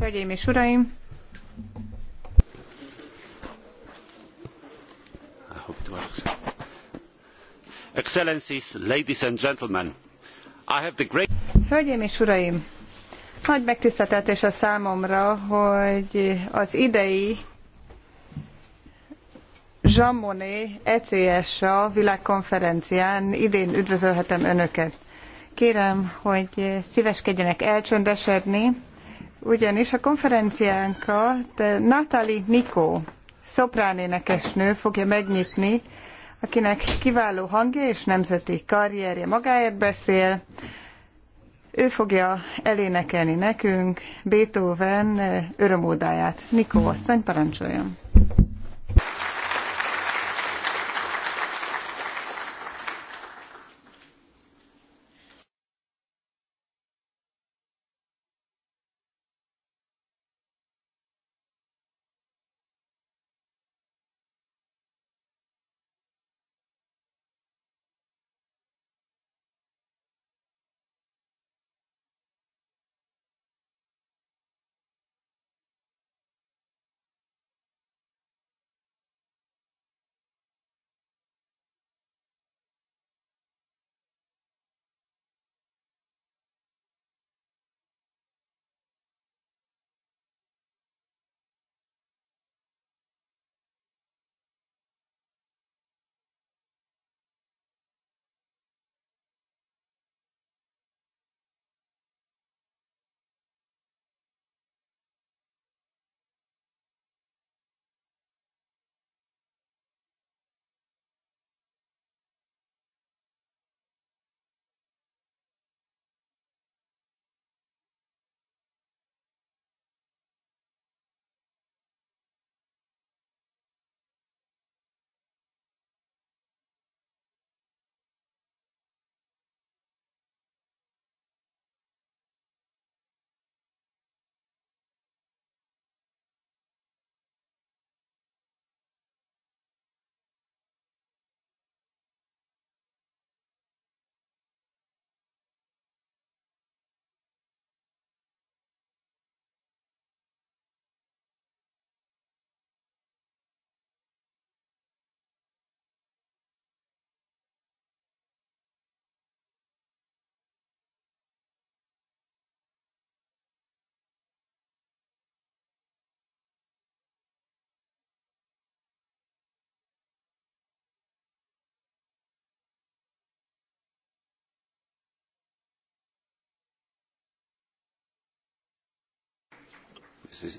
Hölgyeim és Uraim! Excellencies, ladies and gentlemen! I have the great... Hölgyeim és Uraim! Nagy megtiszteltetés a számomra, hogy az idei Jean Monnet ECS-a világkonferencián idén üdvözölhetem Önöket. Kérem, hogy szíveskedjenek elcsöndesedni, ugyanis a konferenciánkat Natali Nikó, szopránénekesnő fogja megnyitni, akinek kiváló hangja és nemzeti karrierje magáért beszél. Ő fogja elénekelni nekünk Beethoven örömódáját. Nikó asszony, parancsoljon!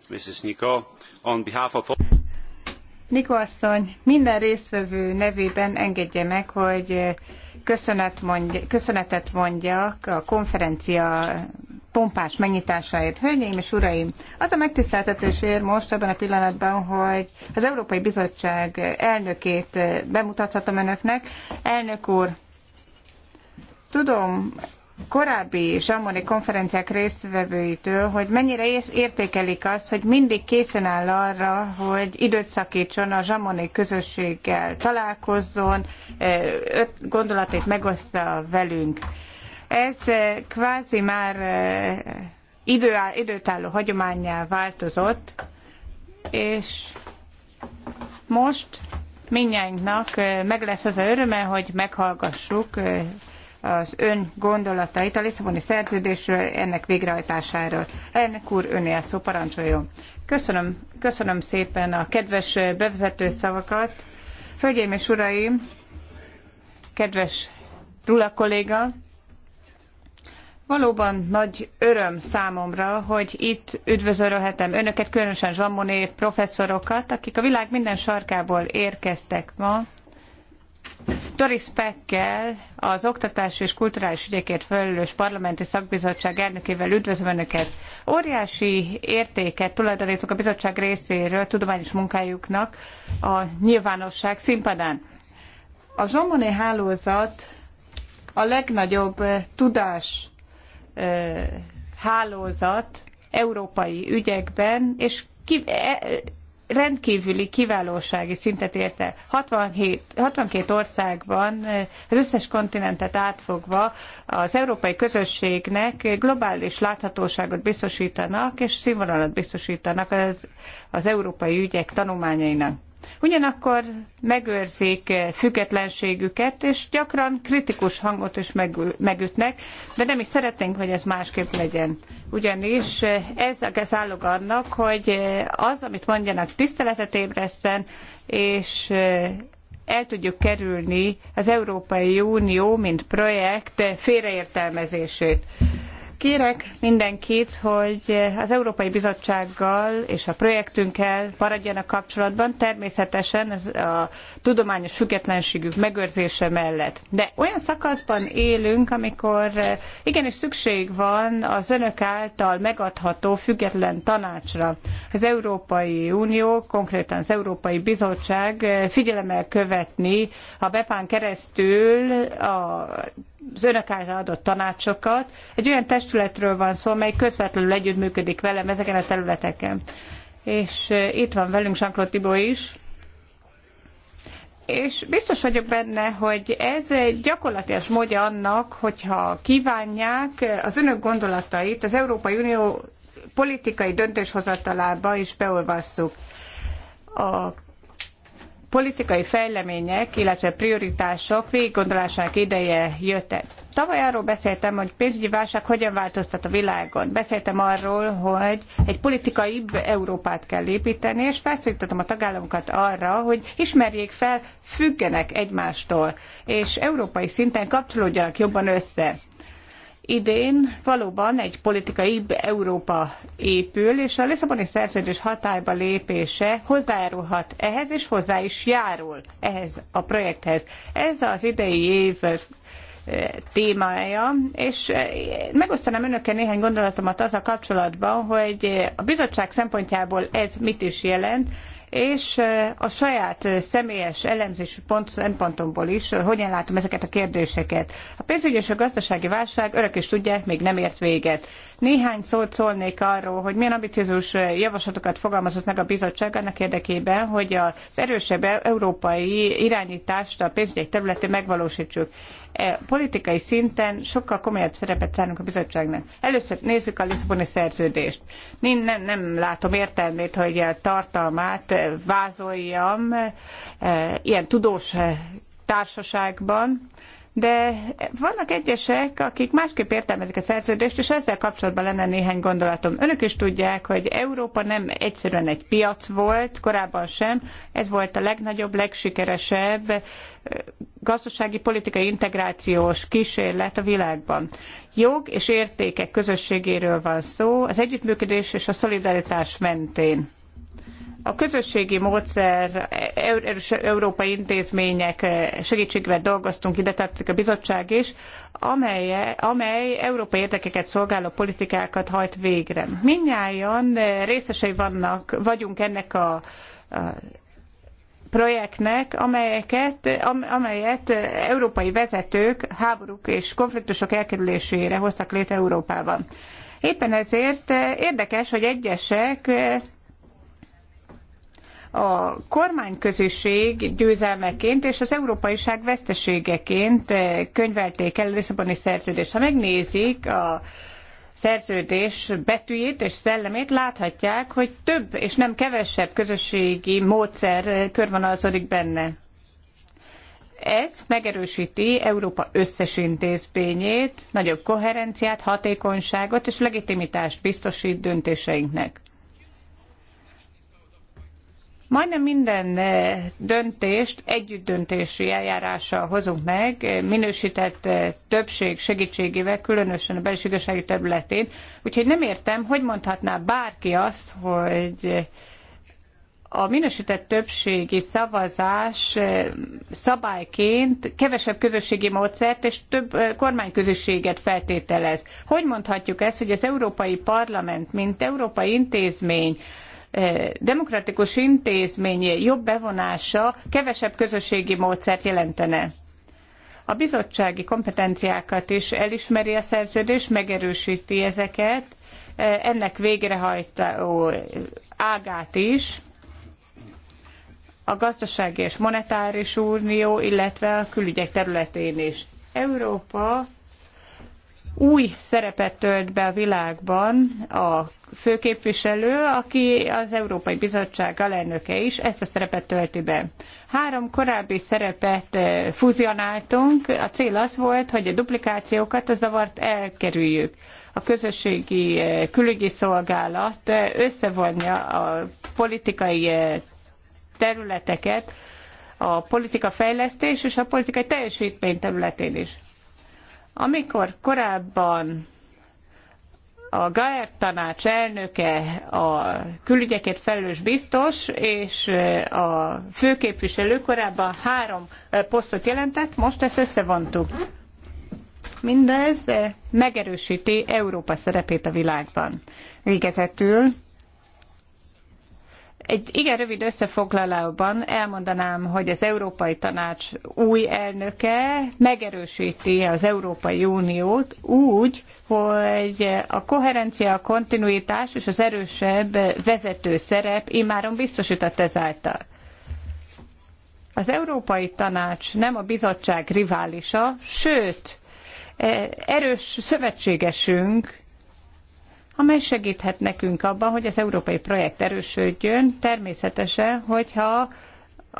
Mrs. asszony, minden résztvevő nevében engedje meg, hogy eh, köszönet mondja, köszönetet mondjak a konferencia pompás megnyitásáért. Hölgyeim és uraim, az a megtiszteltetés ér most ebben a pillanatban, hogy az Európai Bizottság elnökét eh, bemutathatom önöknek. Elnök úr, tudom, korábbi Zsamoni konferenciák résztvevőitől, hogy mennyire értékelik azt, hogy mindig készen áll arra, hogy időt szakítson a Zsamoni közösséggel, találkozzon, öt gondolatait megoszta velünk. Ez kvázi már időáll, időtálló hagyományá változott, és most minnyáinknak meg lesz az a öröme, hogy meghallgassuk az ön gondolatait a Lisszaboni szerződésről, ennek végrehajtásáról. Elnök úr, önél szó, parancsoljon. Köszönöm, köszönöm szépen a kedves bevezető szavakat. Hölgyeim és uraim, kedves Rula kolléga, Valóban nagy öröm számomra, hogy itt üdvözölhetem önöket, különösen Zsamoné professzorokat, akik a világ minden sarkából érkeztek ma, Doris Pekkel, az Oktatás és Kulturális Ügyekért Felelős Parlamenti Szakbizottság elnökével üdvözlöm Önöket. Óriási értéket tulajdonítunk a bizottság részéről tudományos munkájuknak a nyilvánosság színpadán. A Zsomoné hálózat a legnagyobb tudás hálózat európai ügyekben, és ki, e- rendkívüli kiválósági szintet ért el. 67, 62 országban, az összes kontinentet átfogva az európai közösségnek globális láthatóságot biztosítanak és színvonalat biztosítanak az, az európai ügyek tanulmányainak. Ugyanakkor megőrzik függetlenségüket, és gyakran kritikus hangot is megütnek, de nem is szeretnénk, hogy ez másképp legyen. Ugyanis ez a állog annak, hogy az, amit mondjanak, tiszteletet ébreszten, és el tudjuk kerülni az Európai Unió, mint projekt félreértelmezését. Kérek mindenkit, hogy az Európai Bizottsággal és a projektünkkel maradjanak kapcsolatban, természetesen ez a tudományos függetlenségük megőrzése mellett. De olyan szakaszban élünk, amikor igenis szükség van az önök által megadható független tanácsra. Az Európai Unió, konkrétan az Európai Bizottság figyelemmel követni a Bepán keresztül a az önök által adott tanácsokat. Egy olyan testületről van szó, mely közvetlenül együttműködik velem ezeken a területeken. És eh, itt van velünk jean Tibó is. És biztos vagyok benne, hogy ez egy gyakorlatilag módja annak, hogyha kívánják eh, az önök gondolatait az Európai Unió politikai döntéshozatalába is beolvasszuk. A politikai fejlemények, illetve prioritások végiggondolásának ideje jött el. Tavaly arról beszéltem, hogy pénzügyi válság hogyan változtat a világon. Beszéltem arról, hogy egy politikaibb Európát kell építeni, és felszólítottam a tagállamokat arra, hogy ismerjék fel, függenek egymástól, és európai szinten kapcsolódjanak jobban össze idén valóban egy politikai Európa épül, és a Lisszaboni szerződés hatályba lépése hozzájárulhat ehhez, és hozzá is járul ehhez a projekthez. Ez az idei év eh, témája, és eh, megosztanám önökkel néhány gondolatomat az a kapcsolatban, hogy eh, a bizottság szempontjából ez mit is jelent, és a saját személyes elemzési pont szempontomból is hogyan látom ezeket a kérdéseket. A pénzügyi és a gazdasági válság örök is tudják, még nem ért véget. Néhány szót szólnék arról, hogy milyen ambiciózus javaslatokat fogalmazott meg a bizottság annak érdekében, hogy az erősebb e-, európai irányítást a pénzügyek területén megvalósítsuk. E, politikai szinten sokkal komolyabb szerepet szánunk a bizottságnak. Először nézzük a Lisszaboni szerződést. Én nem, nem látom értelmét, hogy a tartalmát vázoljam e, ilyen tudós e, társaságban, de vannak egyesek, akik másképp értelmezik a szerződést, és ezzel kapcsolatban lenne néhány gondolatom. Önök is tudják, hogy Európa nem egyszerűen egy piac volt, korábban sem. Ez volt a legnagyobb, legsikeresebb gazdasági politikai integrációs kísérlet a világban. Jog és értékek közösségéről van szó, az együttműködés és a szolidaritás mentén. A közösségi módszer, erős európai intézmények segítségével dolgoztunk, ide tartozik a bizottság is, amely, amely európai érdekeket szolgáló politikákat hajt végre. Mindnyájan részesei vannak, vagyunk ennek a, a projektnek, amelyeket, amelyet európai vezetők háborúk és konfliktusok elkerülésére hoztak létre Európában. Éppen ezért érdekes, hogy egyesek a kormányköziség győzelmeként és az európaiság veszteségeként könyvelték el a Lisszaboni szerződést. Ha megnézik a szerződés betűjét és szellemét láthatják, hogy több és nem kevesebb közösségi módszer körvonalazódik benne. Ez megerősíti Európa összes intézményét, nagyobb koherenciát, hatékonyságot és legitimitást biztosít döntéseinknek. Majdnem minden eh, döntést együtt döntési eljárással hozunk meg, eh, minősített eh, többség segítségével, különösen a belsőgazdasági területén. Úgyhogy nem értem, hogy mondhatná bárki azt, hogy a minősített többségi szavazás szabályként kevesebb közösségi módszert és több kormányközösséget feltételez. Hogy mondhatjuk ezt, hogy az Európai Parlament, mint európai intézmény, Eh, demokratikus intézmény jobb bevonása kevesebb közösségi módszert jelentene. A bizottsági kompetenciákat is elismeri a szerződés, megerősíti ezeket, eh, ennek végrehajtó ágát is, a gazdasági és monetáris unió, illetve a külügyek területén is. Európa új szerepet tölt be a világban a főképviselő, aki az Európai Bizottság alelnöke is, ezt a szerepet tölti be. Három korábbi szerepet eh, fúzionáltunk, a cél az volt, hogy a duplikációkat, a zavart elkerüljük. A közösségi eh, külügyi szolgálat eh, összevonja a politikai területeket, a politika fejlesztés és a politikai teljesítmény területén is amikor korábban a Gaert tanács elnöke, a külügyekért felelős biztos és a főképviselő korábban három posztot jelentett, most ezt összevontuk. Mindez megerősíti Európa szerepét a világban. Végezetül egy igen rövid összefoglalóban elmondanám, hogy az Európai Tanács új elnöke megerősíti az Európai Uniót úgy, hogy a koherencia, a kontinuitás és az erősebb vezető szerep immáron biztosított ezáltal. Az Európai Tanács nem a bizottság riválisa, sőt, e, erős szövetségesünk amely segíthet nekünk abban, hogy az európai projekt erősödjön, természetesen, hogyha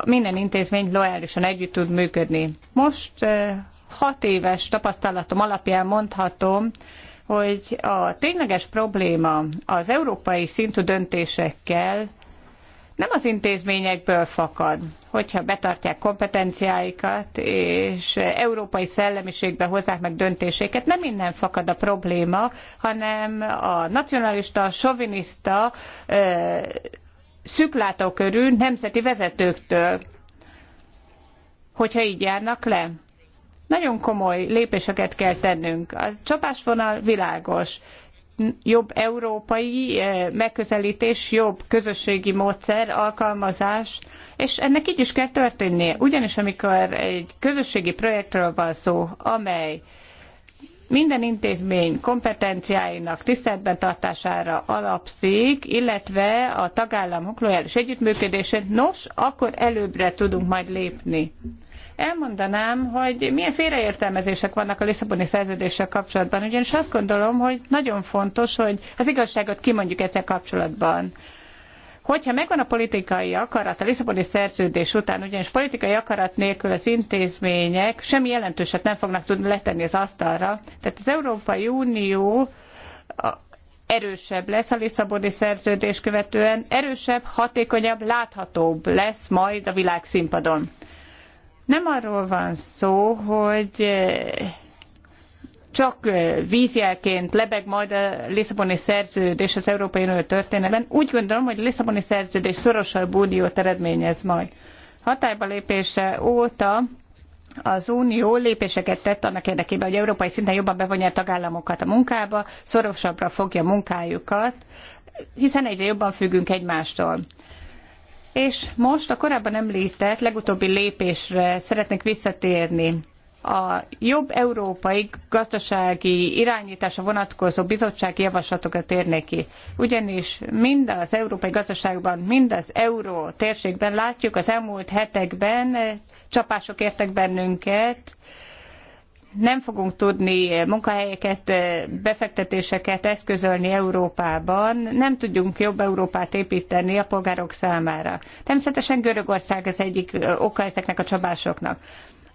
minden intézmény lojálisan együtt tud működni. Most eh, hat éves tapasztalatom alapján mondhatom, hogy a tényleges probléma az európai szintű döntésekkel nem az intézményekből fakad. Hogyha betartják kompetenciáikat, és európai szellemiségbe hozzák meg döntéseket, nem innen fakad a probléma, hanem a nacionalista, a szüklátó körül, nemzeti vezetőktől, hogyha így járnak le. Nagyon komoly lépéseket kell tennünk. A csapásvonal világos jobb európai eh, megközelítés, jobb közösségi módszer, alkalmazás, és ennek így is kell történnie. Ugyanis amikor egy közösségi projektről van szó, amely minden intézmény kompetenciáinak tiszteletben tartására alapszik, illetve a tagállamok lojális együttműködésén, nos, akkor előbbre tudunk majd lépni elmondanám, hogy milyen félreértelmezések vannak a Lisszaboni szerződéssel kapcsolatban, ugyanis azt gondolom, hogy nagyon fontos, hogy az igazságot kimondjuk ezzel kapcsolatban. Hogyha megvan a politikai akarat, a Lisszaboni szerződés után, ugyanis politikai akarat nélkül az intézmények semmi jelentőset nem fognak tudni letenni az asztalra. Tehát az Európai Unió erősebb lesz a Lisszaboni szerződés követően, erősebb, hatékonyabb, láthatóbb lesz majd a világ színpadon. Nem arról van szó, hogy eh, csak eh, vízjelként lebeg majd a Lisszaboni szerződés az Európai Unió történelemben. Úgy gondolom, hogy a Lisszaboni szerződés szorosabb uniót eredményez majd. Hatályba lépése óta az Unió lépéseket tett annak érdekében, hogy európai szinten jobban bevonja a tagállamokat a munkába, szorosabbra fogja munkájukat, hiszen egyre jobban függünk egymástól. És most a korábban említett legutóbbi lépésre szeretnék visszatérni. A jobb európai gazdasági irányítása vonatkozó bizottsági javaslatokra térnék ki. Ugyanis mind az európai gazdaságban, mind az euró térségben látjuk az elmúlt hetekben csapások értek bennünket, nem fogunk tudni munkahelyeket, befektetéseket eszközölni Európában, nem tudjunk jobb Európát építeni a polgárok számára. Természetesen Görögország az egyik oka ezeknek a csapásoknak.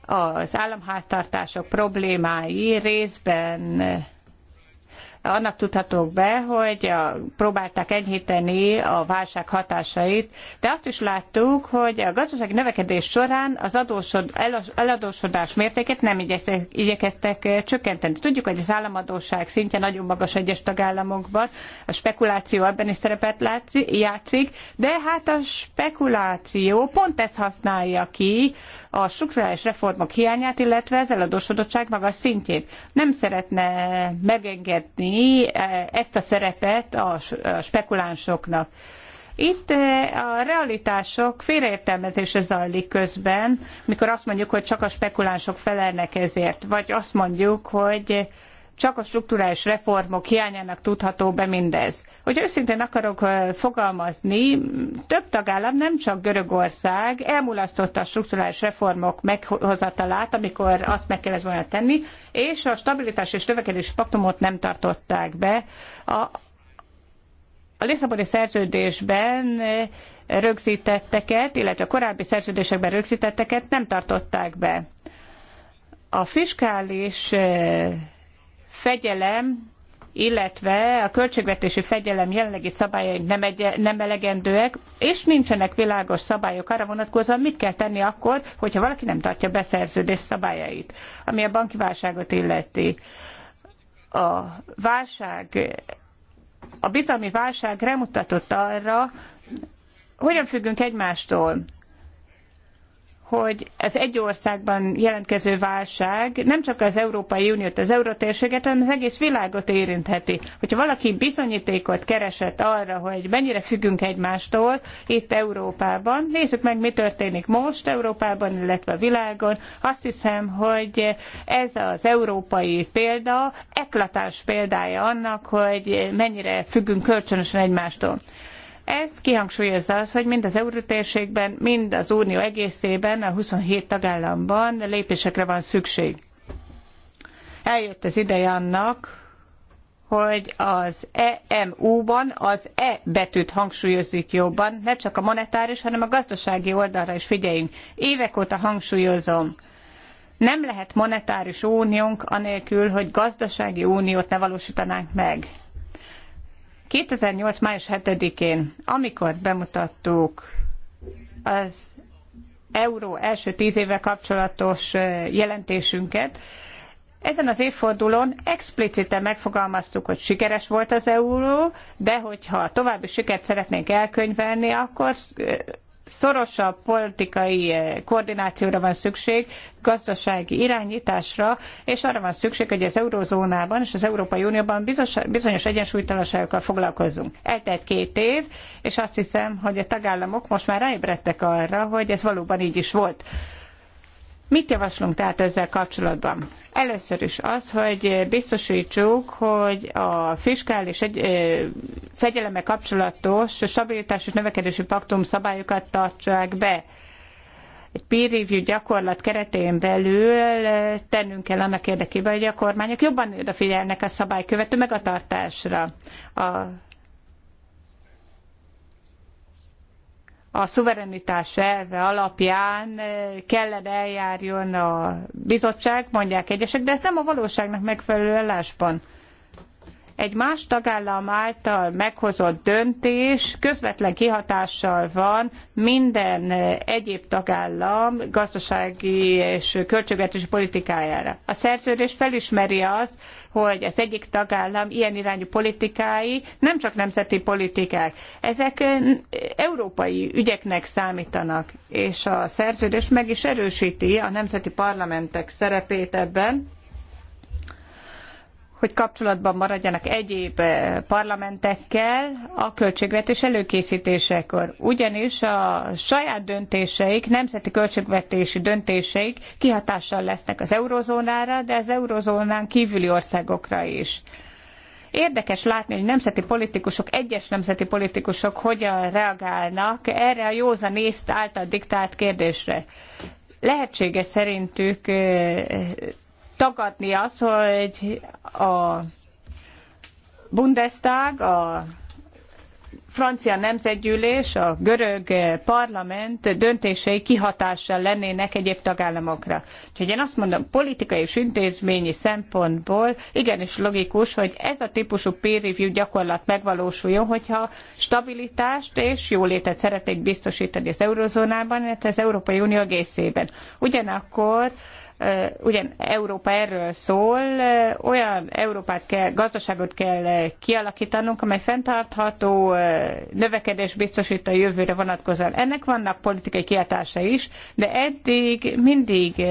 Az államháztartások problémái részben annak tudhatók be, hogy a, próbálták enyhíteni a válság hatásait, de azt is láttuk, hogy a gazdasági növekedés során az adósod, eladósodás mértékét nem igyekeztek, igyekeztek eh, csökkenteni. Tudjuk, hogy az államadóság szintje nagyon magas egyes tagállamokban, a spekuláció ebben is szerepet látszik, játszik, de hát a spekuláció pont ezt használja ki, a strukturális reformok hiányát, illetve az eladósodottság magas szintjét. Nem szeretne megengedni eh, ezt a szerepet a spekulánsoknak. Itt eh, a realitások félreértelmezése zajlik közben, mikor azt mondjuk, hogy csak a spekulánsok felelnek ezért, vagy azt mondjuk, hogy csak a strukturális reformok hiányának tudható be mindez. Hogy őszintén akarok fogalmazni, több tagállam, nem csak Görögország elmulasztotta a strukturális reformok meghozatalát, amikor azt meg kellett volna tenni, és a stabilitás és növekedési paktumot nem tartották be. A, a Lisszaboni szerződésben rögzítetteket, illetve a korábbi szerződésekben rögzítetteket nem tartották be. A fiskális fegyelem, illetve a költségvetési fegyelem jelenlegi szabályai nem, egy, nem elegendőek, és nincsenek világos szabályok arra vonatkozóan, mit kell tenni akkor, hogyha valaki nem tartja beszerződés szabályait, ami a banki válságot illeti. A válság, a bizalmi válság remutatott arra, hogyan függünk egymástól hogy az egy országban jelentkező válság nem csak az Európai Uniót, az eurotérséget, hanem az egész világot érintheti. Hogyha valaki bizonyítékot keresett arra, hogy mennyire függünk egymástól itt Európában, nézzük meg, mi történik most Európában, illetve a világon. Azt hiszem, hogy ez az európai példa eklatáns példája annak, hogy mennyire függünk kölcsönösen egymástól. Ez kihangsúlyozza az, hogy mind az eurótérségben, mind az unió egészében, a 27 tagállamban lépésekre van szükség. Eljött az ideje annak, hogy az EMU-ban az E betűt hangsúlyozzuk jobban, ne csak a monetáris, hanem a gazdasági oldalra is figyeljünk. Évek óta hangsúlyozom, nem lehet monetáris uniónk anélkül, hogy gazdasági uniót ne valósítanánk meg. 2008. május 7-én, amikor bemutattuk az euró első tíz éve kapcsolatos jelentésünket, ezen az évfordulón expliciten megfogalmaztuk, hogy sikeres volt az euró, de hogyha további sikert szeretnénk elkönyvelni, akkor szorosabb politikai eh, koordinációra van szükség, gazdasági irányításra, és arra van szükség, hogy az eurózónában és az Európai Unióban bizonyos, bizonyos egyensúlytalanságokkal foglalkozzunk. Eltelt két év, és azt hiszem, hogy a tagállamok most már ráébredtek arra, hogy ez valóban így is volt. Mit javaslunk tehát ezzel kapcsolatban? Először is az, hogy biztosítsuk, hogy a fiskális egy, ö, fegyeleme kapcsolatos stabilitás és növekedési paktum szabályokat tartsák be. Egy peer review gyakorlat keretén belül tennünk kell annak érdekében, hogy a kormányok jobban odafigyelnek a szabálykövető megatartásra. A a szuverenitás elve alapján eh, kellene eljárjon a bizottság, mondják egyesek, de ez nem a valóságnak megfelelő ellásban egy más tagállam által meghozott döntés közvetlen kihatással van minden egyéb tagállam gazdasági és költségvetési politikájára. A szerződés felismeri azt, hogy az egyik tagállam ilyen irányú politikái nem csak nemzeti politikák, ezek európai ügyeknek számítanak, és a szerződés meg is erősíti a nemzeti parlamentek szerepét ebben, hogy kapcsolatban maradjanak egyéb eh, parlamentekkel a költségvetés előkészítésekor. Ugyanis a saját döntéseik, nemzeti költségvetési döntéseik kihatással lesznek az eurozónára, de az eurozónán kívüli országokra is. Érdekes látni, hogy nemzeti politikusok, egyes nemzeti politikusok hogyan reagálnak erre a józan észt által diktált kérdésre. Lehetséges szerintük eh, tagadni azt, hogy a Bundestag, a francia nemzetgyűlés, a görög parlament döntései kihatással lennének egyéb tagállamokra. Úgyhogy én azt mondom, politikai és intézményi szempontból igenis logikus, hogy ez a típusú peer review gyakorlat megvalósuljon, hogyha stabilitást és jólétet szeretnék biztosítani az eurozónában, illetve az Európai Unió egészében. Ugyanakkor ugye Európa erről szól, olyan Európát kell, gazdaságot kell kialakítanunk, amely fenntartható növekedés biztosít a jövőre vonatkozóan. Ennek vannak politikai kiáltása is, de eddig mindig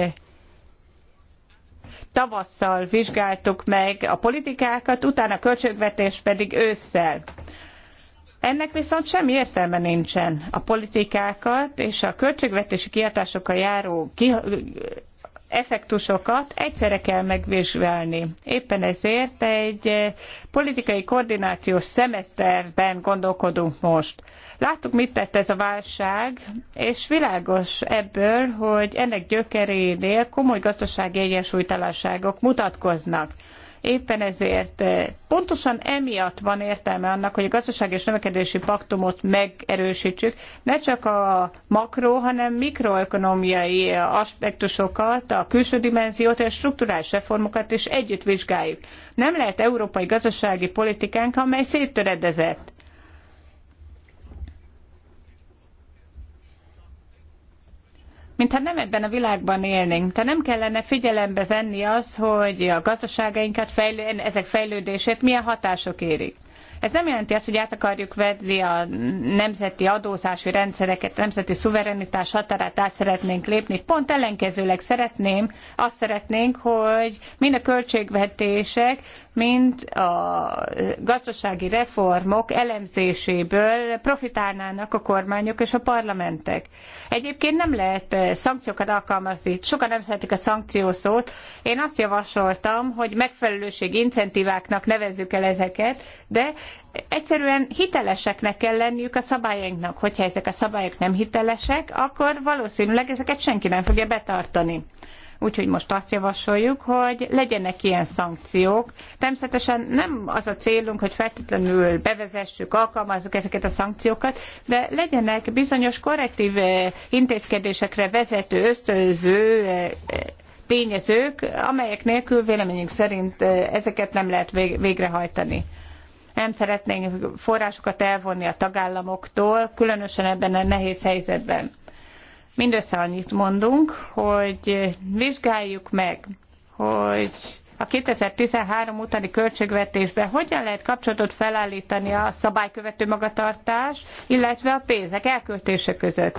tavasszal vizsgáltuk meg a politikákat, utána a költségvetés pedig ősszel. Ennek viszont semmi értelme nincsen. A politikákat és a költségvetési kiadásokkal járó ki, effektusokat egyszerre kell megvizsgálni. Éppen ezért egy eh, politikai koordinációs szemeszterben gondolkodunk most. Láttuk, mit tett ez a válság, és világos ebből, hogy ennek gyökerénél komoly gazdasági egyensúlytalanságok mutatkoznak. Éppen ezért eh, pontosan emiatt van értelme annak, hogy a gazdasági és növekedési paktumot megerősítsük, ne csak a makro, hanem mikroekonomiai aspektusokat, a külső dimenziót és strukturális reformokat is együtt vizsgáljuk. Nem lehet európai gazdasági politikánk, amely széttöredezett mintha nem ebben a világban élnénk. Tehát nem kellene figyelembe venni az, hogy a gazdaságainkat, fejlő, ezek fejlődését milyen hatások érik. Ez nem jelenti azt, hogy át akarjuk venni a nemzeti adózási rendszereket, a nemzeti szuverenitás határát át szeretnénk lépni. Pont ellenkezőleg szeretném, azt szeretnénk, hogy mind a költségvetések, mind a gazdasági reformok elemzéséből profitálnának a kormányok és a parlamentek. Egyébként nem lehet eh, szankciókat alkalmazni, sokan nem szeretik a szankció szót. Én azt javasoltam, hogy megfelelőség incentíváknak nevezzük el ezeket, de egyszerűen hiteleseknek kell lenniük a szabályainknak. Hogyha ezek a szabályok nem hitelesek, akkor valószínűleg ezeket senki nem fogja betartani. Úgyhogy most azt javasoljuk, hogy legyenek ilyen szankciók. Természetesen nem az a célunk, hogy feltétlenül bevezessük, alkalmazzuk ezeket a szankciókat, de legyenek bizonyos korrektív eh, intézkedésekre vezető, ösztönző eh, tényezők, amelyek nélkül véleményünk szerint eh, ezeket nem lehet végrehajtani. Nem szeretnénk forrásokat elvonni a tagállamoktól, különösen ebben a nehéz helyzetben. Mindössze annyit mondunk, hogy vizsgáljuk meg, hogy a 2013 utáni költségvetésben hogyan lehet kapcsolatot felállítani a szabálykövető magatartás, illetve a pénzek elköltése között.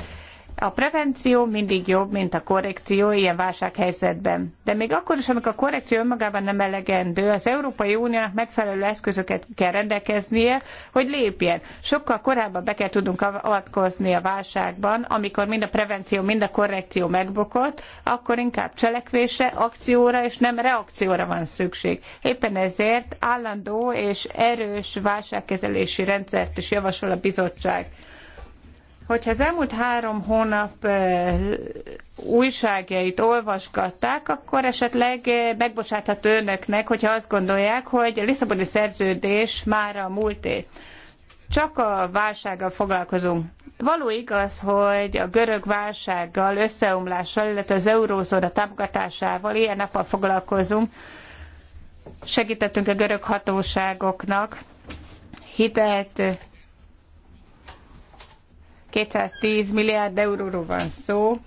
A prevenció mindig jobb, mint a korrekció ilyen válsághelyzetben. De még akkor is, amikor a korrekció önmagában nem elegendő, az Európai Uniónak megfelelő eszközöket kell rendelkeznie, hogy lépjen. Sokkal korábban be kell tudnunk avatkozni a válságban, amikor mind a prevenció, mind a korrekció megbukott, akkor inkább cselekvésre, akcióra és nem reakcióra van szükség. Éppen ezért állandó és erős válságkezelési rendszert is javasol a bizottság hogyha az elmúlt három hónap újságjait olvasgatták, akkor esetleg megbocsáthat önöknek, hogyha azt gondolják, hogy a Lisszaboni szerződés már a múlté. Csak a válsággal foglalkozunk. Való igaz, hogy a görög válsággal, összeomlással, illetve az eurózóra támogatásával ilyen nappal foglalkozunk. Segítettünk a görög hatóságoknak, hitelt 210 milliárd euróról van szó,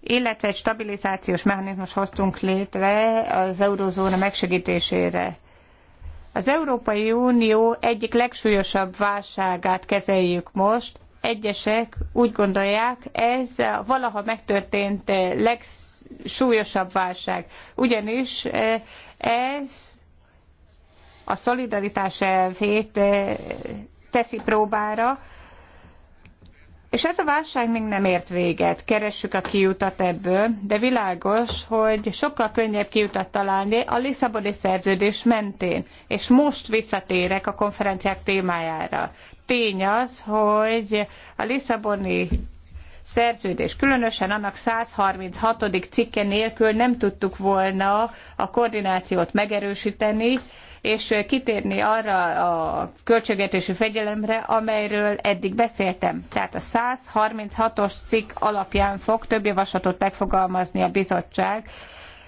illetve egy stabilizációs mechanizmus hoztunk létre az eurozóna megsegítésére. Az Európai Unió egyik legsúlyosabb válságát kezeljük most. Egyesek úgy gondolják, ez a valaha megtörtént legsúlyosabb válság. Ugyanis eh, ez a szolidaritás elvét eh, teszi próbára, és ez a válság még nem ért véget. Keressük a kiutat ebből, de világos, hogy sokkal könnyebb kiutat találni a Lisszaboni szerződés mentén. És most visszatérek a konferenciák témájára. Tény az, hogy a Lisszaboni szerződés, különösen annak 136. cikke nélkül nem tudtuk volna a koordinációt megerősíteni, és kitérni arra a költségvetési fegyelemre, amelyről eddig beszéltem. Tehát a 136-os cikk alapján fog több javaslatot megfogalmazni a bizottság,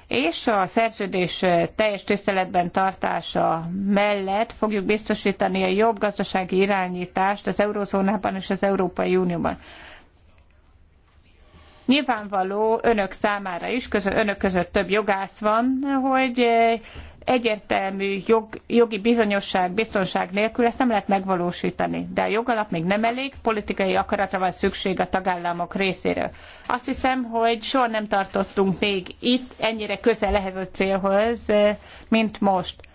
és a szerződés teljes tiszteletben tartása mellett fogjuk biztosítani a jobb gazdasági irányítást az eurózónában és az Európai Unióban. Nyilvánvaló önök számára is, közö, önök között több jogász van, hogy egyértelmű jog, jogi bizonyosság, biztonság nélkül ezt nem lehet megvalósítani. De a jogalap még nem elég, politikai akaratra van szükség a tagállamok részéről. Azt hiszem, hogy soha nem tartottunk még itt ennyire közel ehhez a célhoz, mint most.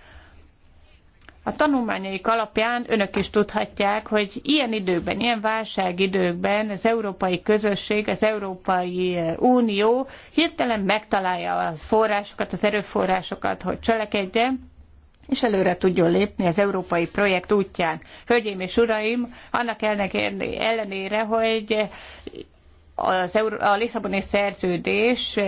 A tanulmányaik alapján önök is tudhatják, hogy ilyen időkben, ilyen válságidőkben az európai közösség, az Európai Unió hirtelen megtalálja a forrásokat, az erőforrásokat, hogy cselekedjen, és előre tudjon lépni az európai projekt útján. Hölgyeim és uraim, annak ellenére, hogy az Euró- a Lisszaboni szerződés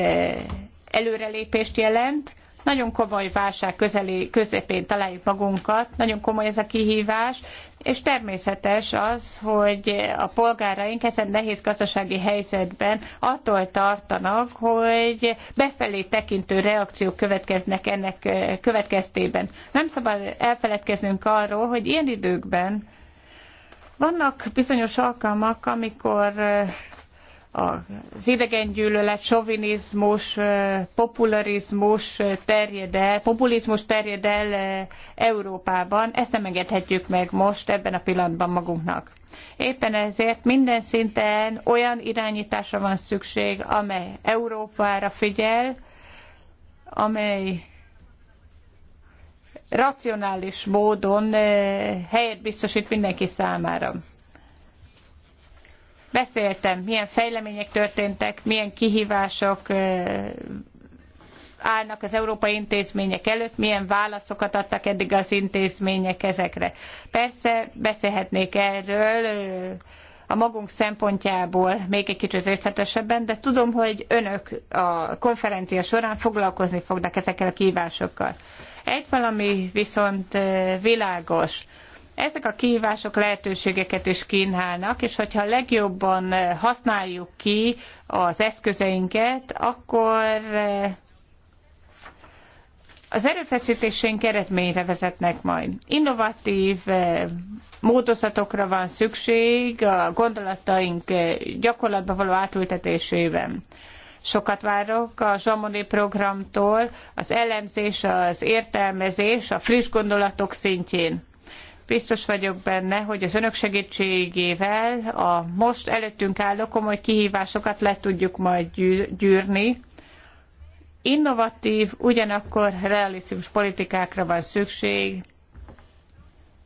előrelépést jelent, nagyon komoly válság közeli, közepén találjuk magunkat, nagyon komoly ez a kihívás, és természetes az, hogy a polgáraink ezen nehéz gazdasági helyzetben attól tartanak, hogy befelé tekintő reakciók következnek ennek eh, következtében. Nem szabad elfeledkeznünk arról, hogy ilyen időkben vannak bizonyos alkalmak, amikor eh, az idegengyűlölet, sovinizmus, popularizmus terjed el, populizmus terjed el Európában, ezt nem engedhetjük meg most ebben a pillanatban magunknak. Éppen ezért minden szinten olyan irányításra van szükség, amely Európára figyel, amely racionális módon helyet biztosít mindenki számára. Beszéltem, milyen fejlemények történtek, milyen kihívások állnak az európai intézmények előtt, milyen válaszokat adtak eddig az intézmények ezekre. Persze beszélhetnék erről a magunk szempontjából még egy kicsit részletesebben, de tudom, hogy önök a konferencia során foglalkozni fognak ezekkel a kívásokkal. Egy valami viszont világos. Ezek a kihívások lehetőségeket is kínálnak, és hogyha legjobban használjuk ki az eszközeinket, akkor eh, az erőfeszítéseink eredményre vezetnek majd. Innovatív eh, módozatokra van szükség a gondolataink eh, gyakorlatba való átültetésében. Sokat várok a Zsamoni programtól, az elemzés, az értelmezés, a friss gondolatok szintjén. Biztos vagyok benne, hogy az önök segítségével a most előttünk álló komoly kihívásokat le tudjuk majd gyűrni. Innovatív, ugyanakkor realisztikus politikákra van szükség,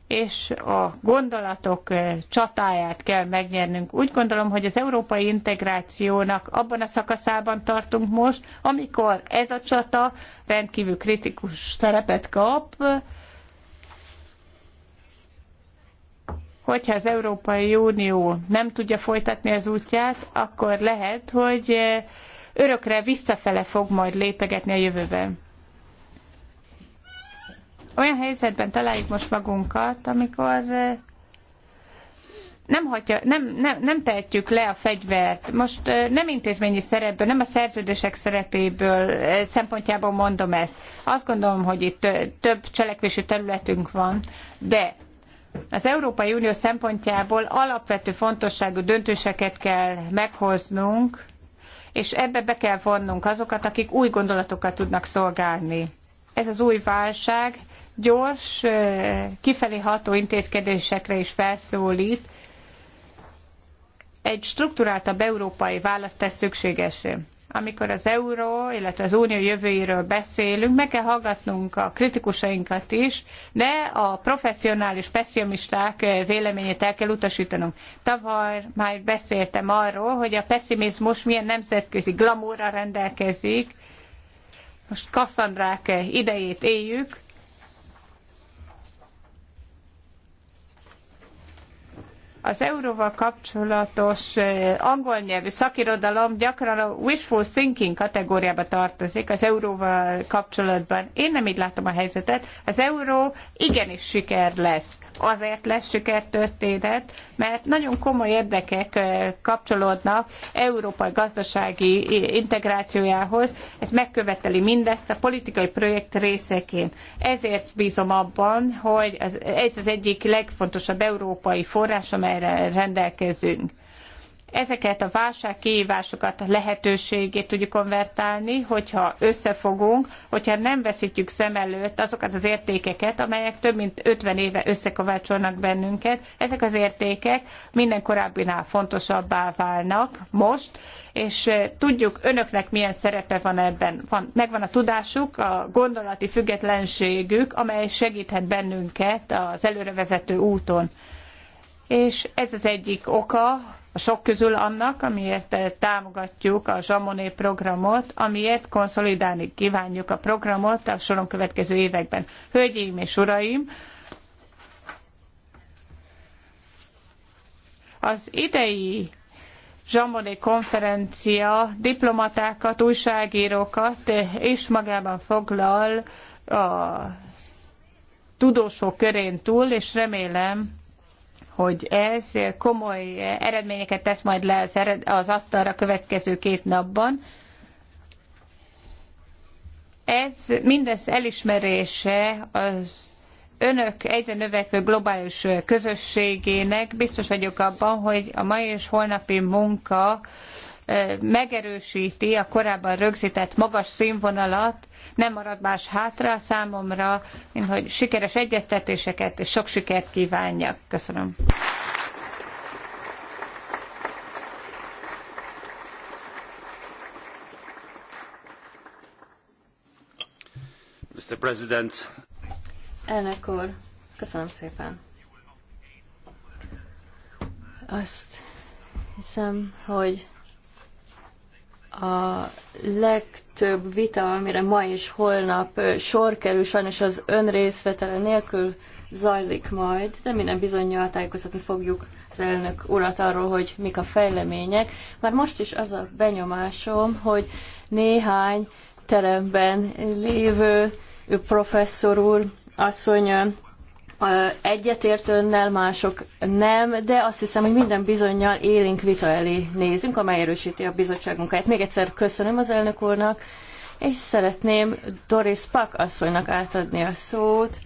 és a gondolatok eh, csatáját kell megnyernünk. Úgy gondolom, hogy az európai integrációnak abban a szakaszában tartunk most, amikor ez a csata rendkívül kritikus szerepet kap, hogyha az Európai Unió nem tudja folytatni az útját, akkor lehet, hogy eh, örökre visszafele fog majd lépegetni a jövőben. Olyan helyzetben találjuk most magunkat, amikor eh, nem, hagyja, nem, nem, nem tehetjük le a fegyvert. Most eh, nem intézményi szerepből, nem a szerződések szerepéből szempontjából mondom ezt. Azt gondolom, hogy itt több cselekvési területünk van, de az Európai Unió szempontjából alapvető fontosságú döntéseket kell meghoznunk, és ebbe be kell vonnunk azokat, akik új gondolatokat tudnak szolgálni. Ez az új válság gyors, kifelé ható intézkedésekre is felszólít, egy strukturáltabb európai választ tesz szükségesé amikor az euró, illetve az unió jövőjéről beszélünk, meg kell hallgatnunk a kritikusainkat is, de a professzionális pessimisták véleményét el kell utasítanunk. Tavaly már beszéltem arról, hogy a pessimizmus milyen nemzetközi glamúra rendelkezik, most kasszandrák idejét éljük, az euróval kapcsolatos angol nyelvű szakirodalom gyakran a wishful thinking kategóriába tartozik az euróval kapcsolatban. Én nem így látom a helyzetet. Az euró igenis siker lesz azért lesz sikertörténet, mert nagyon komoly érdekek kapcsolódnak európai gazdasági integrációjához. Ez megköveteli mindezt a politikai projekt részeként. Ezért bízom abban, hogy ez az egyik legfontosabb európai forrás, amelyre rendelkezünk ezeket a válság kihívásokat, a lehetőségét tudjuk konvertálni, hogyha összefogunk, hogyha nem veszítjük szem előtt azokat az értékeket, amelyek több mint 50 éve összekovácsolnak bennünket. Ezek az értékek minden korábbinál fontosabbá válnak most, és tudjuk önöknek milyen szerepe van ebben. Van, megvan a tudásuk, a gondolati függetlenségük, amely segíthet bennünket az előrevezető úton. És ez az egyik oka, sok közül annak, amiért eh, támogatjuk a Zsamoné programot, amiért konszolidálni kívánjuk a programot a soron következő években. Hölgyeim és uraim, az idei Zsamoni konferencia diplomatákat, újságírókat eh, és magában foglal a tudósok körén túl, és remélem, hogy ez komoly eredményeket tesz majd le az, asztalra következő két napban. Ez mindez elismerése az önök egyre növekvő globális közösségének. Biztos vagyok abban, hogy a mai és holnapi munka megerősíti a korábban rögzített magas színvonalat, nem marad más hátra számomra, mint hogy sikeres egyeztetéseket és sok sikert kívánjak. Köszönöm. Mr. President. Elnök úr, köszönöm szépen. Azt hiszem, hogy a legtöbb vita, amire ma és holnap sor kerül, sajnos az részvetele nélkül zajlik majd, de minden bizonyal tájékoztatni fogjuk az elnök urat arról, hogy mik a fejlemények. Már most is az a benyomásom, hogy néhány teremben lévő professzor úr, asszony egyetért önnel, mások nem, de azt hiszem, hogy minden bizonyal élénk vita elé nézünk, amely erősíti a bizottság munkáját. Még egyszer köszönöm az elnök úrnak, és szeretném Doris Pak asszonynak átadni a szót,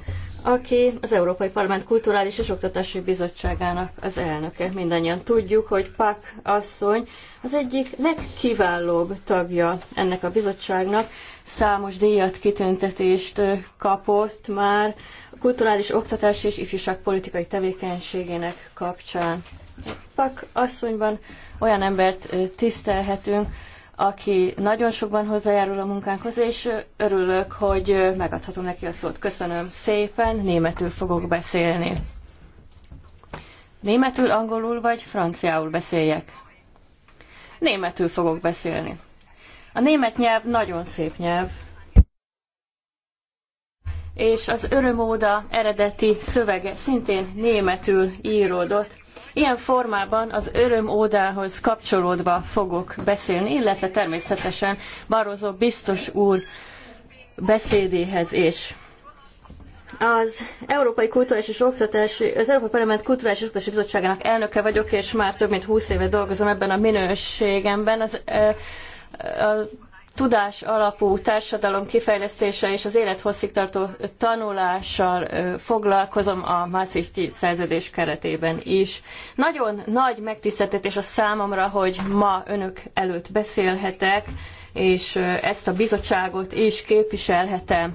aki az Európai Parlament Kulturális és Oktatási Bizottságának az elnöke. Mindannyian tudjuk, hogy Pak asszony az egyik legkiválóbb tagja ennek a bizottságnak, számos díjat, kitüntetést kapott már, kulturális oktatás és ifjúságpolitikai tevékenységének kapcsán. Pak asszonyban olyan embert tisztelhetünk, aki nagyon sokban hozzájárul a munkánkhoz, és örülök, hogy megadhatom neki a szót. Köszönöm szépen, németül fogok beszélni. Németül, angolul vagy franciául beszéljek? Németül fogok beszélni. A német nyelv nagyon szép nyelv, és az örömóda eredeti szövege szintén németül íródott. Ilyen formában az örömódához kapcsolódva fogok beszélni, illetve természetesen Barozó biztos úr beszédéhez is. Az Európai Kulturális és Oktatási, az Európai Parlament Kulturális és Oktatási Bizottságának elnöke vagyok, és már több mint 20 éve dolgozom ebben a minőségemben. Az, tudás alapú társadalom kifejlesztése és az tartó tanulással foglalkozom a Maastrichti szerződés keretében is. Nagyon nagy megtiszteltetés a számomra, hogy ma önök előtt beszélhetek, és ezt a bizottságot is képviselhetem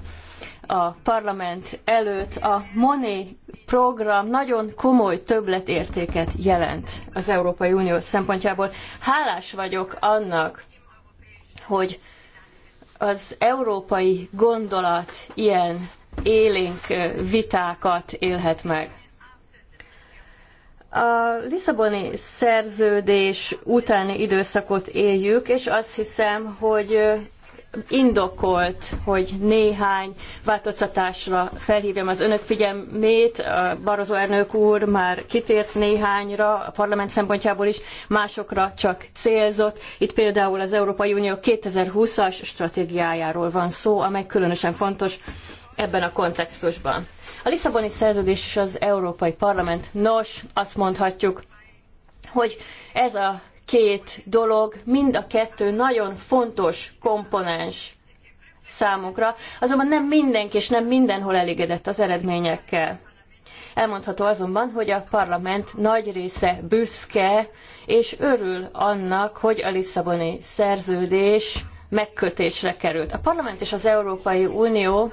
a parlament előtt. A Monet program nagyon komoly többletértéket jelent az Európai Unió szempontjából. Hálás vagyok annak, hogy az európai gondolat ilyen élénk vitákat élhet meg. A Lisszaboni szerződés utáni időszakot éljük, és azt hiszem, hogy indokolt, hogy néhány változtatásra felhívjam az önök figyelmét. Barozó elnök úr már kitért néhányra, a parlament szempontjából is, másokra csak célzott. Itt például az Európai Unió 2020-as stratégiájáról van szó, amely különösen fontos ebben a kontextusban. A Lisszaboni szerződés és az Európai Parlament, nos, azt mondhatjuk, hogy ez a két dolog, mind a kettő nagyon fontos komponens számunkra, azonban nem mindenki és nem mindenhol elégedett az eredményekkel. Elmondható azonban, hogy a parlament nagy része büszke és örül annak, hogy a Lisszaboni szerződés megkötésre került. A parlament és az Európai Unió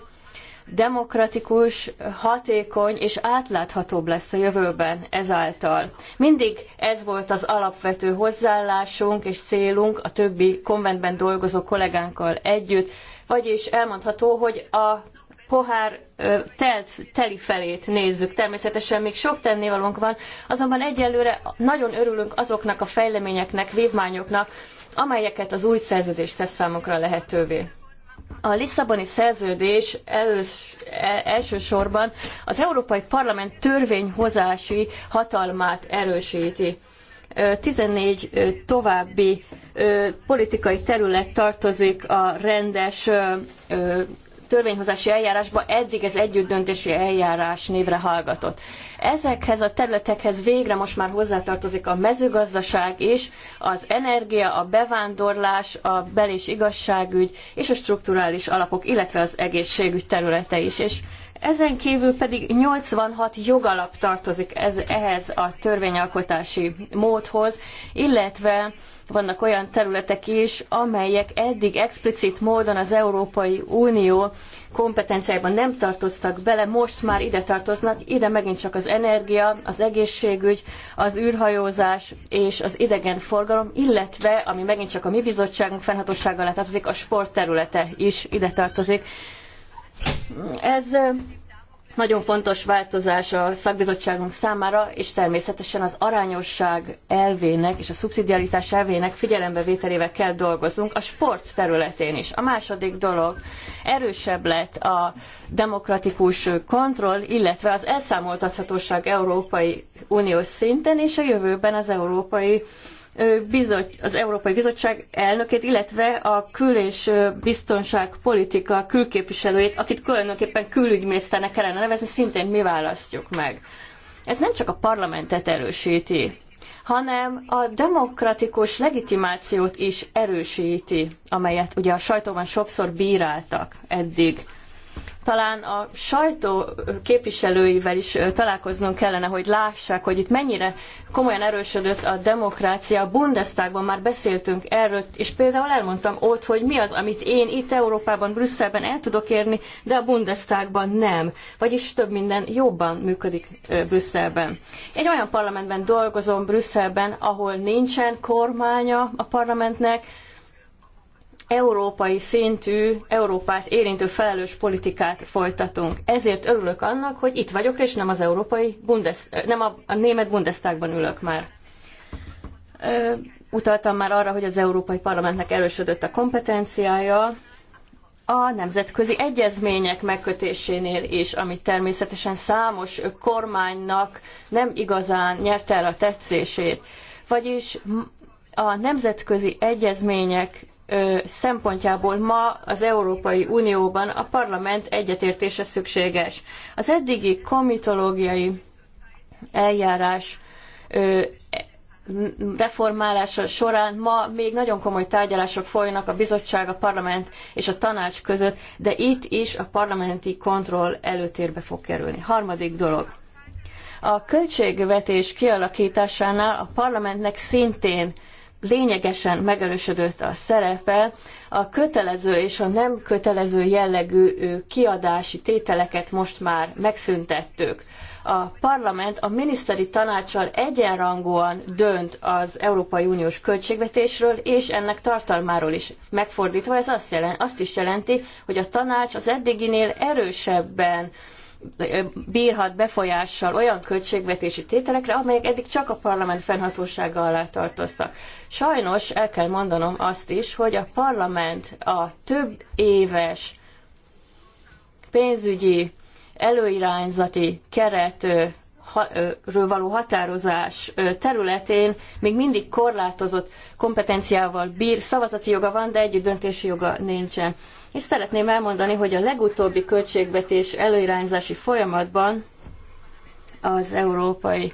demokratikus, hatékony és átláthatóbb lesz a jövőben ezáltal. Mindig ez volt az alapvető hozzáállásunk és célunk a többi konventben dolgozó kollégánkkal együtt, vagyis elmondható, hogy a pohár telt, teli felét nézzük. Természetesen még sok tennivalónk van, azonban egyelőre nagyon örülünk azoknak a fejleményeknek, vívmányoknak, amelyeket az új szerződés tesz számunkra lehetővé a Lisszaboni szerződés elős, e, elsősorban az Európai Parlament törvényhozási hatalmát erősíti. 14 további politikai terület tartozik a rendes törvényhozási eljárásba eddig ez együttdöntési eljárás névre hallgatott. Ezekhez a területekhez végre most már hozzátartozik a mezőgazdaság is, az energia, a bevándorlás, a bel- és igazságügy és a strukturális alapok, illetve az egészségügy területe is. És ezen kívül pedig 86 jogalap tartozik ez, ehhez a törvényalkotási módhoz, illetve vannak olyan területek is, amelyek eddig explicit módon az Európai Unió kompetenciájában nem tartoztak bele, most már ide tartoznak, ide megint csak az energia, az egészségügy, az űrhajózás és az idegenforgalom, illetve, ami megint csak a mi bizottságunk fennhatósága alá tartozik, a sport területe is ide tartozik. Ez nagyon fontos változás a szakbizottságunk számára, és természetesen az arányosság elvének és a szubszidiaritás elvének figyelembevételével kell dolgoznunk a sport területén is. A második dolog, erősebb lett a demokratikus kontroll, illetve az elszámoltathatóság Európai Uniós szinten és a jövőben az Európai bizot, az Európai Bizottság elnökét, illetve a kül- és biztonságpolitika külképviselőjét, akit különöképpen külügyminiszternek kellene nevezni, szintén mi választjuk meg. Ez nem csak a parlamentet erősíti, hanem a demokratikus legitimációt is erősíti, amelyet ugye a sajtóban sokszor bíráltak eddig talán a sajtó képviselőivel is találkoznunk kellene, hogy lássák, hogy itt mennyire komolyan erősödött a demokrácia. A Bundestagban már beszéltünk erről, és például elmondtam ott, hogy mi az, amit én itt Európában, Brüsszelben el tudok érni, de a Bundestagban nem. Vagyis több minden jobban működik Brüsszelben. Egy olyan parlamentben dolgozom Brüsszelben, ahol nincsen kormánya a parlamentnek, európai szintű, Európát érintő felelős politikát folytatunk. Ezért örülök annak, hogy itt vagyok, és nem az európai Bundes, nem a, a német Bundestagban ülök már. Ö, utaltam már arra, hogy az Európai Parlamentnek erősödött a kompetenciája, a nemzetközi egyezmények megkötésénél is, ami természetesen számos kormánynak nem igazán nyerte el a tetszését. Vagyis a nemzetközi egyezmények szempontjából ma az Európai Unióban a parlament egyetértése szükséges. Az eddigi komitológiai eljárás reformálása során ma még nagyon komoly tárgyalások folynak a bizottság, a parlament és a tanács között, de itt is a parlamenti kontroll előtérbe fog kerülni. Harmadik dolog. A költségvetés kialakításánál a parlamentnek szintén lényegesen megerősödött a szerepe, a kötelező és a nem kötelező jellegű kiadási tételeket most már megszüntettük. A parlament a miniszteri tanácssal egyenrangúan dönt az Európai Uniós költségvetésről és ennek tartalmáról is. Megfordítva ez azt, jelent, azt is jelenti, hogy a tanács az eddiginél erősebben bírhat befolyással olyan költségvetési tételekre, amelyek eddig csak a parlament fennhatósága alá tartoztak. Sajnos el kell mondanom azt is, hogy a parlament a több éves pénzügyi előirányzati keretről való határozás területén még mindig korlátozott kompetenciával bír, szavazati joga van, de együtt döntési joga nincsen és szeretném elmondani, hogy a legutóbbi költségvetés előirányzási folyamatban az Európai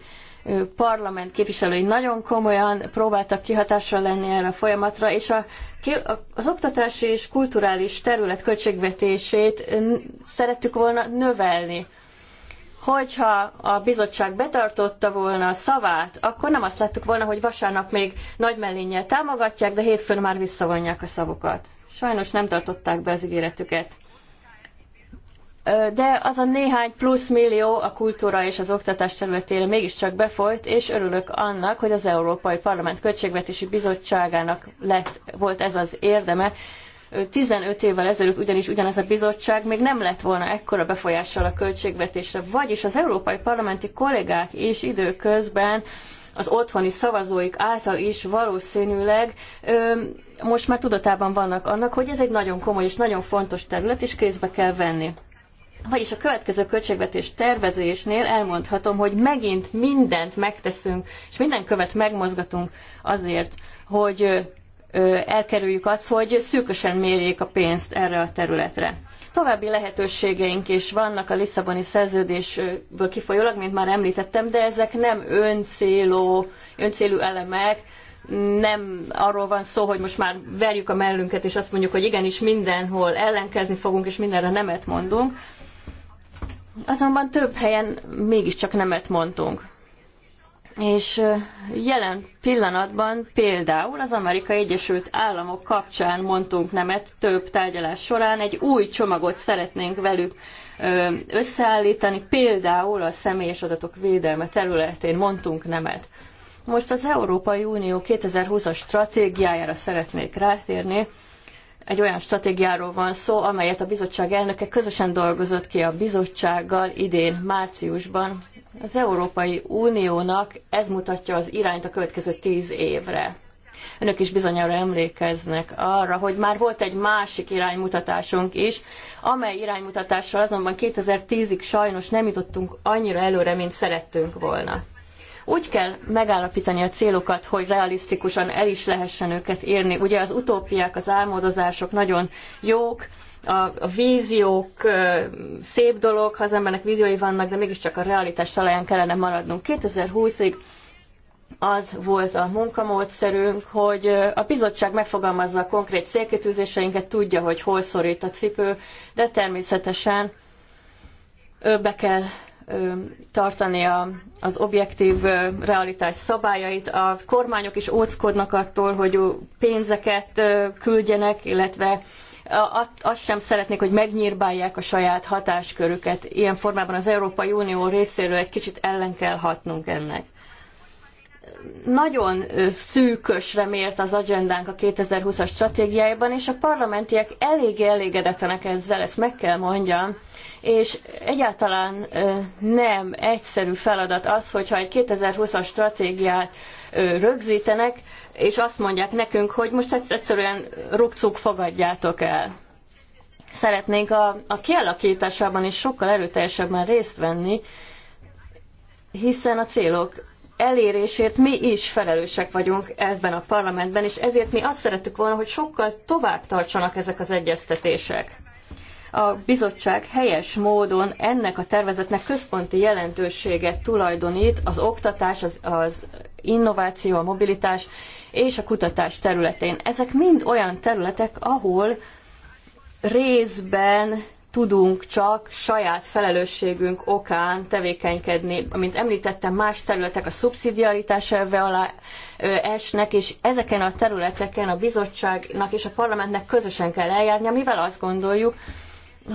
Parlament képviselői nagyon komolyan próbáltak kihatással lenni erre a folyamatra, és a, az oktatási és kulturális terület költségvetését szerettük volna növelni hogyha a bizottság betartotta volna a szavát, akkor nem azt láttuk volna, hogy vasárnap még nagy mellénnyel támogatják, de hétfőn már visszavonják a szavukat. Sajnos nem tartották be az ígéretüket. De az a néhány plusz millió a kultúra és az oktatás területére mégiscsak befolyt, és örülök annak, hogy az Európai Parlament Költségvetési Bizottságának lett, volt ez az érdeme. 15 évvel ezelőtt ugyanis ugyanez a bizottság még nem lett volna ekkora befolyással a költségvetésre, vagyis az európai parlamenti kollégák is időközben az otthoni szavazóik által is valószínűleg ö, most már tudatában vannak annak, hogy ez egy nagyon komoly és nagyon fontos terület, és kézbe kell venni. Vagyis a következő költségvetés tervezésnél elmondhatom, hogy megint mindent megteszünk, és minden követ megmozgatunk azért, hogy elkerüljük azt, hogy szűkösen mérjék a pénzt erre a területre. További lehetőségeink is vannak a Lisszaboni szerződésből kifolyólag, mint már említettem, de ezek nem öncélú, öncélú elemek, nem arról van szó, hogy most már verjük a mellünket, és azt mondjuk, hogy igenis mindenhol ellenkezni fogunk, és mindenre nemet mondunk. Azonban több helyen mégiscsak nemet mondtunk. És jelen pillanatban például az Amerikai Egyesült Államok kapcsán mondtunk nemet több tárgyalás során, egy új csomagot szeretnénk velük összeállítani, például a személyes adatok védelme területén mondtunk nemet. Most az Európai Unió 2020-as stratégiájára szeretnék rátérni. Egy olyan stratégiáról van szó, amelyet a bizottság elnöke közösen dolgozott ki a bizottsággal idén márciusban, az Európai Uniónak ez mutatja az irányt a következő tíz évre. Önök is bizonyára emlékeznek arra, hogy már volt egy másik iránymutatásunk is, amely iránymutatással azonban 2010-ig sajnos nem jutottunk annyira előre, mint szerettünk volna. Úgy kell megállapítani a célokat, hogy realisztikusan el is lehessen őket érni. Ugye az utópiák, az álmodozások nagyon jók, a víziók szép dolog, ha az embernek víziói vannak, de mégiscsak a realitás talaján kellene maradnunk. 2020-ig az volt a munkamódszerünk, hogy a bizottság megfogalmazza a konkrét célkitűzéseinket, tudja, hogy hol szorít a cipő, de természetesen be kell tartani a, az objektív realitás szabályait. A kormányok is óckodnak attól, hogy pénzeket küldjenek, illetve azt sem szeretnék, hogy megnyírbálják a saját hatáskörüket. Ilyen formában az Európai Unió részéről egy kicsit ellen kell hatnunk ennek nagyon szűkösre mért az agendánk a 2020-as stratégiájában, és a parlamentiek elég elégedetlenek ezzel, ezt meg kell mondjam, és egyáltalán nem egyszerű feladat az, hogyha egy 2020-as stratégiát rögzítenek, és azt mondják nekünk, hogy most ezt egyszerűen rupcuk fogadjátok el. Szeretnénk a, a kialakításában is sokkal erőteljesebben részt venni, hiszen a célok elérésért mi is felelősek vagyunk ebben a parlamentben, és ezért mi azt szerettük volna, hogy sokkal tovább tartsanak ezek az egyeztetések. A bizottság helyes módon ennek a tervezetnek központi jelentőséget tulajdonít az oktatás, az, az innováció, a mobilitás és a kutatás területén. Ezek mind olyan területek, ahol részben tudunk csak saját felelősségünk okán tevékenykedni. Amint említettem, más területek a szubszidiaritás elve alá esnek, és ezeken a területeken a bizottságnak és a parlamentnek közösen kell eljárnia, mivel azt gondoljuk,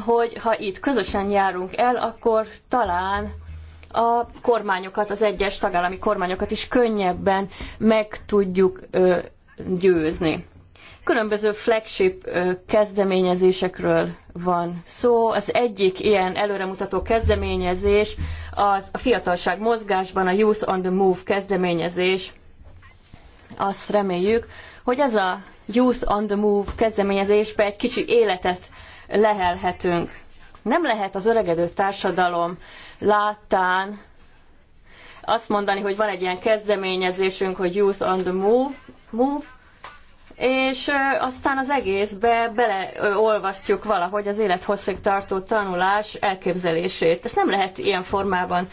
hogy ha itt közösen járunk el, akkor talán a kormányokat, az egyes tagállami kormányokat is könnyebben meg tudjuk győzni. Különböző flagship kezdeményezésekről van szó. Az egyik ilyen előremutató kezdeményezés az a fiatalság mozgásban a Youth on the Move kezdeményezés. Azt reméljük, hogy ez a Youth on the Move kezdeményezésbe egy kicsi életet lehelhetünk. Nem lehet az öregedő társadalom láttán azt mondani, hogy van egy ilyen kezdeményezésünk, hogy Youth on the Move, move és aztán az egészbe beleolvasztjuk valahogy az élethosszig tartó tanulás elképzelését. Ezt nem lehet ilyen formában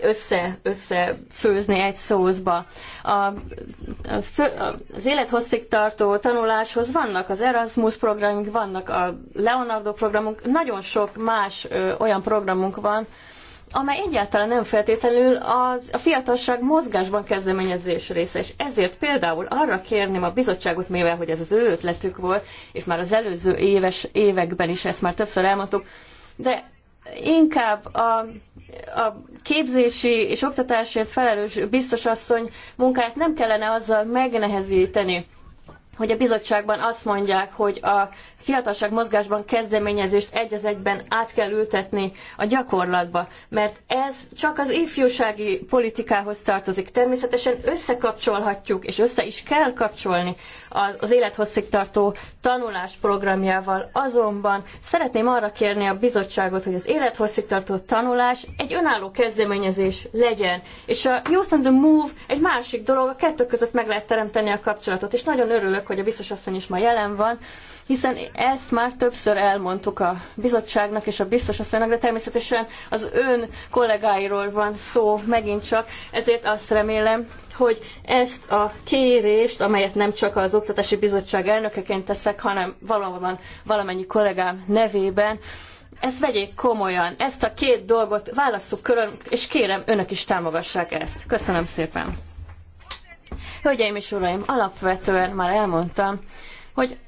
össze, összefőzni egy szózba. A, a, fő, az élethosszig tartó tanuláshoz vannak az Erasmus programunk, vannak a Leonardo programunk, nagyon sok más ö, olyan programunk van, amely egyáltalán nem feltétlenül az, a fiatalság mozgásban kezdeményezés része, és ezért például arra kérném a bizottságot, mivel hogy ez az ő ötletük volt, és már az előző éves években is ezt már többször elmondtuk, de inkább a, a képzési és oktatásért felelős biztosasszony munkáját nem kellene azzal megnehezíteni, hogy a bizottságban azt mondják, hogy a fiatalság mozgásban kezdeményezést egy az egyben át kell ültetni a gyakorlatba, mert ez csak az ifjúsági politikához tartozik. Természetesen összekapcsolhatjuk, és össze is kell kapcsolni az tartó tanulás programjával. Azonban szeretném arra kérni a bizottságot, hogy az tartó tanulás egy önálló kezdeményezés legyen, és a Youth on the Move egy másik dolog, a kettő között meg lehet teremteni a kapcsolatot, és nagyon örülök örülök, hogy a biztos asszony is ma jelen van, hiszen ezt már többször elmondtuk a bizottságnak és a biztos asszonynak, de természetesen az ön kollégáiról van szó megint csak, ezért azt remélem, hogy ezt a kérést, amelyet nem csak az Oktatási Bizottság elnökeként teszek, hanem valóban valamennyi kollégám nevében, ezt vegyék komolyan, ezt a két dolgot válasszuk körül és kérem, önök is támogassák ezt. Köszönöm szépen. Hölgyeim és uraim, alapvetően már elmondtam, hogy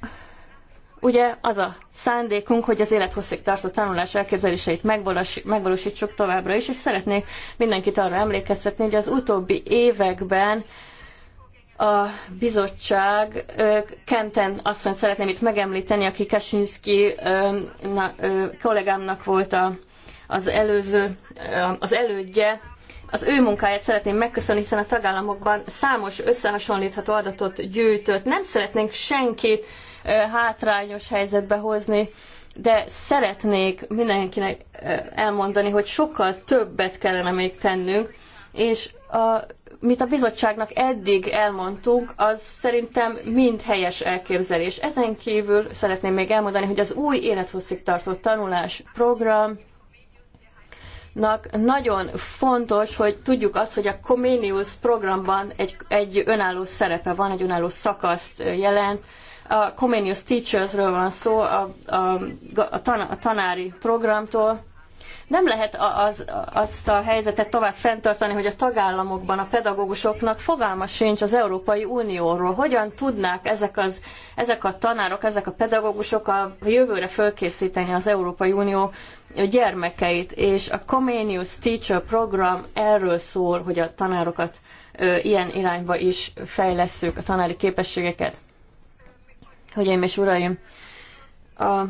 ugye az a szándékunk, hogy az élethosszig tartó tanulás elképzeléseit megvalósítsuk továbbra is, és szeretnék mindenkit arra emlékeztetni, hogy az utóbbi években a bizottság Kenten asszony szeretném itt megemlíteni, aki Kaczynski kollégámnak volt a, az előző, az elődje, az ő munkáját szeretném megköszönni, hiszen a tagállamokban számos összehasonlítható adatot gyűjtött. Nem szeretnénk senkit hátrányos helyzetbe hozni, de szeretnék mindenkinek elmondani, hogy sokkal többet kellene még tennünk, és a, mit a bizottságnak eddig elmondtunk, az szerintem mind helyes elképzelés. Ezen kívül szeretném még elmondani, hogy az új élethosszig tartó tanulás program Nak nagyon fontos, hogy tudjuk azt, hogy a Comenius programban egy, egy önálló szerepe van, egy önálló szakaszt jelent. A Comenius Teachersről van szó, a, a, a, tan, a tanári programtól, nem lehet az, azt a helyzetet tovább fenntartani, hogy a tagállamokban a pedagógusoknak fogalma sincs az Európai Unióról. Hogyan tudnák ezek, az, ezek a tanárok, ezek a pedagógusok a jövőre fölkészíteni az Európai Unió gyermekeit, és a Comenius Teacher Program erről szól, hogy a tanárokat ilyen irányba is fejlesszük a tanári képességeket. Hölgyeim és uraim, a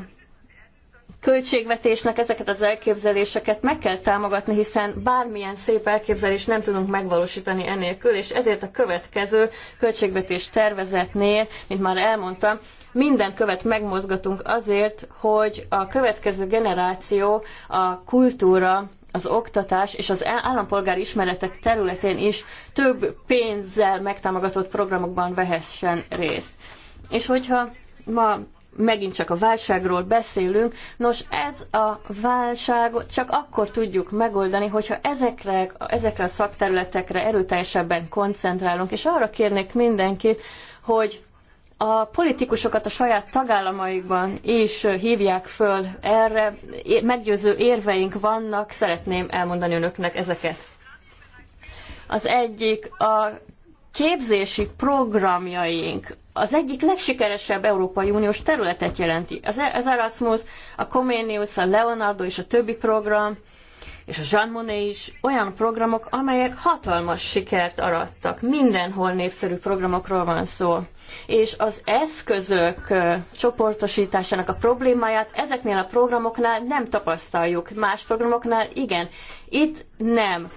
költségvetésnek ezeket az elképzeléseket meg kell támogatni, hiszen bármilyen szép elképzelést nem tudunk megvalósítani enélkül, és ezért a következő költségvetés tervezetnél, mint már elmondtam, minden követ megmozgatunk azért, hogy a következő generáció a kultúra, az oktatás és az állampolgári ismeretek területén is több pénzzel megtámogatott programokban vehessen részt. És hogyha ma megint csak a válságról beszélünk. Nos, ez a válságot csak akkor tudjuk megoldani, hogyha ezekre, ezekre a szakterületekre erőteljesebben koncentrálunk, és arra kérnék mindenkit, hogy a politikusokat a saját tagállamaikban is hívják föl erre, meggyőző érveink vannak, szeretném elmondani önöknek ezeket. Az egyik a képzési programjaink az egyik legsikeresebb Európai Uniós területet jelenti. E- az, Erasmus, a Comenius, a Leonardo és a többi program, és a Jean Monnet is olyan programok, amelyek hatalmas sikert arattak. Mindenhol népszerű programokról van szó. És az eszközök csoportosításának a problémáját ezeknél a programoknál nem tapasztaljuk, más programoknál igen. Itt nem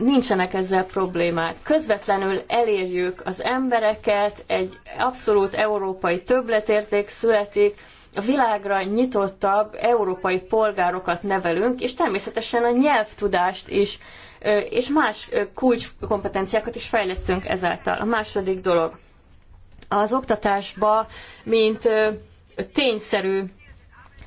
nincsenek ezzel problémák. Közvetlenül elérjük az embereket, egy abszolút európai többletérték születik, a világra nyitottabb európai polgárokat nevelünk, és természetesen a nyelvtudást is, és más kulcskompetenciákat is fejlesztünk ezáltal. A második dolog. Az oktatásba, mint tényszerű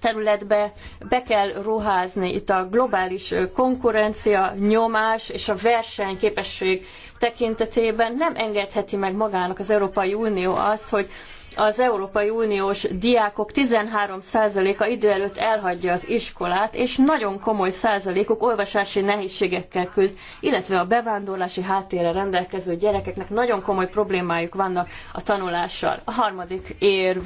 területbe be kell ruházni. Itt a globális konkurencia, nyomás és a versenyképesség tekintetében nem engedheti meg magának az Európai Unió azt, hogy az Európai Uniós diákok 13%-a idő előtt elhagyja az iskolát, és nagyon komoly százalékuk olvasási nehézségekkel küzd, illetve a bevándorlási háttérre rendelkező gyerekeknek nagyon komoly problémájuk vannak a tanulással. A harmadik érv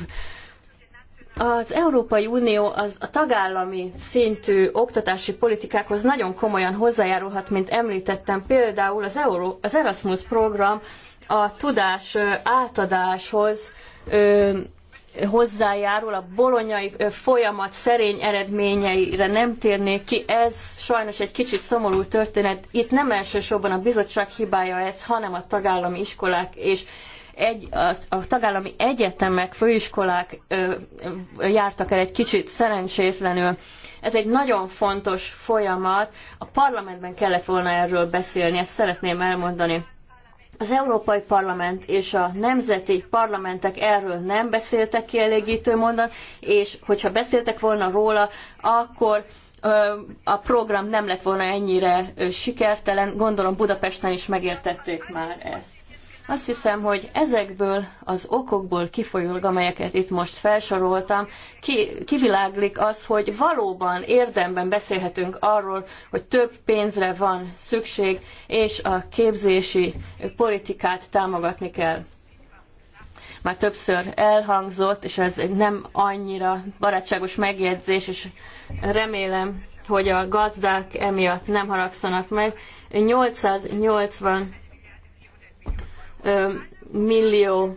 az Európai Unió az a tagállami szintű oktatási politikákhoz nagyon komolyan hozzájárulhat, mint említettem, például az, Euró, az Erasmus program a tudás átadáshoz ö, hozzájárul, a bolonyai folyamat szerény eredményeire nem térnék ki, ez sajnos egy kicsit szomorú történet. Itt nem elsősorban a bizottság hibája ez, hanem a tagállami iskolák és egy, a, a tagállami egyetemek, főiskolák ö, jártak el egy kicsit szerencsétlenül. Ez egy nagyon fontos folyamat. A parlamentben kellett volna erről beszélni, ezt szeretném elmondani. Az Európai Parlament és a nemzeti parlamentek erről nem beszéltek kielégítő módon, és hogyha beszéltek volna róla, akkor a program nem lett volna ennyire sikertelen. Gondolom Budapesten is megértették már ezt. Azt hiszem, hogy ezekből az okokból kifolyólag, amelyeket itt most felsoroltam, ki, kiviláglik az, hogy valóban érdemben beszélhetünk arról, hogy több pénzre van szükség, és a képzési politikát támogatni kell már többször elhangzott, és ez egy nem annyira barátságos megjegyzés, és remélem, hogy a gazdák emiatt nem haragszanak meg. 880 millió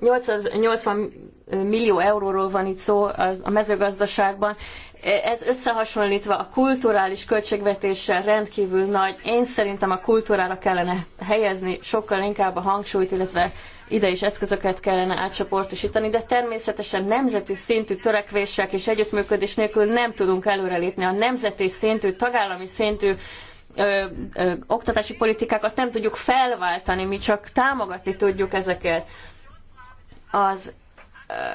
80 millió euróról van itt szó a mezőgazdaságban. E, ez összehasonlítva a kulturális költségvetéssel rendkívül nagy. Én szerintem a kultúrára kellene helyezni sokkal inkább a hangsúlyt, illetve ide is eszközöket kellene átcsoportosítani, de természetesen nemzeti szintű törekvések és együttműködés nélkül nem tudunk előrelépni. A nemzeti szintű, tagállami szintű ö, ö, oktatási politikákat nem tudjuk felváltani, mi csak támogatni tudjuk ezeket. Az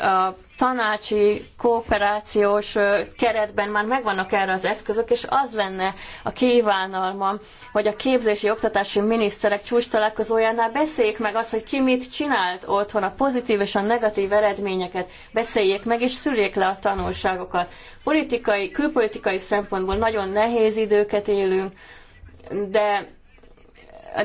a tanácsi kooperációs keretben már megvannak erre az eszközök, és az lenne a kívánalmam, hogy a képzési oktatási miniszterek csúcs találkozójánál beszéljék meg azt, hogy ki mit csinált otthon, a pozitív és a negatív eredményeket beszéljék meg, és szüljék le a tanulságokat. Politikai, külpolitikai szempontból nagyon nehéz időket élünk, de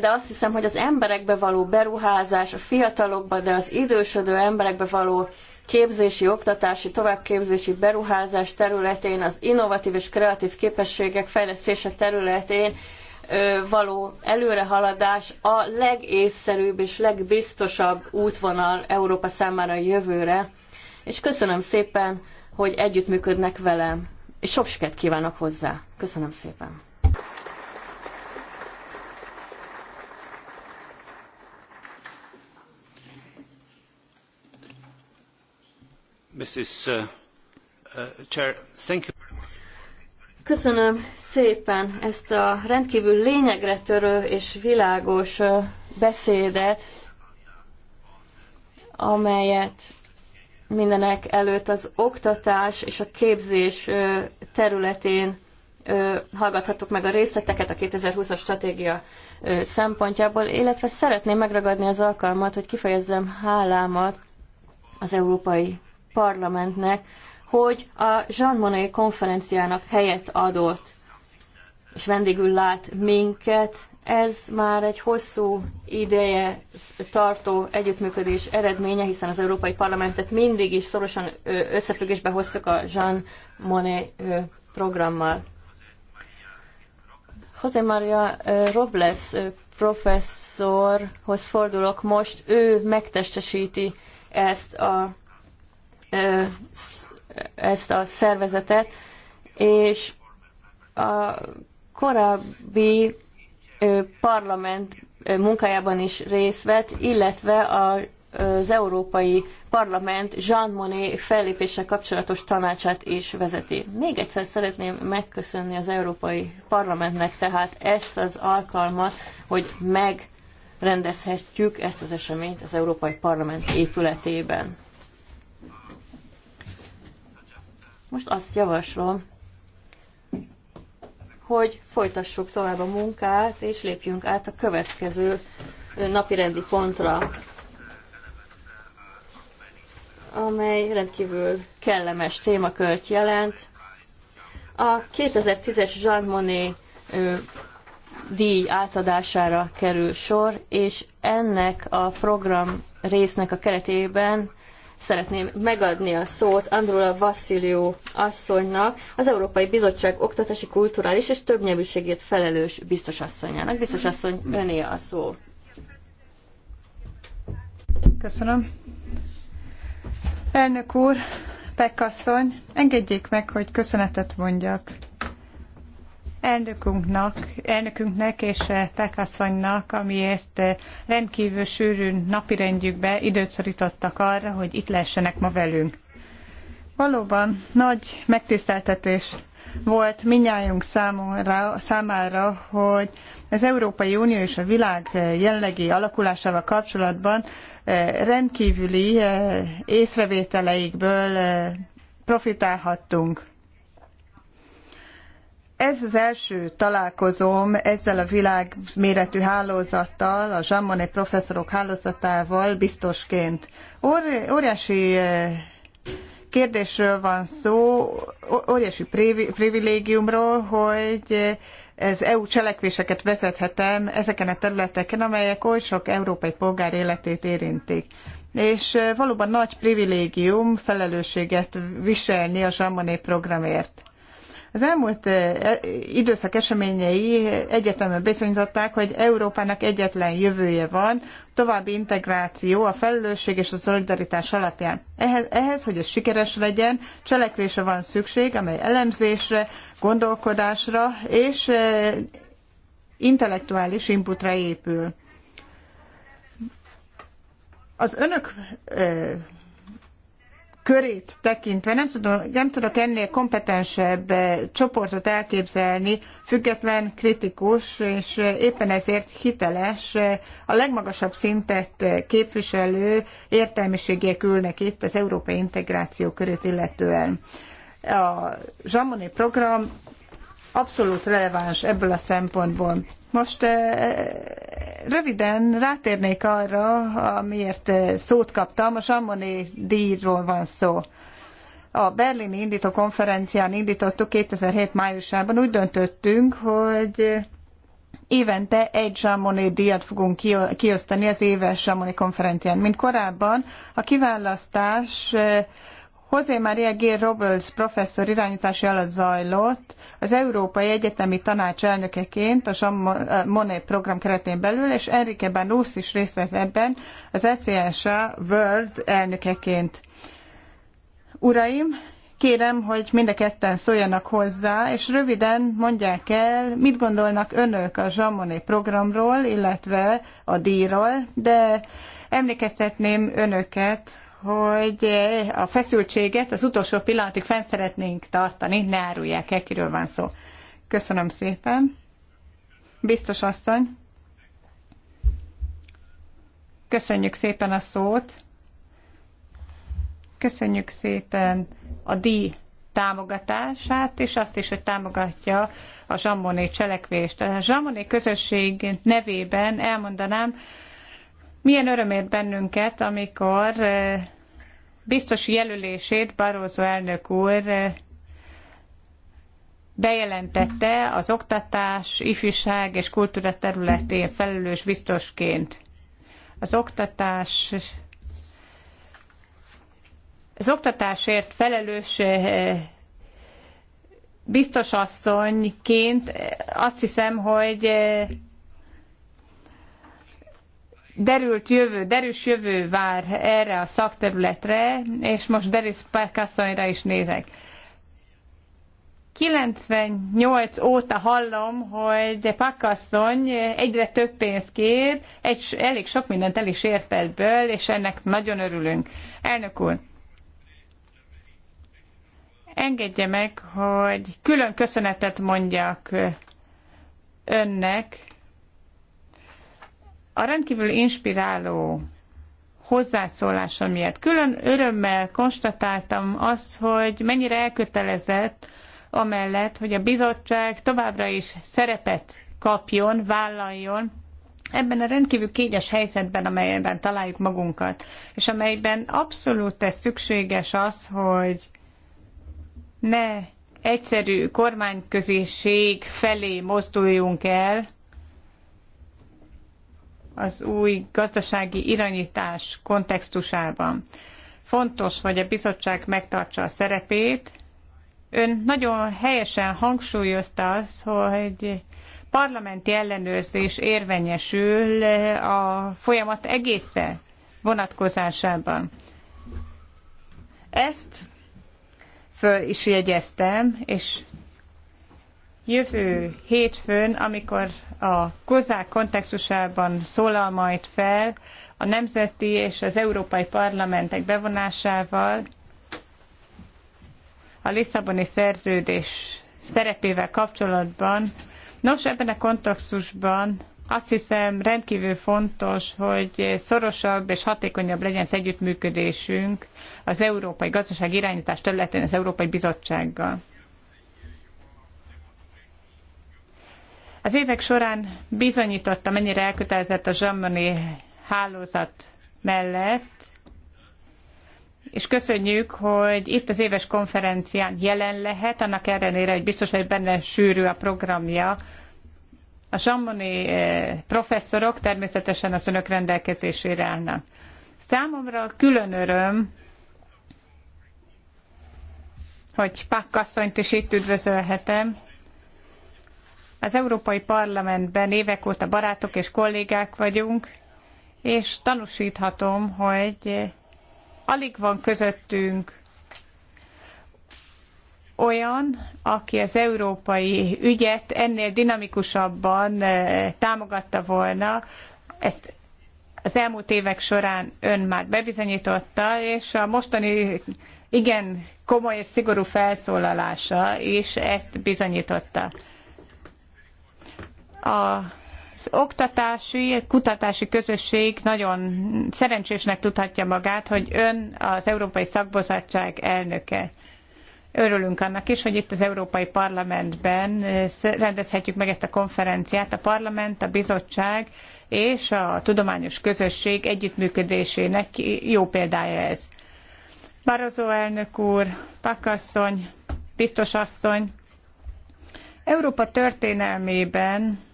de azt hiszem, hogy az emberekbe való beruházás, a fiatalokba, de az idősödő emberekbe való képzési, oktatási, továbbképzési beruházás területén, az innovatív és kreatív képességek fejlesztése területén való előrehaladás a legészszerűbb és legbiztosabb útvonal Európa számára a jövőre, és köszönöm szépen, hogy együttműködnek velem, és sok sikert kívánok hozzá. Köszönöm szépen. Uh, uh, Köszönöm szépen ezt a rendkívül lényegre törő és világos uh, beszédet, amelyet mindenek előtt az oktatás és a képzés területén hallgathattuk meg a részleteket a 2020-as stratégia szempontjából, illetve szeretném megragadni az alkalmat, hogy kifejezzem hálámat az Európai Parlamentnek, hogy a Jean Monnet konferenciának helyet adott, és vendégül lát minket. Ez már egy hosszú ideje tartó együttműködés eredménye, hiszen az Európai Parlamentet mindig is szorosan összefüggésbe hoztuk a Jean Monnet programmal. José Maria Robles professzorhoz fordulok most, ő megtestesíti ezt a ezt a szervezetet, és a korábbi parlament munkájában is részt vett, illetve a az Európai Parlament Jean Monnet fellépéssel kapcsolatos tanácsát is vezeti. Még egyszer szeretném megköszönni az Európai Parlamentnek tehát ezt az alkalmat, hogy megrendezhetjük ezt az eseményt az Európai Parlament épületében. Most azt javaslom, hogy folytassuk tovább a munkát, és lépjünk át a következő napirendi pontra, amely rendkívül kellemes témakört jelent. A 2010-es Jean Monnet díj átadására kerül sor, és ennek a program résznek a keretében szeretném megadni a szót Andrula Vasszilió asszonynak, az Európai Bizottság oktatási, kulturális és többnyelvűségét felelős biztos asszonyának. Biztos asszony, öné a szó. Köszönöm. Elnök úr, Pekasszony, engedjék meg, hogy köszönetet mondjak elnökünknek, elnökünknek és eh, Pekasszonynak, amiért eh, rendkívül sűrűn napirendjükbe időt szorítottak arra, hogy itt lehessenek ma velünk. Valóban nagy megtiszteltetés volt minnyájunk számára, számára, hogy az Európai Unió és a világ eh, jelenlegi alakulásával kapcsolatban rendkívüli észrevételeikből profitálhattunk. Ez az első találkozóm ezzel a világméretű hálózattal, a Jean Monnet professzorok hálózatával biztosként. óriási eh, kérdésről van szó, óriási privilégiumról, hogy eh, ez EU cselekvéseket vezethetem ezeken a területeken, amelyek oly sok európai polgár életét érintik. És eh, valóban nagy privilégium felelősséget viselni a Zsamoné programért. Az elmúlt e, időszak eseményei egyetemben bizonyították, hogy Európának egyetlen jövője van, további integráció a felelősség és a szolidaritás alapján. Ehhez, ehhez, hogy ez sikeres legyen, cselekvésre van szükség, amely elemzésre, gondolkodásra és intellektuális inputra épül. Az önök körét tekintve nem tudom, nem tudok ennél kompetensebb eh, csoportot elképzelni, független, kritikus és eh, éppen ezért hiteles, eh, a legmagasabb szintet képviselő értelmiségiek ülnek itt az európai integráció körét illetően. A Zsamoni program abszolút releváns ebből a szempontból. Most eh, röviden rátérnék arra, amiért eh, szót kaptam, a Sammoni díjról van szó. A berlini indító konferencián indítottuk 2007 májusában, úgy döntöttünk, hogy évente egy Sammoni díjat fogunk kiosztani az éves Sammoni konferencián. Mint korábban, a kiválasztás eh, José María G. Robles professzor irányítási alatt zajlott az Európai Egyetemi Tanács elnökeként a Jean eh, Monnet program keretén belül, és Enrique Banús is részt vett ebben az ECSA World elnökeként. Uraim, kérem, hogy mind a ketten szóljanak hozzá, és röviden mondják el, mit gondolnak önök a Jean Monnet programról, illetve a díjról, de emlékeztetném önöket, hogy eh, a feszültséget az utolsó pillanatig fenn szeretnénk tartani, ne árulják el, kiről van szó. Köszönöm szépen. Biztos asszony. Köszönjük szépen a szót. Köszönjük szépen a díj támogatását, és azt is, hogy támogatja a Zsamboné cselekvést. A Zsamboné közösség nevében elmondanám, milyen örömért bennünket, amikor eh, biztos jelölését Barroso elnök úr eh, bejelentette az oktatás, ifjúság és kultúra területén felelős biztosként. Az oktatás az oktatásért felelős eh, biztosasszonyként azt hiszem, hogy derült jövő, derűs jövő vár erre a szakterületre, és most Deris Perkasszonyra is nézek. 98 óta hallom, hogy Pakasszony egyre több pénzt kér, egy, elég sok mindent el is ért ebből, és ennek nagyon örülünk. Elnök úr, engedje meg, hogy külön köszönetet mondjak önnek, a rendkívül inspiráló hozzászólása miatt. Külön örömmel konstatáltam azt, hogy mennyire elkötelezett amellett, hogy a bizottság továbbra is szerepet kapjon, vállaljon ebben a rendkívül kényes helyzetben, amelyben találjuk magunkat, és amelyben abszolút ez szükséges az, hogy ne egyszerű kormányköziség felé mozduljunk el, az új gazdasági irányítás kontextusában. Fontos, hogy a bizottság megtartsa a szerepét. Ön nagyon helyesen hangsúlyozta az, hogy parlamenti ellenőrzés érvényesül a folyamat egésze vonatkozásában. Ezt föl is jegyeztem, és jövő hétfőn, amikor a kozák kontextusában szólal majd fel a nemzeti és az európai parlamentek bevonásával a Lisszaboni szerződés szerepével kapcsolatban. Nos, ebben a kontextusban azt hiszem rendkívül fontos, hogy szorosabb és hatékonyabb legyen az együttműködésünk az európai gazdaság irányítás területén az Európai Bizottsággal. Az évek során bizonyította, mennyire elkötelezett a zsammoni hálózat mellett, és köszönjük, hogy itt az éves konferencián jelen lehet, annak ellenére, hogy biztos, hogy benne sűrű a programja. A zsammoni eh, professzorok természetesen az önök rendelkezésére állnak. Számomra külön öröm, hogy Pak asszonyt is itt üdvözölhetem, az Európai Parlamentben évek óta barátok és kollégák vagyunk, és tanúsíthatom, hogy alig van közöttünk olyan, aki az európai ügyet ennél dinamikusabban eh, támogatta volna. Ezt az elmúlt évek során ön már bebizonyította, és a mostani igen komoly és szigorú felszólalása is ezt bizonyította a az oktatási, kutatási közösség nagyon szerencsésnek tudhatja magát, hogy ön az Európai Szakbizottság elnöke. Örülünk annak is, hogy itt az Európai Parlamentben eh, rendezhetjük meg ezt a konferenciát. A parlament, a bizottság és a tudományos közösség együttműködésének jó példája ez. Barozó elnök úr, Pakasszony, biztos asszony, Európa történelmében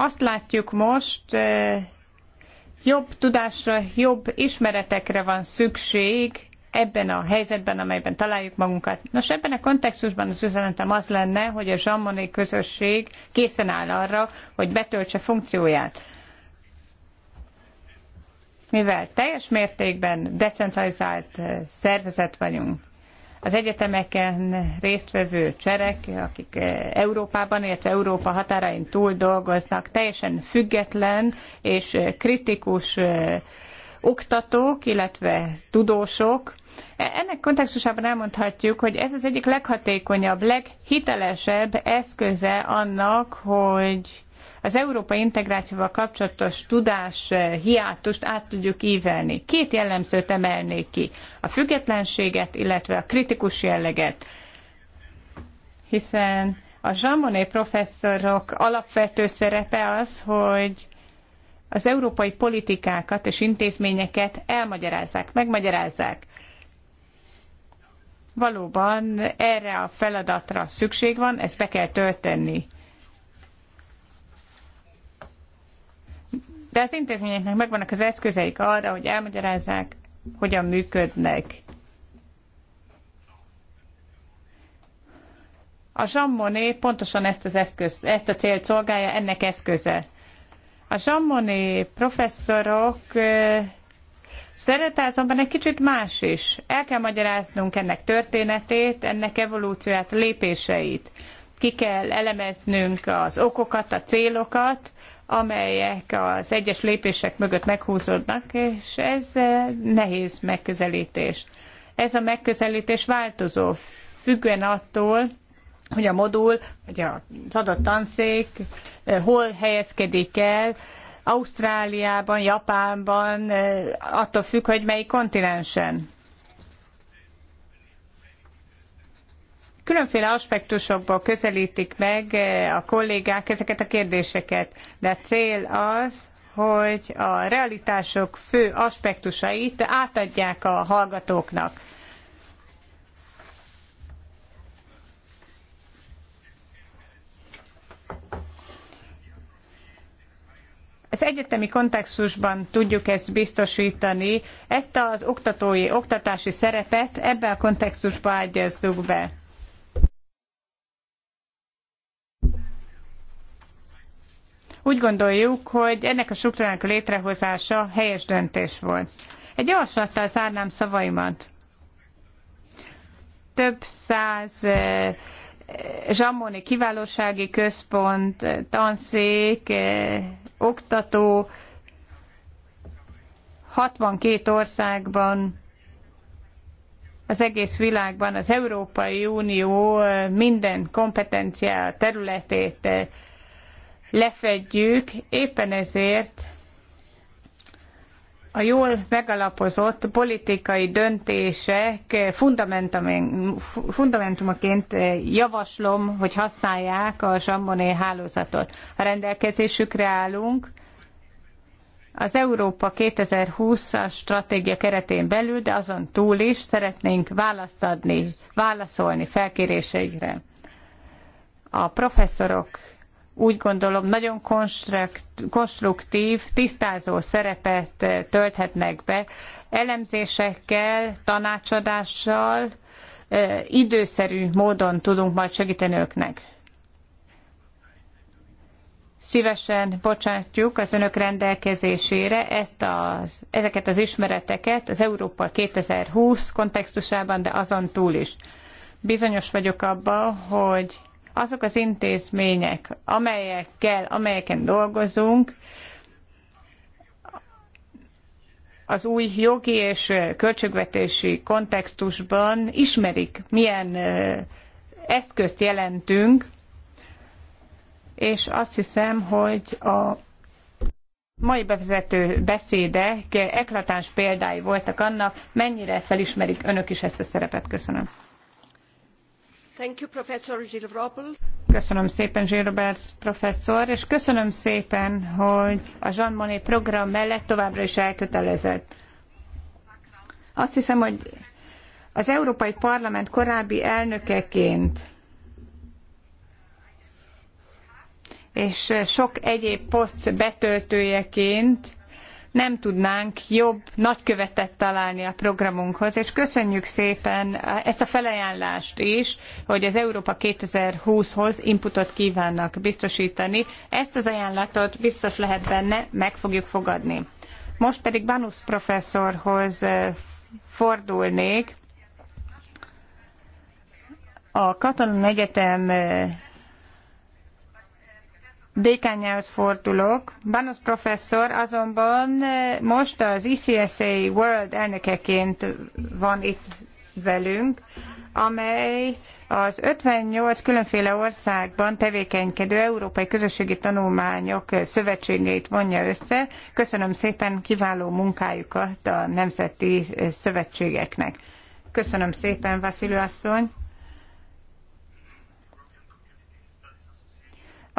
Azt látjuk most, jobb tudásra, jobb ismeretekre van szükség ebben a helyzetben, amelyben találjuk magunkat. Nos, ebben a kontextusban az üzenetem az lenne, hogy a zsammoni közösség készen áll arra, hogy betöltse funkcióját. Mivel teljes mértékben decentralizált szervezet vagyunk, az egyetemeken résztvevő cserek, akik eh, Európában, illetve Európa határain túl dolgoznak, teljesen független és eh, kritikus eh, oktatók, illetve tudósok. E, ennek kontextusában elmondhatjuk, hogy ez az egyik leghatékonyabb, leghitelesebb eszköze annak, hogy az európai integrációval kapcsolatos tudás eh, hiátust át tudjuk ívelni. Két jellemzőt emelnék ki, a függetlenséget, illetve a kritikus jelleget. Hiszen a Monnet professzorok alapvető szerepe az, hogy az európai politikákat és intézményeket elmagyarázzák, megmagyarázzák. Valóban erre a feladatra szükség van, ezt be kell tölteni. De az intézményeknek megvannak az eszközeik arra, hogy elmagyarázzák, hogyan működnek. A Jean Monnet pontosan ezt az eszköz, ezt a célt szolgálja, ennek eszköze. A Jean Monnet professzorok Szerete azonban egy kicsit más is. El kell magyaráznunk ennek történetét, ennek evolúcióját, lépéseit. Ki kell elemeznünk az okokat, a célokat, amelyek az egyes lépések mögött meghúzódnak, és ez eh, nehéz megközelítés. Ez a megközelítés változó, függően attól, hogy a modul, vagy az adott tanszék eh, hol helyezkedik el, Ausztráliában, Japánban, eh, attól függ, hogy melyik kontinensen. Különféle aspektusokból közelítik meg eh, a kollégák ezeket a kérdéseket, de a cél az, hogy a realitások fő aspektusait átadják a hallgatóknak. az egyetemi kontextusban tudjuk ezt biztosítani, ezt az oktatói, oktatási szerepet ebbe a kontextusba ágyazzuk be. Úgy gondoljuk, hogy ennek a struktúrának létrehozása helyes döntés volt. Egy javaslattal zárnám szavaimat. Több száz eh, zsamoni kiválósági központ, eh, tanszék, eh, oktató, 62 országban, az egész világban az Európai Unió minden kompetenciá területét lefedjük, éppen ezért a jól megalapozott politikai döntések fundamentumaként javaslom, hogy használják a Zsamboné hálózatot. A rendelkezésükre állunk az Európa 2020-as stratégia keretén belül, de azon túl is szeretnénk választ adni, válaszolni felkéréseikre. A professzorok úgy gondolom nagyon konstruktív, tisztázó szerepet eh, tölthetnek be elemzésekkel, tanácsadással, eh, időszerű módon tudunk majd segíteni őknek. Szívesen bocsátjuk az önök rendelkezésére ezt az, ezeket az ismereteket az Európa 2020 kontextusában, de azon túl is. Bizonyos vagyok abban, hogy azok az intézmények, amelyekkel, amelyeken dolgozunk, az új jogi és költségvetési kontextusban ismerik, milyen eszközt jelentünk, és azt hiszem, hogy a mai bevezető beszédek eklatáns példái voltak annak, mennyire felismerik önök is ezt a szerepet. Köszönöm. Thank you, Professor Köszönöm szépen, Gilbert professzor, és köszönöm szépen, hogy a Jean Monnet program mellett továbbra is elkötelezett. Azt hiszem, hogy az Európai Parlament korábbi elnökeként és sok egyéb poszt betöltőjeként nem tudnánk jobb nagykövetet találni a programunkhoz, és köszönjük szépen ezt a felajánlást is, hogy az Európa 2020-hoz inputot kívánnak biztosítani. Ezt az ajánlatot biztos lehet benne, meg fogjuk fogadni. Most pedig Banusz professzorhoz eh, fordulnék. A Katalon Egyetem eh, dékányához fordulok. Banos professzor azonban eh, most az ICSA e World elnökeként van itt velünk, amely az 58 különféle országban tevékenykedő európai közösségi tanulmányok szövetségeit vonja össze. Köszönöm szépen kiváló munkájukat a nemzeti szövetségeknek. Köszönöm szépen, Vasilő asszony!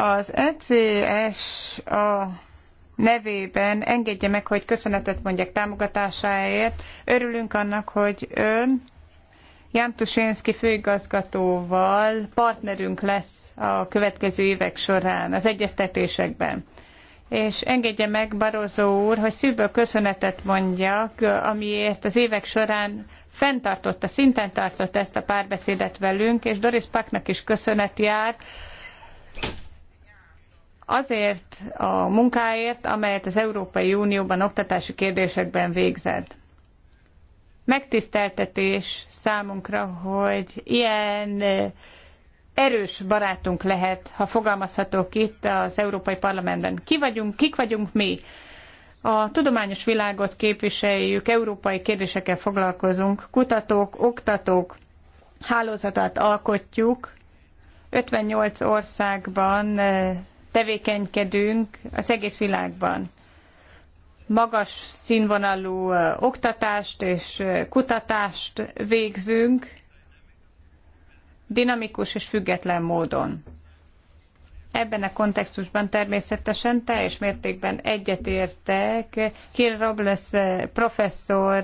Az ECS a nevében engedje meg, hogy köszönetet mondjak támogatásáért. Örülünk annak, hogy ön Jan Tusénszki főigazgatóval partnerünk lesz a következő évek során az egyeztetésekben. És engedje meg, Barozó úr, hogy szívből köszönetet mondjak, amiért az évek során fenntartotta, szinten tartotta ezt a párbeszédet velünk, és Doris Paknak is köszönet jár, azért a munkáért, amelyet az Európai Unióban oktatási kérdésekben végzett. Megtiszteltetés számunkra, hogy ilyen eh, erős barátunk lehet, ha fogalmazhatok itt az Európai Parlamentben. Ki vagyunk, kik vagyunk mi? A tudományos világot képviseljük, európai kérdésekkel foglalkozunk, kutatók, oktatók, hálózatát alkotjuk. 58 országban eh, tevékenykedünk az egész világban. Magas színvonalú oktatást és kutatást végzünk dinamikus és független módon. Ebben a kontextusban természetesen teljes mértékben egyetértek Kir Robles professzor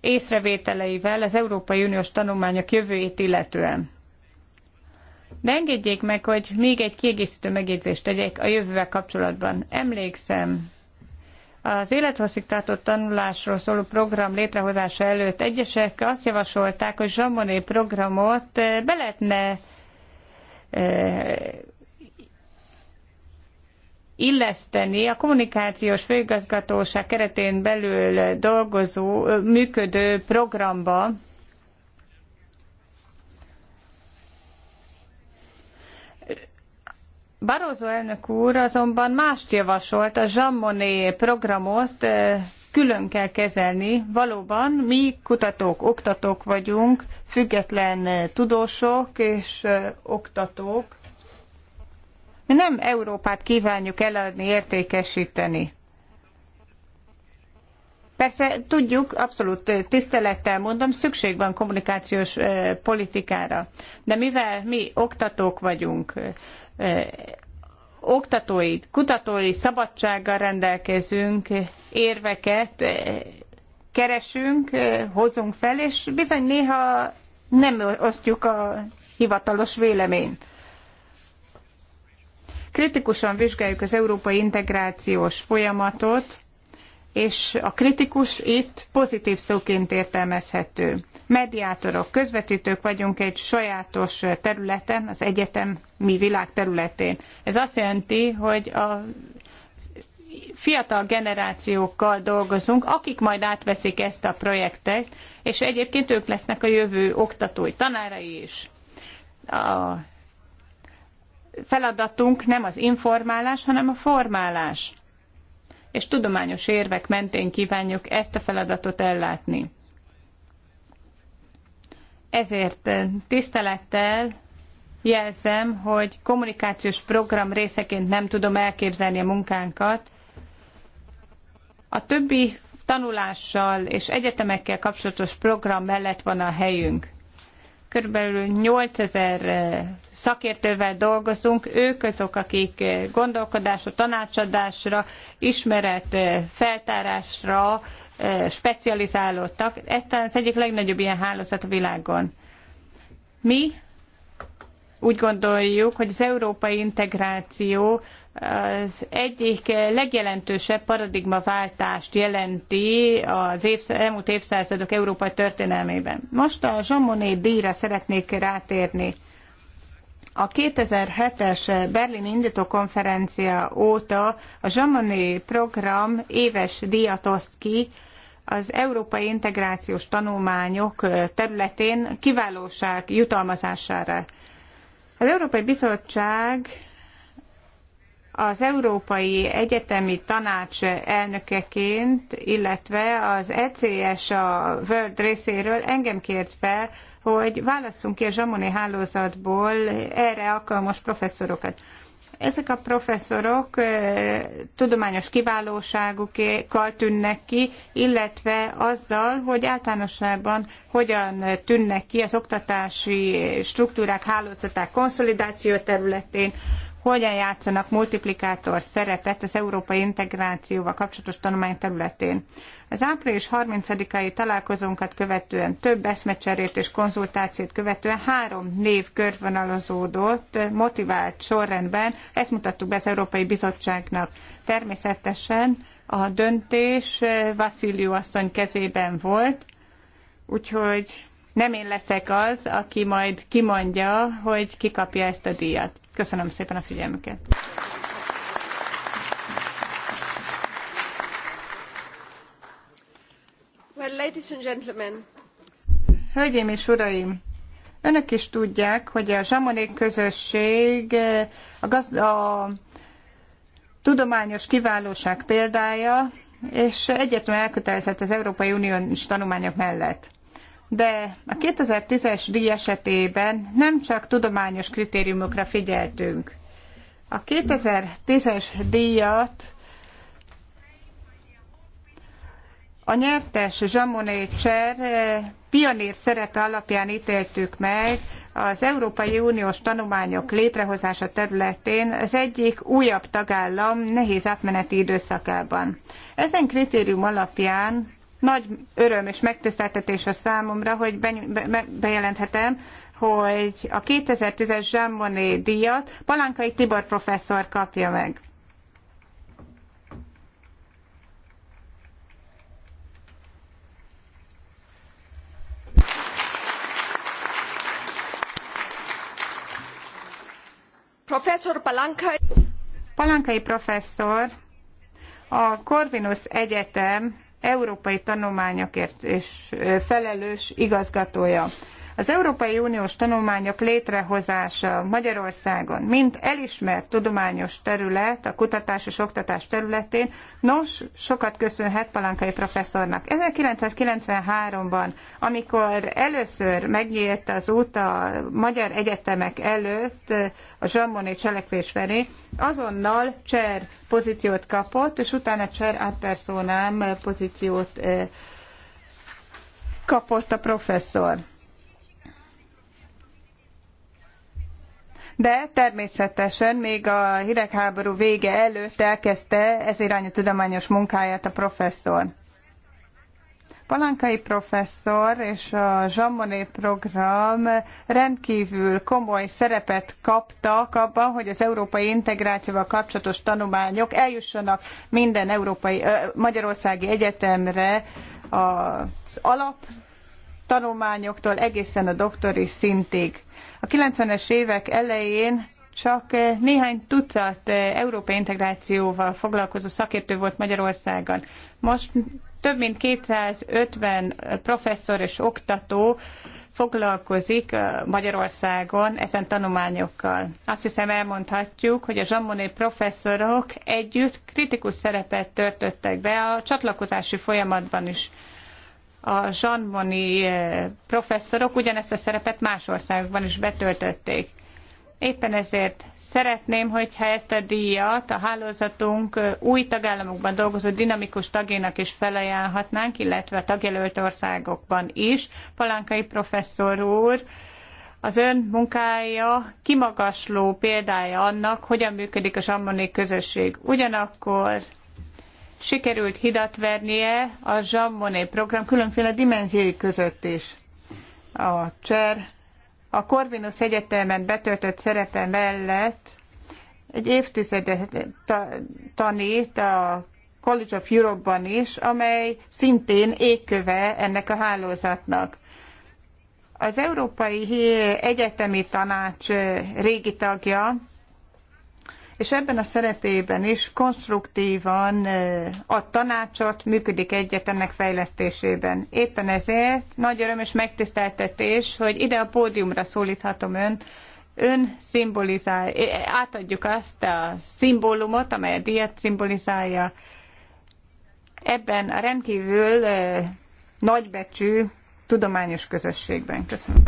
észrevételeivel az Európai Uniós tanulmányok jövőjét illetően. De engedjék meg, hogy még egy kiegészítő megjegyzést tegyek a jövővel kapcsolatban. Emlékszem, az élethosszígtartó tanulásról szóló program létrehozása előtt egyesek azt javasolták, hogy zsamoné programot eh, be lehetne eh, illeszteni a kommunikációs főigazgatóság keretén belül dolgozó, eh, működő programba, Barroso elnök úr azonban mást javasolt, a Jean Monnet programot eh, külön kell kezelni. Valóban mi kutatók, oktatók vagyunk, független eh, tudósok és eh, oktatók. Mi nem Európát kívánjuk eladni, értékesíteni. Persze tudjuk, abszolút tisztelettel mondom, szükség van kommunikációs politikára. De mivel mi oktatók vagyunk, oktatói, kutatói szabadsággal rendelkezünk, érveket keresünk, hozunk fel, és bizony néha nem osztjuk a hivatalos véleményt. Kritikusan vizsgáljuk az európai integrációs folyamatot, és a kritikus itt pozitív szóként értelmezhető mediátorok, közvetítők vagyunk egy sajátos területen, az egyetemi világ területén. Ez azt jelenti, hogy a fiatal generációkkal dolgozunk, akik majd átveszik ezt a projektet, és egyébként ők lesznek a jövő oktatói, tanárai is. A feladatunk nem az informálás, hanem a formálás. És tudományos érvek mentén kívánjuk ezt a feladatot ellátni. Ezért eh, tisztelettel jelzem, hogy kommunikációs program részeként nem tudom elképzelni a munkánkat. A többi tanulással és egyetemekkel kapcsolatos program mellett van a helyünk. Körülbelül 8000 eh, szakértővel dolgozunk, ők azok, akik eh, gondolkodásra, tanácsadásra, ismeret feltárásra, specializálódtak. Ez talán az egyik legnagyobb ilyen hálózat a világon. Mi úgy gondoljuk, hogy az európai integráció az egyik legjelentősebb paradigmaváltást jelenti az évsz- elmúlt évszázadok európai történelmében. Most a Jean Monnet díjra szeretnék rátérni. A 2007-es Berlin Indító konferencia óta a Zsamani program éves díjat oszt ki az európai integrációs tanulmányok területén kiválóság jutalmazására. Az Európai Bizottság az Európai Egyetemi Tanács elnökeként, illetve az ECS a World részéről engem kért fel hogy válasszunk ki a zsamoni hálózatból erre alkalmas professzorokat. Ezek a professzorok tudományos kiválóságukkal tűnnek ki, illetve azzal, hogy általánosában hogyan tűnnek ki az oktatási struktúrák, hálózaták konszolidáció területén, hogyan játszanak multiplikátor szerepet az európai integrációval kapcsolatos tanulmány területén. Az április 30-ai találkozónkat követően több eszmecserét és konzultációt követően három név körvonalazódott, motivált sorrendben, ezt mutattuk be az Európai Bizottságnak. Természetesen a döntés Vasziliu asszony kezében volt, úgyhogy nem én leszek az, aki majd kimondja, hogy kikapja ezt a díjat. Köszönöm szépen a figyelmüket. Well, ladies and gentlemen. Hölgyeim és uraim, önök is tudják, hogy a zsamonék közösség eh, a, gaz- a tudományos kiválóság példája, és egyetlen elkötelezett az Európai Unión tanulmányok mellett de a 2010-es díj esetében nem csak tudományos kritériumokra figyeltünk. A 2010-es díjat a nyertes Zsamoné Cser eh, pionír szerepe alapján ítéltük meg az Európai Uniós tanulmányok létrehozása területén az egyik újabb tagállam nehéz átmeneti időszakában. Ezen kritérium alapján nagy öröm és megtiszteltetés a számomra, hogy bejelenthetem, hogy a 2010-es Monnet díjat Palánkai Tibor professzor kapja meg. Professzor Palankai. Palankai professzor a Corvinus Egyetem európai tanulmányokért és felelős igazgatója. Az Európai Uniós tanulmányok létrehozása Magyarországon, mint elismert tudományos terület, a kutatás és oktatás területén, nos, sokat köszönhet palankai professzornak. 1993-ban, amikor először megnyílt az út a magyar egyetemek előtt a Zsamboné cselekvés felé, azonnal cser pozíciót kapott, és utána cser ad personám pozíciót eh, kapott a professzor. de természetesen még a hidegháború vége előtt elkezdte ez irányú tudományos munkáját a professzor. Palánkai professzor és a Zsamoné program rendkívül komoly szerepet kaptak abban, hogy az európai integrációval kapcsolatos tanulmányok eljussanak minden európai, magyarországi egyetemre az alap tanulmányoktól egészen a doktori szintig. A 90-es évek elején csak eh, néhány tucat eh, európai integrációval foglalkozó szakértő volt Magyarországon. Most több mint 250 professzor és oktató foglalkozik eh, Magyarországon ezen tanulmányokkal. Azt hiszem elmondhatjuk, hogy a zsammoné professzorok együtt kritikus szerepet törtöttek be a csatlakozási folyamatban is a zsandmoni eh, professzorok ugyanezt a szerepet más országokban is betöltötték. Éppen ezért szeretném, hogyha ezt a díjat a hálózatunk eh, új tagállamokban dolgozó dinamikus tagjának is felajánlhatnánk, illetve a tagjelölt országokban is. Palánkai professzor úr, az ön munkája kimagasló példája annak, hogyan működik a zsammoni közösség. Ugyanakkor sikerült hidat vernie a Jean Monnet program különféle dimenziói között is. A CSER a Corvinus Egyetemen betöltött szerepe mellett egy évtizedet tanít a College of Europe-ban is, amely szintén égköve ennek a hálózatnak. Az Európai Egyetemi Tanács régi tagja, és ebben a szerepében is konstruktívan eh, ad tanácsot, működik egyet ennek fejlesztésében. Éppen ezért nagy öröm és megtiszteltetés, hogy ide a pódiumra szólíthatom önt, ön szimbolizál, eh, átadjuk azt a szimbólumot, amely a diát szimbolizálja. Ebben a rendkívül eh, nagybecsű tudományos közösségben. Köszönöm.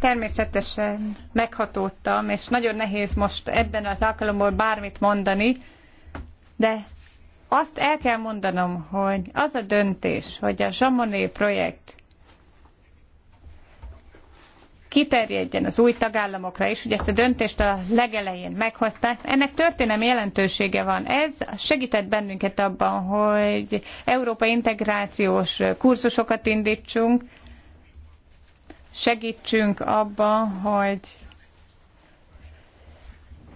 Természetesen meghatódtam, és nagyon nehéz most ebben az alkalommal bármit mondani, de azt el kell mondanom, hogy az a döntés, hogy a Zsamoné projekt kiterjedjen az új tagállamokra is, ugye ezt a döntést a legelején meghozták. Ennek történelmi jelentősége van. Ez segített bennünket abban, hogy európai integrációs kurzusokat indítsunk, segítsünk abban, hogy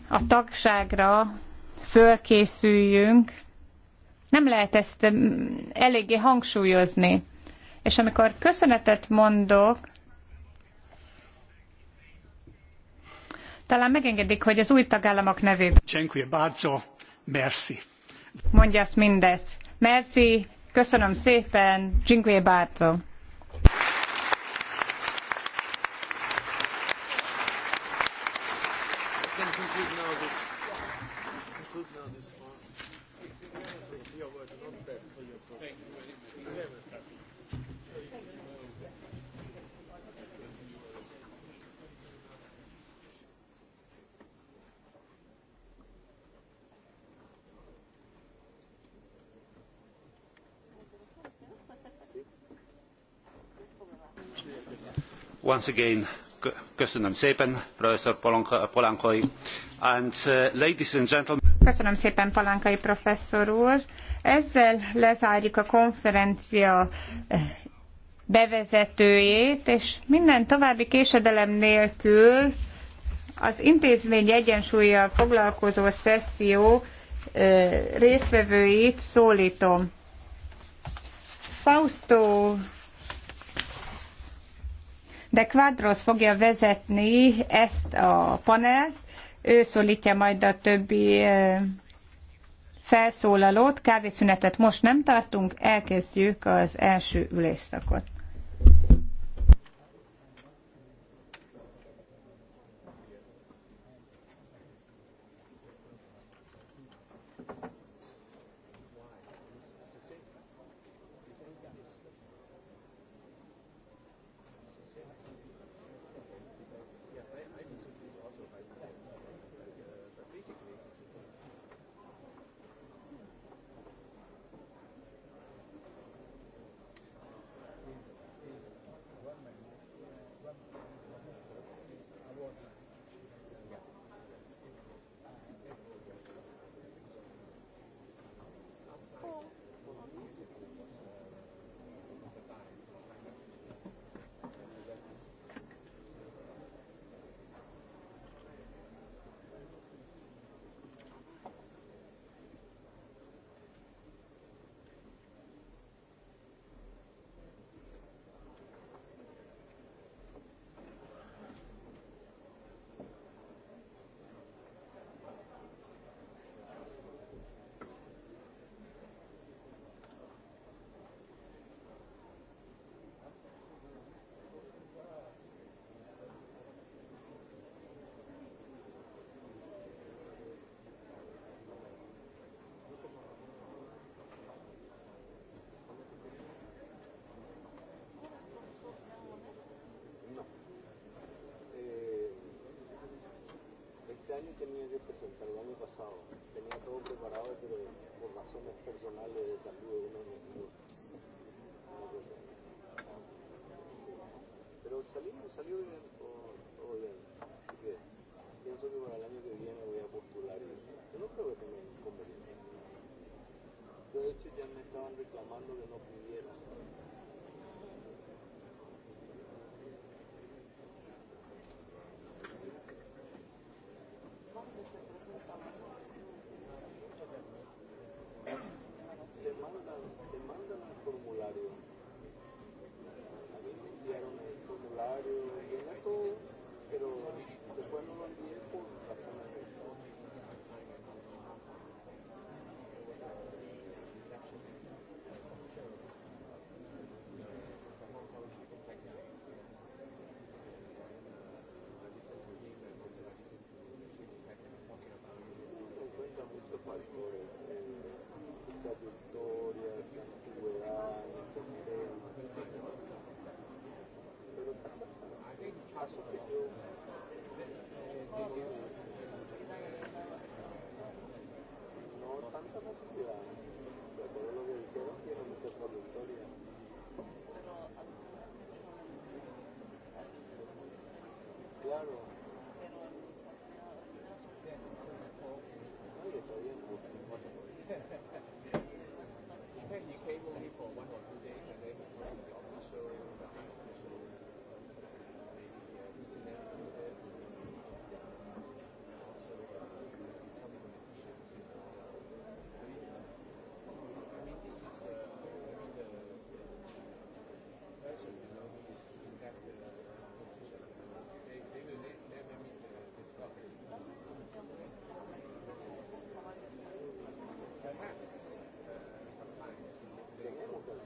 a tagságra fölkészüljünk. Nem lehet ezt eléggé hangsúlyozni. És amikor köszönetet mondok, talán megengedik, hogy az új tagállamok nevében. Dziękuję bardzo, merci. Mondja azt mindezt. Merci, köszönöm szépen, dziękuję bardzo. once again köszönöm szépen professzor Polankai and uh, ladies and gentlemen Köszönöm szépen Palánkai professzor úr. Ezzel lezárjuk a konferencia eh, bevezetőjét, és minden további késedelem nélkül az intézmény egyensúlyjal foglalkozó szesszió eh, részvevőit szólítom. Fausto de Quadros fogja vezetni ezt a panelt, ő szólítja majd a többi felszólalót, kávészünetet most nem tartunk, elkezdjük az első ülésszakot. año tenía que presentar, el año pasado. Tenía todo preparado, pero por razones personales de salud de uno de pudo. No pero salimos, salió bien, todo, todo bien. Así que pienso que para el año que viene voy a postular. Yo no creo que tenga inconveniente. De hecho ya me estaban reclamando que no pudiera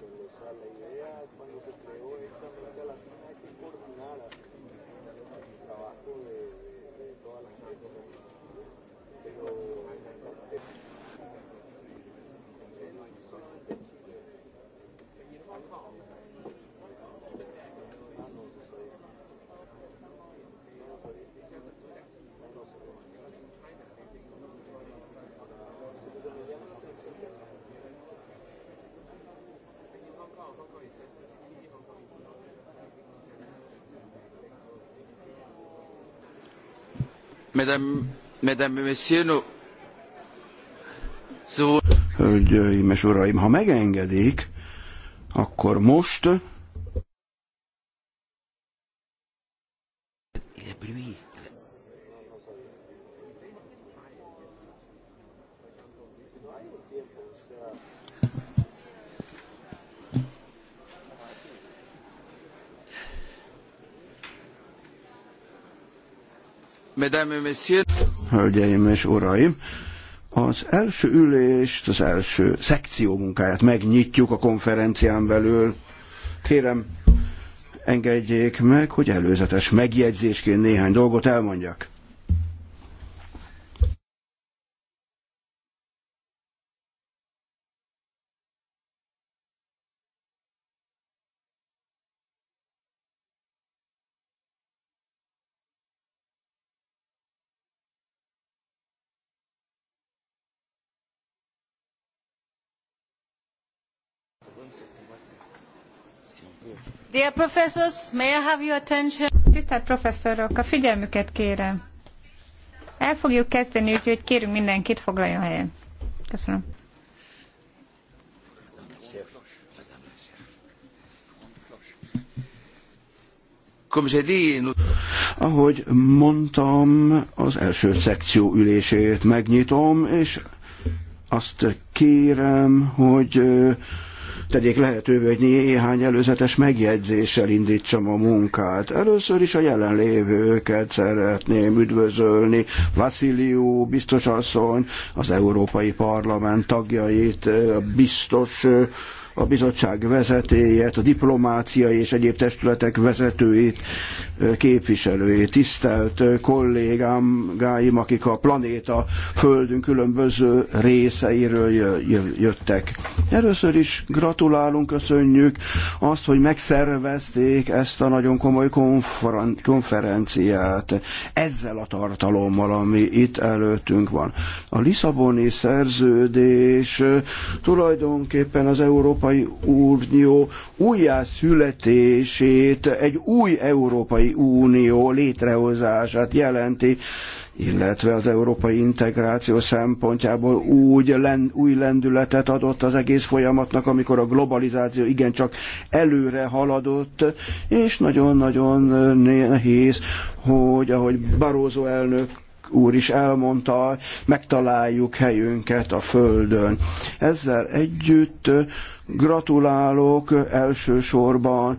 que les ha leído Hölgyeim és uraim, ha megengedik, akkor most Hölgyeim és uraim! Az első ülést, az első szekció munkáját megnyitjuk a konferencián belül. Kérem, engedjék meg, hogy előzetes megjegyzésként néhány dolgot elmondjak. Dear professors, may I have your attention? Tisztelt professzorok, a figyelmüket kérem. El fogjuk kezdeni, úgyhogy kérünk mindenkit foglaljon helyet. Köszönöm. Ahogy mondtam, az első szekció ülését megnyitom, és azt kérem, hogy tegyék lehetővé, hogy néhány előzetes megjegyzéssel indítsam a munkát. Először is a jelenlévőket szeretném üdvözölni, Vasiliu biztos asszony, az Európai Parlament tagjait, eh, a biztos eh, a bizottság vezetéjét, a diplomáciai és egyéb testületek vezetőit, képviselőit, tisztelt kollégám, gáim, akik a planéta Földünk különböző részeiről jöttek. Először is gratulálunk, köszönjük azt, hogy megszervezték ezt a nagyon komoly konferenciát ezzel a tartalommal, ami itt előttünk van. A Lisszaboni szerződés tulajdonképpen az Európai Európai Unió újjászületését, egy új Európai Unió létrehozását jelenti, illetve az európai integráció szempontjából úgy len, új lendületet adott az egész folyamatnak, amikor a globalizáció igencsak előre haladott, és nagyon-nagyon nehéz, hogy ahogy Barózó elnök úr is elmondta, megtaláljuk helyünket a Földön. Ezzel együtt Gratulálok elsősorban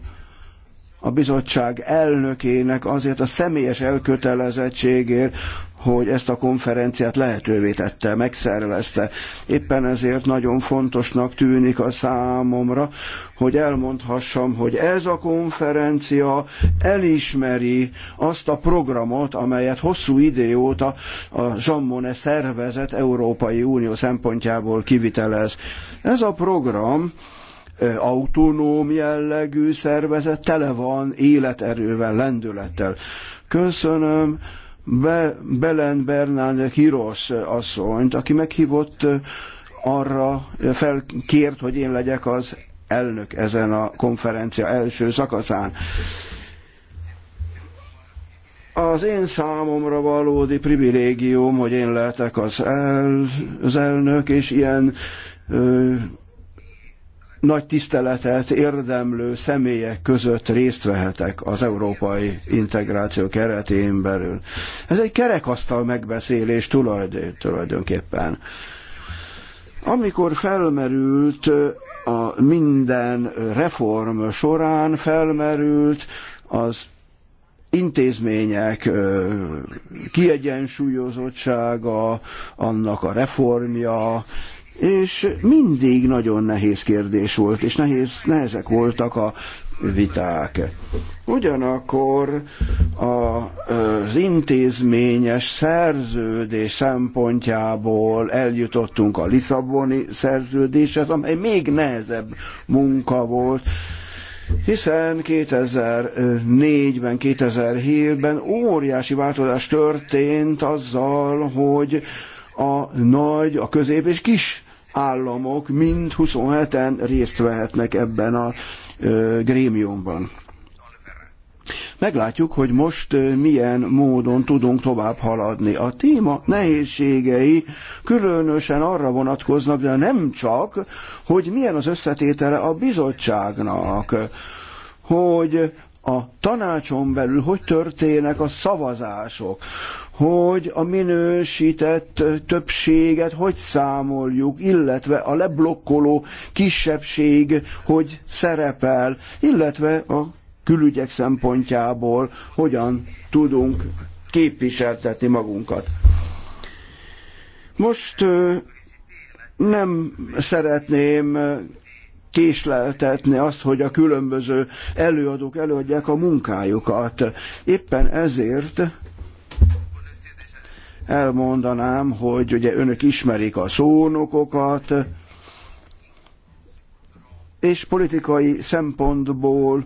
a bizottság elnökének azért a személyes elkötelezettségért, hogy ezt a konferenciát lehetővé tette, megszervezte. Éppen ezért nagyon fontosnak tűnik a számomra, hogy elmondhassam, hogy ez a konferencia elismeri azt a programot, amelyet hosszú idő óta a Jean Monnet szervezet Európai Unió szempontjából kivitelez. Ez a program autonóm jellegű szervezet tele van életerővel, lendülettel. Köszönöm be, Belen Bernard Hiros asszonyt, aki meghívott arra, felkért, hogy én legyek az elnök ezen a konferencia első szakaszán. Az én számomra valódi privilégium, hogy én lehetek az, el, az elnök, és ilyen ö, nagy tiszteletet érdemlő személyek között részt vehetek az európai integráció keretén belül. Ez egy kerekasztal megbeszélés tulajdonképpen. Amikor felmerült a minden reform során felmerült az intézmények kiegyensúlyozottsága, annak a reformja, és mindig nagyon nehéz kérdés volt, és nehéz, nehezek voltak a viták. Ugyanakkor a, az intézményes szerződés szempontjából eljutottunk a Lisszaboni szerződéshez, amely még nehezebb munka volt, hiszen 2004-ben, 2007-ben óriási változás történt azzal, hogy a nagy, a közép és kis államok mind 27-en részt vehetnek ebben a grémiumban. Meglátjuk, hogy most milyen módon tudunk tovább haladni. A téma nehézségei különösen arra vonatkoznak, de nem csak, hogy milyen az összetétele a bizottságnak, hogy a tanácson belül hogy történnek a szavazások, hogy a minősített többséget hogy számoljuk, illetve a leblokkoló kisebbség hogy szerepel, illetve a külügyek szempontjából hogyan tudunk képviseltetni magunkat. Most nem szeretném késleltetni azt, hogy a különböző előadók előadják a munkájukat. Éppen ezért elmondanám, hogy ugye önök ismerik a szónokokat, és politikai szempontból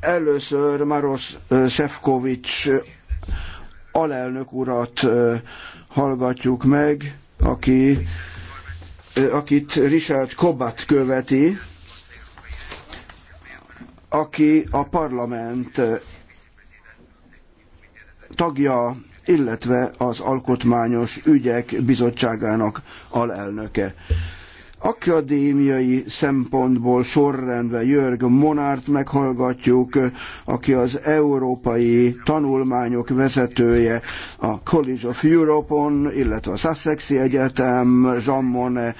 először Maros Szefkovics alelnök urat hallgatjuk meg, aki, akit Richard Kobat követi, aki a parlament tagja illetve az Alkotmányos Ügyek Bizottságának alelnöke. Akadémiai szempontból sorrendben Jörg Monárt meghallgatjuk, aki az európai tanulmányok vezetője a College of Europe-on, illetve a Sussexi Egyetem, Jean Monnet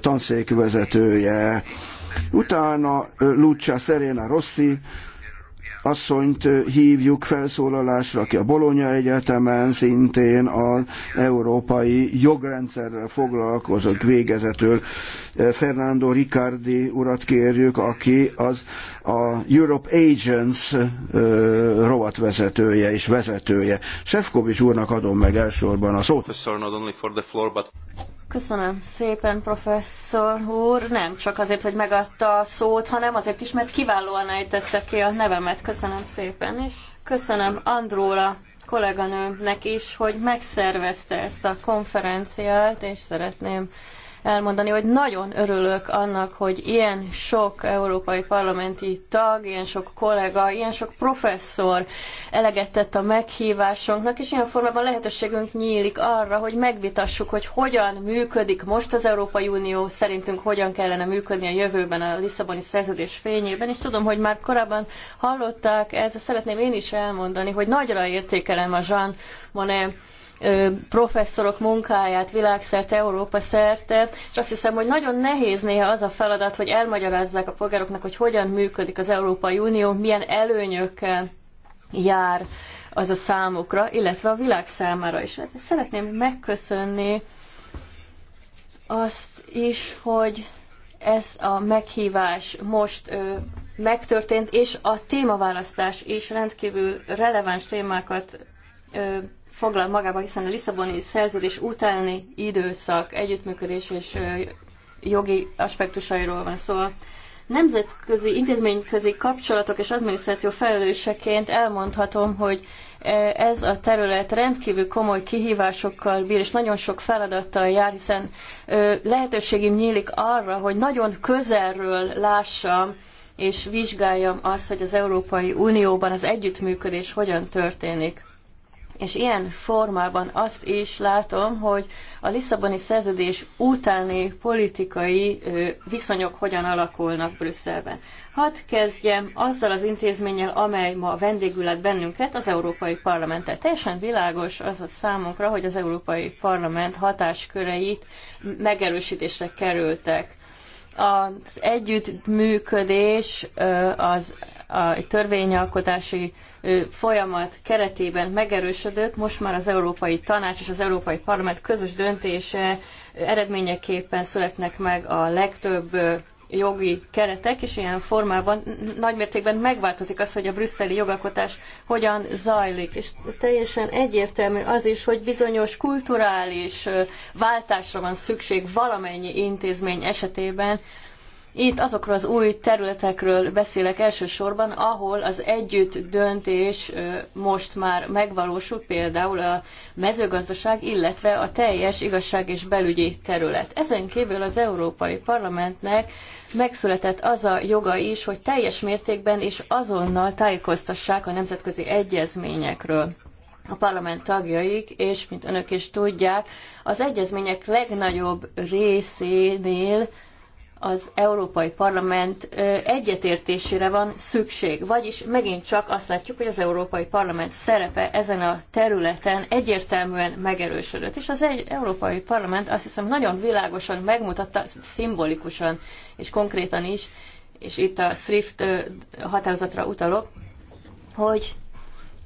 tanszékvezetője. Utána Lucia Serena Rossi, asszonyt hívjuk felszólalásra, aki a Bologna Egyetemen szintén az európai jogrendszerrel foglalkozik végezetül. Fernando Riccardi urat kérjük, aki az a Europe Agents rovatvezetője és vezetője. Sefkovics úrnak adom meg elsősorban a szót. Köszönöm szépen, professzor úr. Nem csak azért, hogy megadta a szót, hanem azért is, mert kiválóan ejtette ki a nevemet. Köszönöm szépen, és köszönöm Andróla kolléganőmnek is, hogy megszervezte ezt a konferenciát, és szeretném elmondani, hogy nagyon örülök annak, hogy ilyen sok európai parlamenti tag, ilyen sok kollega, ilyen sok professzor eleget tett a meghívásunknak, és ilyen formában lehetőségünk nyílik arra, hogy megvitassuk, hogy hogyan működik most az Európai Unió, szerintünk hogyan kellene működni a jövőben a Lisszaboni szerződés fényében, és tudom, hogy már korábban hallották, ezt szeretném én is elmondani, hogy nagyra értékelem a Jean Monnet professzorok munkáját világszerte, Európa szerte, és azt hiszem, hogy nagyon nehéz néha az a feladat, hogy elmagyarázzák a polgároknak, hogy hogyan működik az Európai Unió, milyen előnyökkel jár az a számukra, illetve a világ számára is. Hát szeretném megköszönni azt is, hogy ez a meghívás most ö, megtörtént, és a témaválasztás is rendkívül releváns témákat ö, foglal magába, hiszen a Lisszaboni szerződés utáni időszak együttműködés és jogi aspektusairól van szó. Szóval nemzetközi intézményközi kapcsolatok és adminisztráció felelőseként elmondhatom, hogy ez a terület rendkívül komoly kihívásokkal bír, és nagyon sok feladattal jár, hiszen lehetőségem nyílik arra, hogy nagyon közelről lássam és vizsgáljam azt, hogy az Európai Unióban az együttműködés hogyan történik és ilyen formában azt is látom, hogy a Lisszaboni szerződés utáni politikai viszonyok hogyan alakulnak Brüsszelben. Hadd kezdjem azzal az intézménnyel, amely ma vendégül lett bennünket, az Európai Parlamenttel. Teljesen világos az a számunkra, hogy az Európai Parlament hatásköreit megerősítésre kerültek az együttműködés az a törvényalkotási folyamat keretében megerősödött, most már az Európai Tanács és az Európai Parlament közös döntése eredményeképpen születnek meg a legtöbb jogi keretek, és ilyen formában nagymértékben megváltozik az, hogy a brüsszeli jogalkotás hogyan zajlik. És teljesen egyértelmű az is, hogy bizonyos kulturális váltásra van szükség valamennyi intézmény esetében, itt azokról az új területekről beszélek elsősorban, ahol az együtt döntés most már megvalósul, például a mezőgazdaság, illetve a teljes igazság és belügyi terület. Ezen kívül az Európai Parlamentnek megszületett az a joga is, hogy teljes mértékben és azonnal tájékoztassák a nemzetközi egyezményekről a parlament tagjaik, és mint önök is tudják, az egyezmények legnagyobb részénél az Európai Parlament egyetértésére van szükség. Vagyis megint csak azt látjuk, hogy az Európai Parlament szerepe ezen a területen egyértelműen megerősödött. És az egy Európai Parlament azt hiszem nagyon világosan megmutatta, szimbolikusan és konkrétan is, és itt a SWIFT határozatra utalok, hogy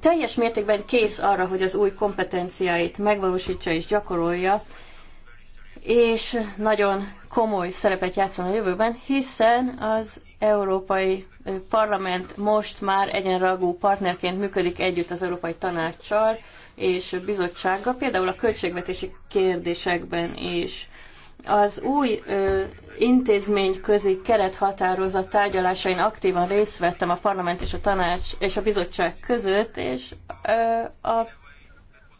teljes mértékben kész arra, hogy az új kompetenciáit megvalósítsa és gyakorolja, és nagyon komoly szerepet játszon a jövőben, hiszen az Európai Parlament most már egyenragú partnerként működik együtt az Európai Tanácssal és bizottsággal, például a költségvetési kérdésekben is. Az új ö, intézményközi kerethatározat tárgyalásain aktívan részt vettem a parlament és a tanács és a bizottság között, és ö, a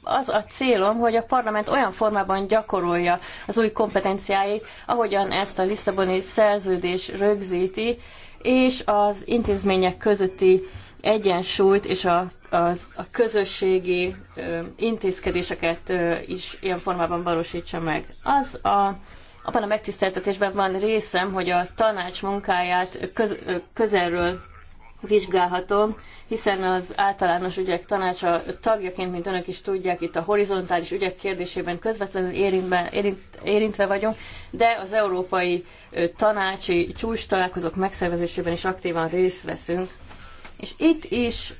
az a célom, hogy a parlament olyan formában gyakorolja az új kompetenciáit, ahogyan ezt a Lisszaboni szerződés rögzíti, és az intézmények közötti egyensúlyt és a, az, a közösségi ö, intézkedéseket ö, is ilyen formában valósítsa meg. Az a, abban a megtiszteltetésben van részem, hogy a tanács munkáját köz, ö, közelről vizsgálhatom, hiszen az általános ügyek tanácsa tagjaként, mint önök is tudják, itt a horizontális ügyek kérdésében közvetlenül érintve, érintve vagyunk, de az európai tanácsi csúcs találkozók megszervezésében is aktívan részt veszünk. És itt is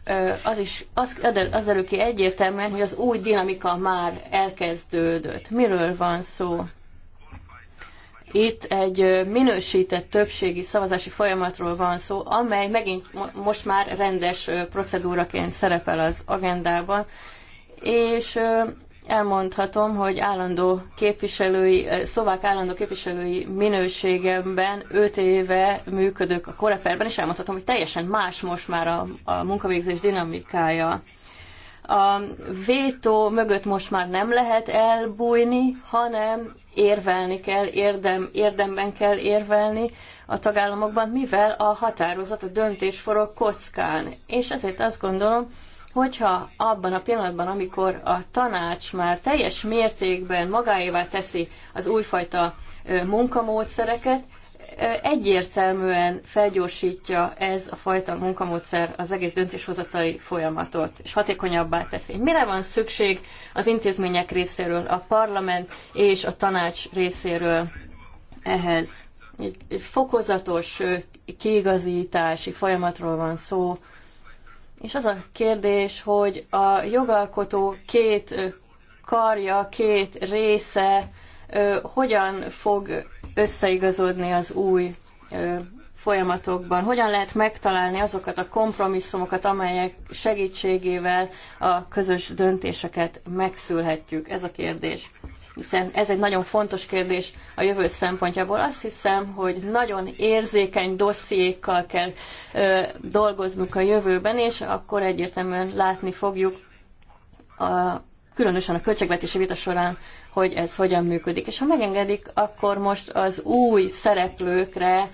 az, is, az, az ki egyértelműen, hogy az új dinamika már elkezdődött. Miről van szó? Itt egy minősített többségi szavazási folyamatról van szó, amely megint most már rendes procedúraként szerepel az agendában, és elmondhatom, hogy állandó képviselői, szlovák állandó képviselői minőségemben öt éve működök a koreperben, és elmondhatom, hogy teljesen más most már a, a munkavégzés dinamikája a vétó mögött most már nem lehet elbújni, hanem érvelni kell, érdem, érdemben kell érvelni a tagállamokban, mivel a határozat, a döntés forog kockán. És ezért azt gondolom, hogyha abban a pillanatban, amikor a tanács már teljes mértékben magáévá teszi az újfajta munkamódszereket, egyértelműen felgyorsítja ez a fajta munkamódszer az egész döntéshozatai folyamatot, és hatékonyabbá teszi. Mire van szükség az intézmények részéről, a parlament és a tanács részéről ehhez? Egy fokozatos kiigazítási folyamatról van szó, és az a kérdés, hogy a jogalkotó két karja, két része hogyan fog összeigazodni az új folyamatokban? Hogyan lehet megtalálni azokat a kompromisszumokat, amelyek segítségével a közös döntéseket megszülhetjük? Ez a kérdés. Hiszen ez egy nagyon fontos kérdés a jövő szempontjából. Azt hiszem, hogy nagyon érzékeny dossziékkal kell ö, dolgoznunk a jövőben, és akkor egyértelműen látni fogjuk, a, különösen a költségvetési vita során hogy ez hogyan működik. És ha megengedik, akkor most az új szereplőkre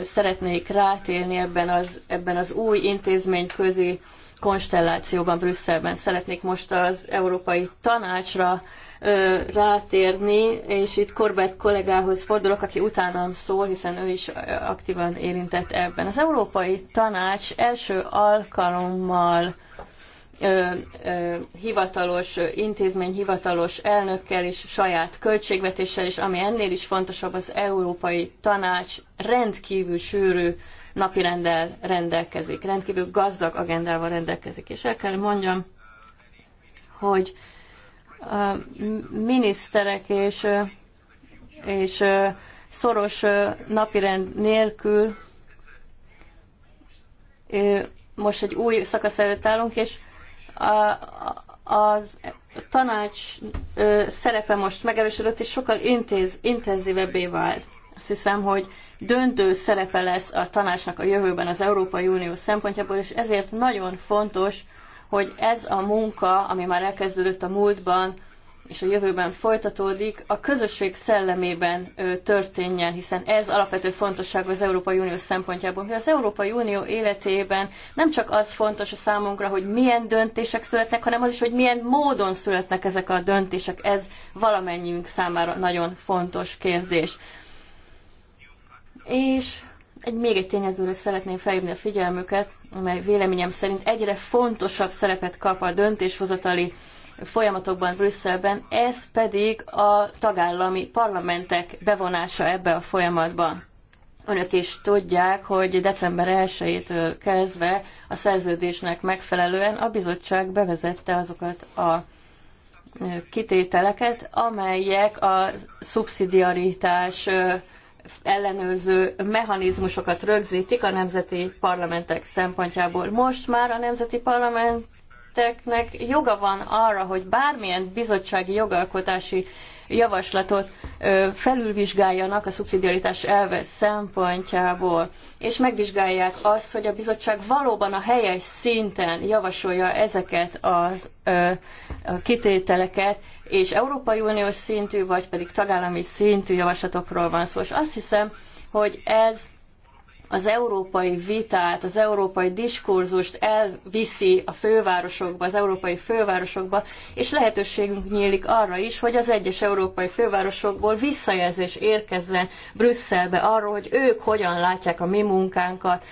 szeretnék rátérni ebben az, ebben az új intézményközi konstellációban Brüsszelben. Szeretnék most az Európai Tanácsra ö, rátérni, és itt Korbett kollégához fordulok, aki utánam szól, hiszen ő is aktívan érintett ebben. Az Európai Tanács első alkalommal hivatalos intézmény, hivatalos elnökkel és saját költségvetéssel, és ami ennél is fontosabb, az Európai Tanács rendkívül sűrű napirendel rendelkezik, rendkívül gazdag agendával rendelkezik. És el kell mondjam, hogy a miniszterek és, és szoros napirend nélkül most egy új szakasz előtt állunk, és a, az tanács ö, szerepe most megerősödött, és sokkal intéz, intenzívebbé vált. Azt hiszem, hogy döntő szerepe lesz a tanácsnak a jövőben az Európai Unió szempontjából, és ezért nagyon fontos, hogy ez a munka, ami már elkezdődött a múltban, és a jövőben folytatódik, a közösség szellemében történjen, hiszen ez alapvető fontosság az Európai Unió szempontjából. Hogy az Európai Unió életében nem csak az fontos a számunkra, hogy milyen döntések születnek, hanem az is, hogy milyen módon születnek ezek a döntések. Ez valamennyiünk számára nagyon fontos kérdés. És egy, még egy tényezőre szeretném felhívni a figyelmüket, amely véleményem szerint egyre fontosabb szerepet kap a döntéshozatali folyamatokban Brüsszelben, ez pedig a tagállami parlamentek bevonása ebbe a folyamatba. Önök is tudják, hogy december 1-től kezdve a szerződésnek megfelelően a bizottság bevezette azokat a kitételeket, amelyek a szubszidiaritás ellenőrző mechanizmusokat rögzítik a nemzeti parlamentek szempontjából. Most már a nemzeti parlament parlamenteknek joga van arra, hogy bármilyen bizottsági jogalkotási javaslatot felülvizsgáljanak a szubszidiaritás elve szempontjából, és megvizsgálják azt, hogy a bizottság valóban a helyes szinten javasolja ezeket az, a kitételeket, és Európai Uniós szintű, vagy pedig tagállami szintű javaslatokról van szó. És azt hiszem, hogy ez az európai vitát, az európai diskurzust elviszi a fővárosokba, az európai fővárosokba, és lehetőségünk nyílik arra is, hogy az egyes európai fővárosokból visszajelzés érkezzen Brüsszelbe arról, hogy ők hogyan látják a mi munkánkat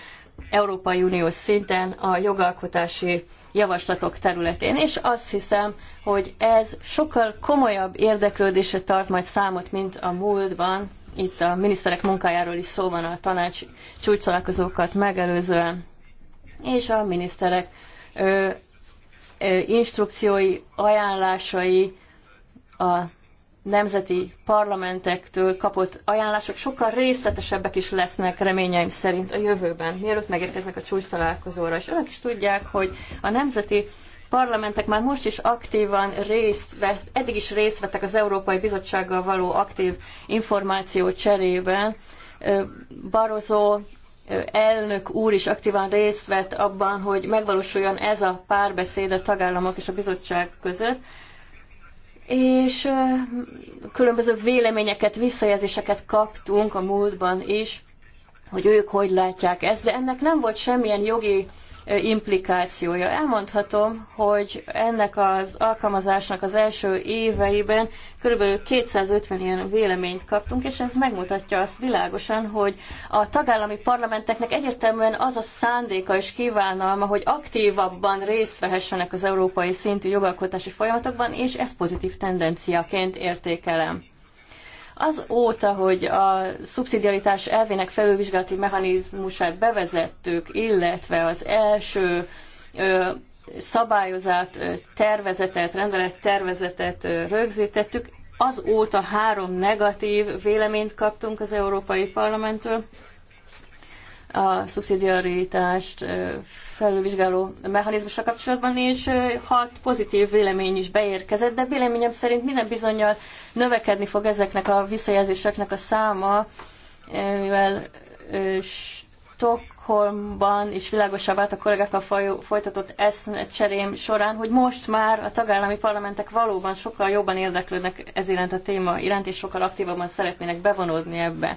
Európai Uniós szinten a jogalkotási javaslatok területén, és azt hiszem, hogy ez sokkal komolyabb érdeklődésre tart majd számot, mint a múltban, itt a miniszterek munkájáról is szó van a tanács csúcstalálkozókat megelőzően, és a miniszterek ö, ö, instrukciói, ajánlásai a nemzeti parlamentektől kapott ajánlások sokkal részletesebbek is lesznek reményeim szerint a jövőben, mielőtt megérkeznek a csúcs találkozóra. És önök is tudják, hogy a nemzeti parlamentek már most is aktívan részt vett, eddig is részt vettek az Európai Bizottsággal való aktív információ cserében. Barozó elnök úr is aktívan részt vett abban, hogy megvalósuljon ez a párbeszéd a tagállamok és a bizottság között és különböző véleményeket, visszajelzéseket kaptunk a múltban is, hogy ők hogy látják ezt, de ennek nem volt semmilyen jogi implikációja. Elmondhatom, hogy ennek az alkalmazásnak az első éveiben kb. 250 ilyen véleményt kaptunk, és ez megmutatja azt világosan, hogy a tagállami parlamenteknek egyértelműen az a szándéka és kívánalma, hogy aktívabban részt vehessenek az európai szintű jogalkotási folyamatokban, és ezt pozitív tendenciaként értékelem. Azóta, hogy a szubszidiaritás elvének felülvizsgálati mechanizmusát bevezettük, illetve az első ö, szabályozát, tervezetet, rendelet tervezetet rögzítettük, azóta három negatív véleményt kaptunk az Európai Parlamenttől, a szubszidiaritást felülvizsgáló mechanizmusra kapcsolatban, és hat pozitív vélemény is beérkezett, de véleményem szerint minden bizonyal növekedni fog ezeknek a visszajelzéseknek a száma, mivel Stockholmban is világosabb át a kollégákkal folytatott eszmecserém során, hogy most már a tagállami parlamentek valóban sokkal jobban érdeklődnek ez iránt a téma iránt, és sokkal aktívabban szeretnének bevonódni ebbe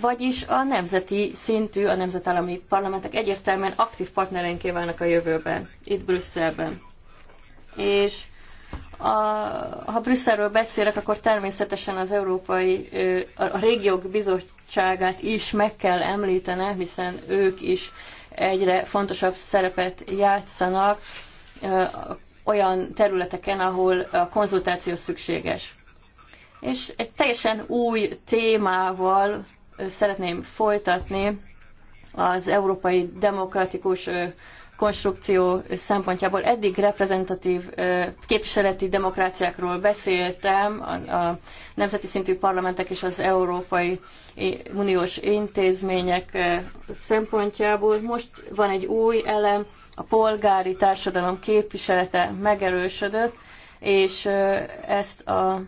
vagyis a nemzeti szintű, a nemzetállami parlamentek egyértelműen aktív partnerenké válnak a jövőben, itt Brüsszelben. És a, ha Brüsszelről beszélek, akkor természetesen az Európai, a, Régiók Bizottságát is meg kell említenem, hiszen ők is egyre fontosabb szerepet játszanak olyan területeken, ahol a konzultáció szükséges és egy teljesen új témával szeretném folytatni az európai demokratikus konstrukció szempontjából. Eddig reprezentatív képviseleti demokráciákról beszéltem, a, nemzeti szintű parlamentek és az Európai Uniós intézmények szempontjából. Most van egy új elem, a polgári társadalom képviselete megerősödött, és ezt a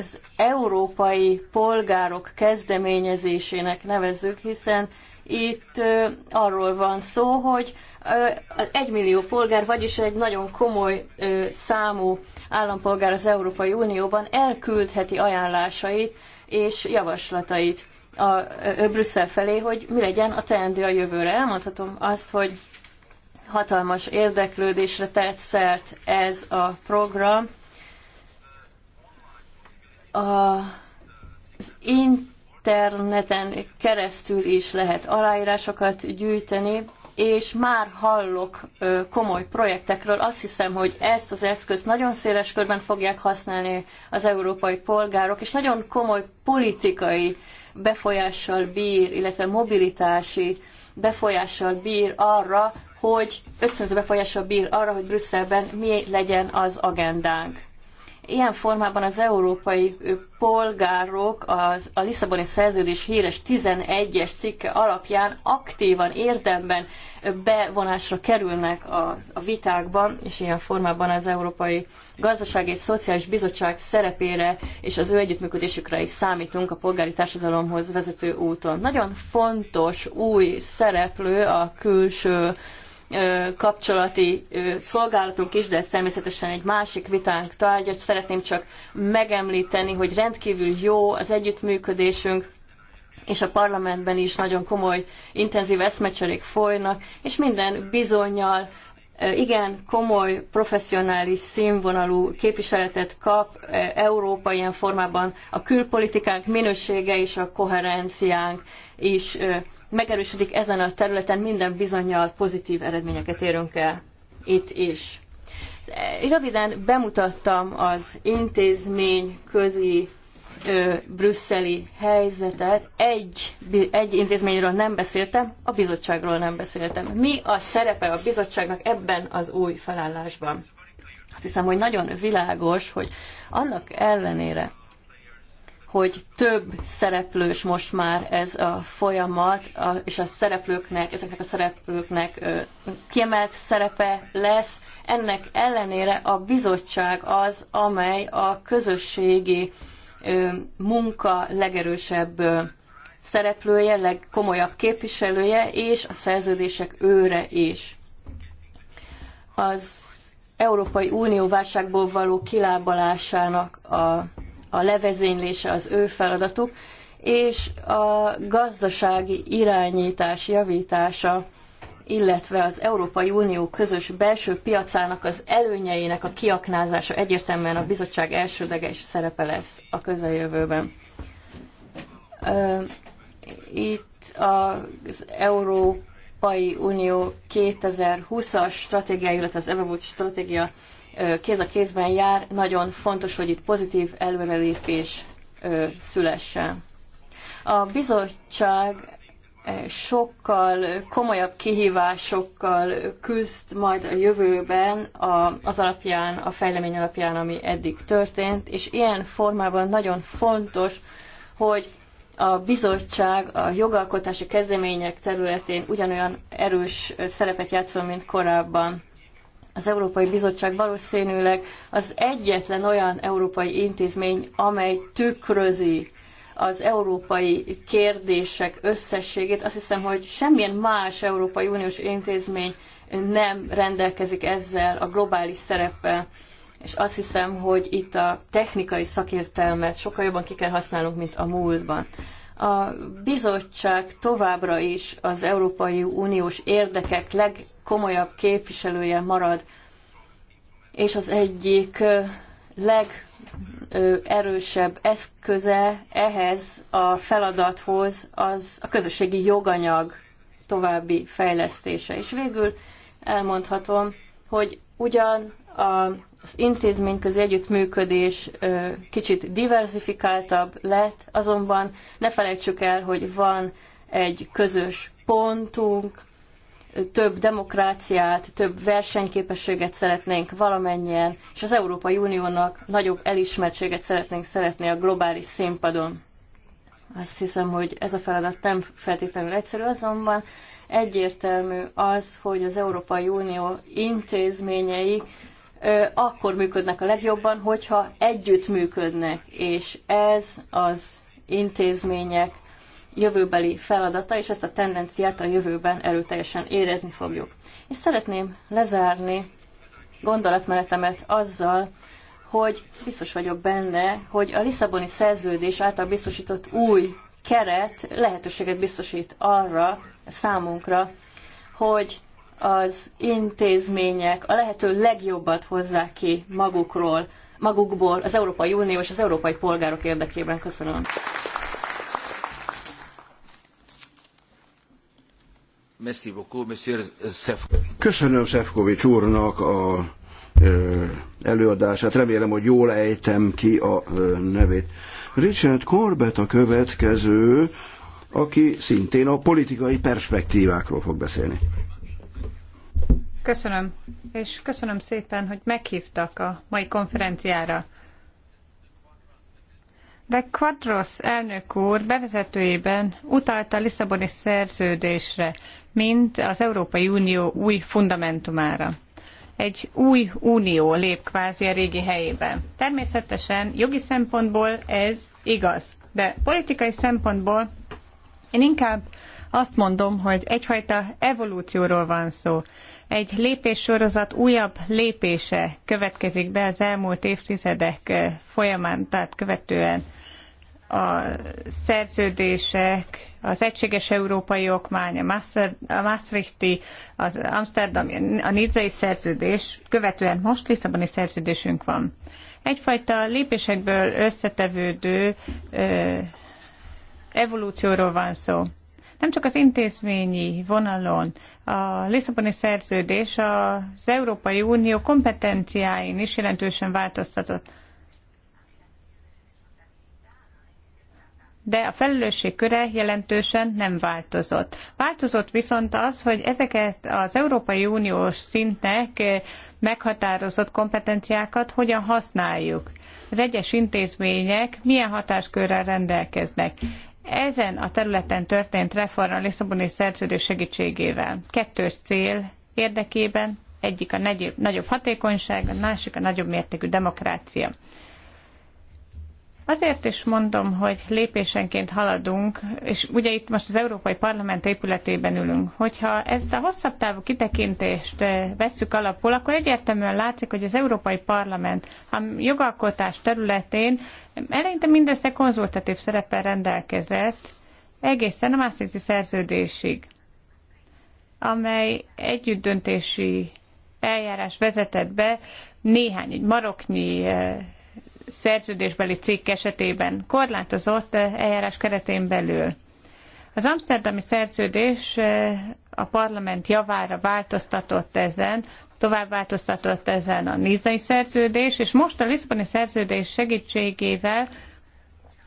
az európai polgárok kezdeményezésének nevezzük, hiszen itt arról van szó, hogy egy millió polgár, vagyis egy nagyon komoly számú állampolgár az Európai Unióban elküldheti ajánlásait és javaslatait a Brüsszel felé, hogy mi legyen a teendő a jövőre. Elmondhatom azt, hogy hatalmas érdeklődésre tett szert ez a program, az interneten keresztül is lehet aláírásokat gyűjteni, és már hallok komoly projektekről. Azt hiszem, hogy ezt az eszközt nagyon széles körben fogják használni az európai polgárok, és nagyon komoly politikai befolyással bír, illetve mobilitási befolyással bír arra, hogy összönző befolyással bír arra, hogy Brüsszelben mi legyen az agendánk ilyen formában az európai polgárok az, a Lisszaboni szerződés híres 11-es cikke alapján aktívan, érdemben bevonásra kerülnek a, a vitákban, és ilyen formában az Európai Gazdasági és Szociális Bizottság szerepére és az ő együttműködésükre is számítunk a polgári társadalomhoz vezető úton. Nagyon fontos új szereplő a külső kapcsolati szolgálatunk is, de ez természetesen egy másik vitánk tárgya. Szeretném csak megemlíteni, hogy rendkívül jó az együttműködésünk, és a parlamentben is nagyon komoly, intenzív eszmecserék folynak, és minden bizonyal igen komoly, professzionális színvonalú képviseletet kap Európa ilyen formában a külpolitikánk minősége és a koherenciánk is megerősödik ezen a területen, minden bizonyal pozitív eredményeket érünk el itt is. Röviden bemutattam az intézmény közi ö, brüsszeli helyzetet. Egy, egy intézményről nem beszéltem, a bizottságról nem beszéltem. Mi a szerepe a bizottságnak ebben az új felállásban? Azt hiszem, hogy nagyon világos, hogy annak ellenére, hogy több szereplős most már ez a folyamat, és a szereplőknek, ezeknek a szereplőknek kiemelt szerepe lesz. Ennek ellenére a bizottság az, amely a közösségi munka legerősebb szereplője, legkomolyabb képviselője, és a szerződések őre is. Az Európai Unió válságból való kilábalásának a a levezénylése az ő feladatuk, és a gazdasági irányítás javítása, illetve az Európai Unió közös belső piacának az előnyeinek a kiaknázása egyértelműen a bizottság elsődleges szerepe lesz a közeljövőben. Itt az Európai Unió 2020-as stratégia, illetve az Evolut stratégia kéz a kézben jár, nagyon fontos, hogy itt pozitív előrelépés szülessen. A bizottság sokkal komolyabb kihívásokkal küzd majd a jövőben a, az alapján, a fejlemény alapján, ami eddig történt, és ilyen formában nagyon fontos, hogy a bizottság a jogalkotási kezdemények területén ugyanolyan erős szerepet játszol, mint korábban az Európai Bizottság valószínűleg az egyetlen olyan európai intézmény, amely tükrözi az európai kérdések összességét. Azt hiszem, hogy semmilyen más Európai Uniós intézmény nem rendelkezik ezzel a globális szereppel, és azt hiszem, hogy itt a technikai szakértelmet sokkal jobban ki kell használnunk, mint a múltban a bizottság továbbra is az Európai Uniós érdekek legkomolyabb képviselője marad, és az egyik legerősebb eszköze ehhez a feladathoz az a közösségi joganyag további fejlesztése. És végül elmondhatom, hogy ugyan a az intézményközi együttműködés kicsit diversifikáltabb lett, azonban ne felejtsük el, hogy van egy közös pontunk, több demokráciát, több versenyképességet szeretnénk valamennyien, és az Európai Uniónak nagyobb elismertséget szeretnénk szeretni a globális színpadon. Azt hiszem, hogy ez a feladat nem feltétlenül egyszerű, azonban egyértelmű az, hogy az Európai Unió intézményei akkor működnek a legjobban, hogyha együtt működnek, és ez az intézmények jövőbeli feladata, és ezt a tendenciát a jövőben erőteljesen érezni fogjuk. És szeretném lezárni gondolatmenetemet azzal, hogy biztos vagyok benne, hogy a Lisszaboni szerződés által biztosított új keret lehetőséget biztosít arra számunkra, hogy az intézmények a lehető legjobbat hozzák ki magukról, magukból az Európai Unió és az európai polgárok érdekében. Köszönöm. Köszönöm Szefkovics úrnak a előadását. Remélem, hogy jól ejtem ki a nevét. Richard Corbett a következő, aki szintén a politikai perspektívákról fog beszélni. Köszönöm, és köszönöm szépen, hogy meghívtak a mai konferenciára. De Quadros elnök úr bevezetőjében utalta a Lisszaboni szerződésre, mint az Európai Unió új fundamentumára. Egy új unió lép kvázi a régi helyébe. Természetesen jogi szempontból ez igaz, de politikai szempontból én inkább azt mondom, hogy egyfajta evolúcióról van szó. Egy lépéssorozat újabb lépése következik be az elmúlt évtizedek eh, folyamán, tehát követően a szerződések, az egységes európai okmány, a Maastrichti, az Amsterdam, a Nidzai szerződés, követően most Lisszaboni szerződésünk van. Egyfajta lépésekből összetevődő ö, eh, evolúcióról van szó. Nem csak az intézményi vonalon, a Lisszaboni szerződés az Európai Unió kompetenciáin is jelentősen változtatott. de a felelősség köre jelentősen nem változott. Változott viszont az, hogy ezeket az Európai Uniós szintnek meghatározott kompetenciákat hogyan használjuk. Az egyes intézmények milyen hatáskörrel rendelkeznek. Ezen a területen történt reform a Lisszaboni szerződés segítségével. Kettős cél érdekében, egyik a nagyobb hatékonyság, a másik a nagyobb mértékű demokrácia. Azért is mondom, hogy lépésenként haladunk, és ugye itt most az Európai Parlament épületében ülünk, hogyha ezt a hosszabb távú kitekintést eh, vesszük alapul, akkor egyértelműen látszik, hogy az Európai Parlament a jogalkotás területén eleinte mindössze konzultatív szerepel rendelkezett egészen a Maastrichti szerződésig, amely együttdöntési eljárás vezetett be néhány egy maroknyi eh, szerződésbeli cikk esetében korlátozott eh, eljárás keretén belül. Az amsterdami szerződés eh, a parlament javára változtatott ezen, tovább változtatott ezen a nizai szerződés, és most a Lisszaboni szerződés segítségével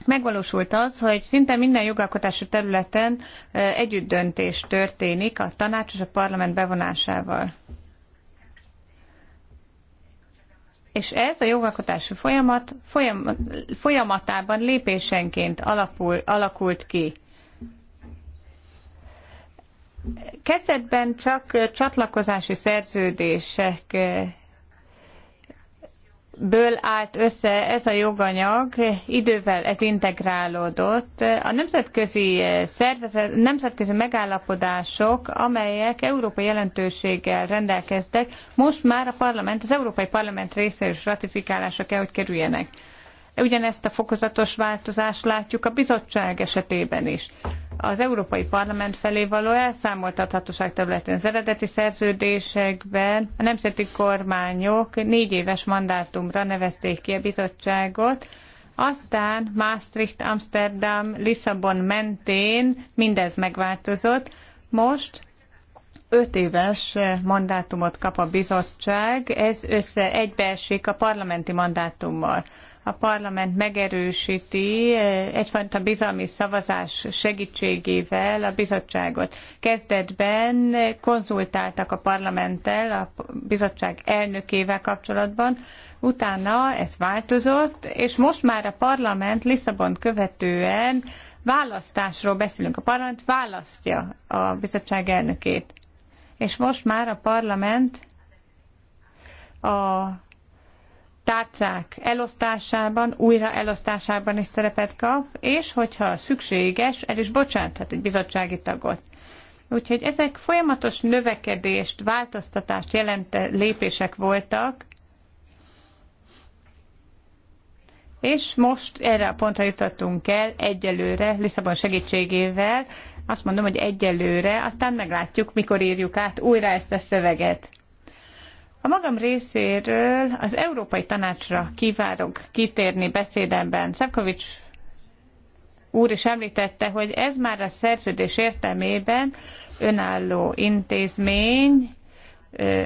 megvalósult az, hogy szinte minden jogalkotási területen eh, együttdöntés történik a tanács és a parlament bevonásával. és ez a jogalkotási folyamat folyam, folyamatában lépésenként alapul, alakult ki. Kezdetben csak csatlakozási szerződések ből állt össze ez a joganyag, idővel ez integrálódott. A nemzetközi eh, szervezet, nemzetközi megállapodások, amelyek európai jelentőséggel rendelkeztek, most már a parlament, az Európai Parlament részéről is ratifikálásra kell, hogy kerüljenek. Ugyanezt a fokozatos változást látjuk a bizottság esetében is az Európai Parlament felé való elszámoltathatóság területén az eredeti szerződésekben a nemzeti kormányok négy éves mandátumra nevezték ki a bizottságot, aztán Maastricht, Amsterdam, Lisszabon mentén mindez megváltozott. Most öt éves mandátumot kap a bizottság, ez össze egybeesik a parlamenti mandátummal a parlament megerősíti eh, egyfajta bizalmi szavazás segítségével a bizottságot. Kezdetben konzultáltak a parlamenttel, a bizottság elnökével kapcsolatban, utána ez változott, és most már a parlament Lisszabon követően választásról beszélünk. A parlament választja a bizottság elnökét. És most már a parlament a tárcák elosztásában, újra elosztásában is szerepet kap, és hogyha szükséges, el is bocsáthat egy bizottsági tagot. Úgyhogy ezek folyamatos növekedést, változtatást jelentő lépések voltak, és most erre a pontra jutottunk el egyelőre, Lisszabon segítségével, azt mondom, hogy egyelőre, aztán meglátjuk, mikor írjuk át újra ezt a szöveget. A magam részéről az Európai Tanácsra kívárok kitérni beszédemben. Szepkovics úr is említette, hogy ez már a szerződés értelmében önálló intézmény,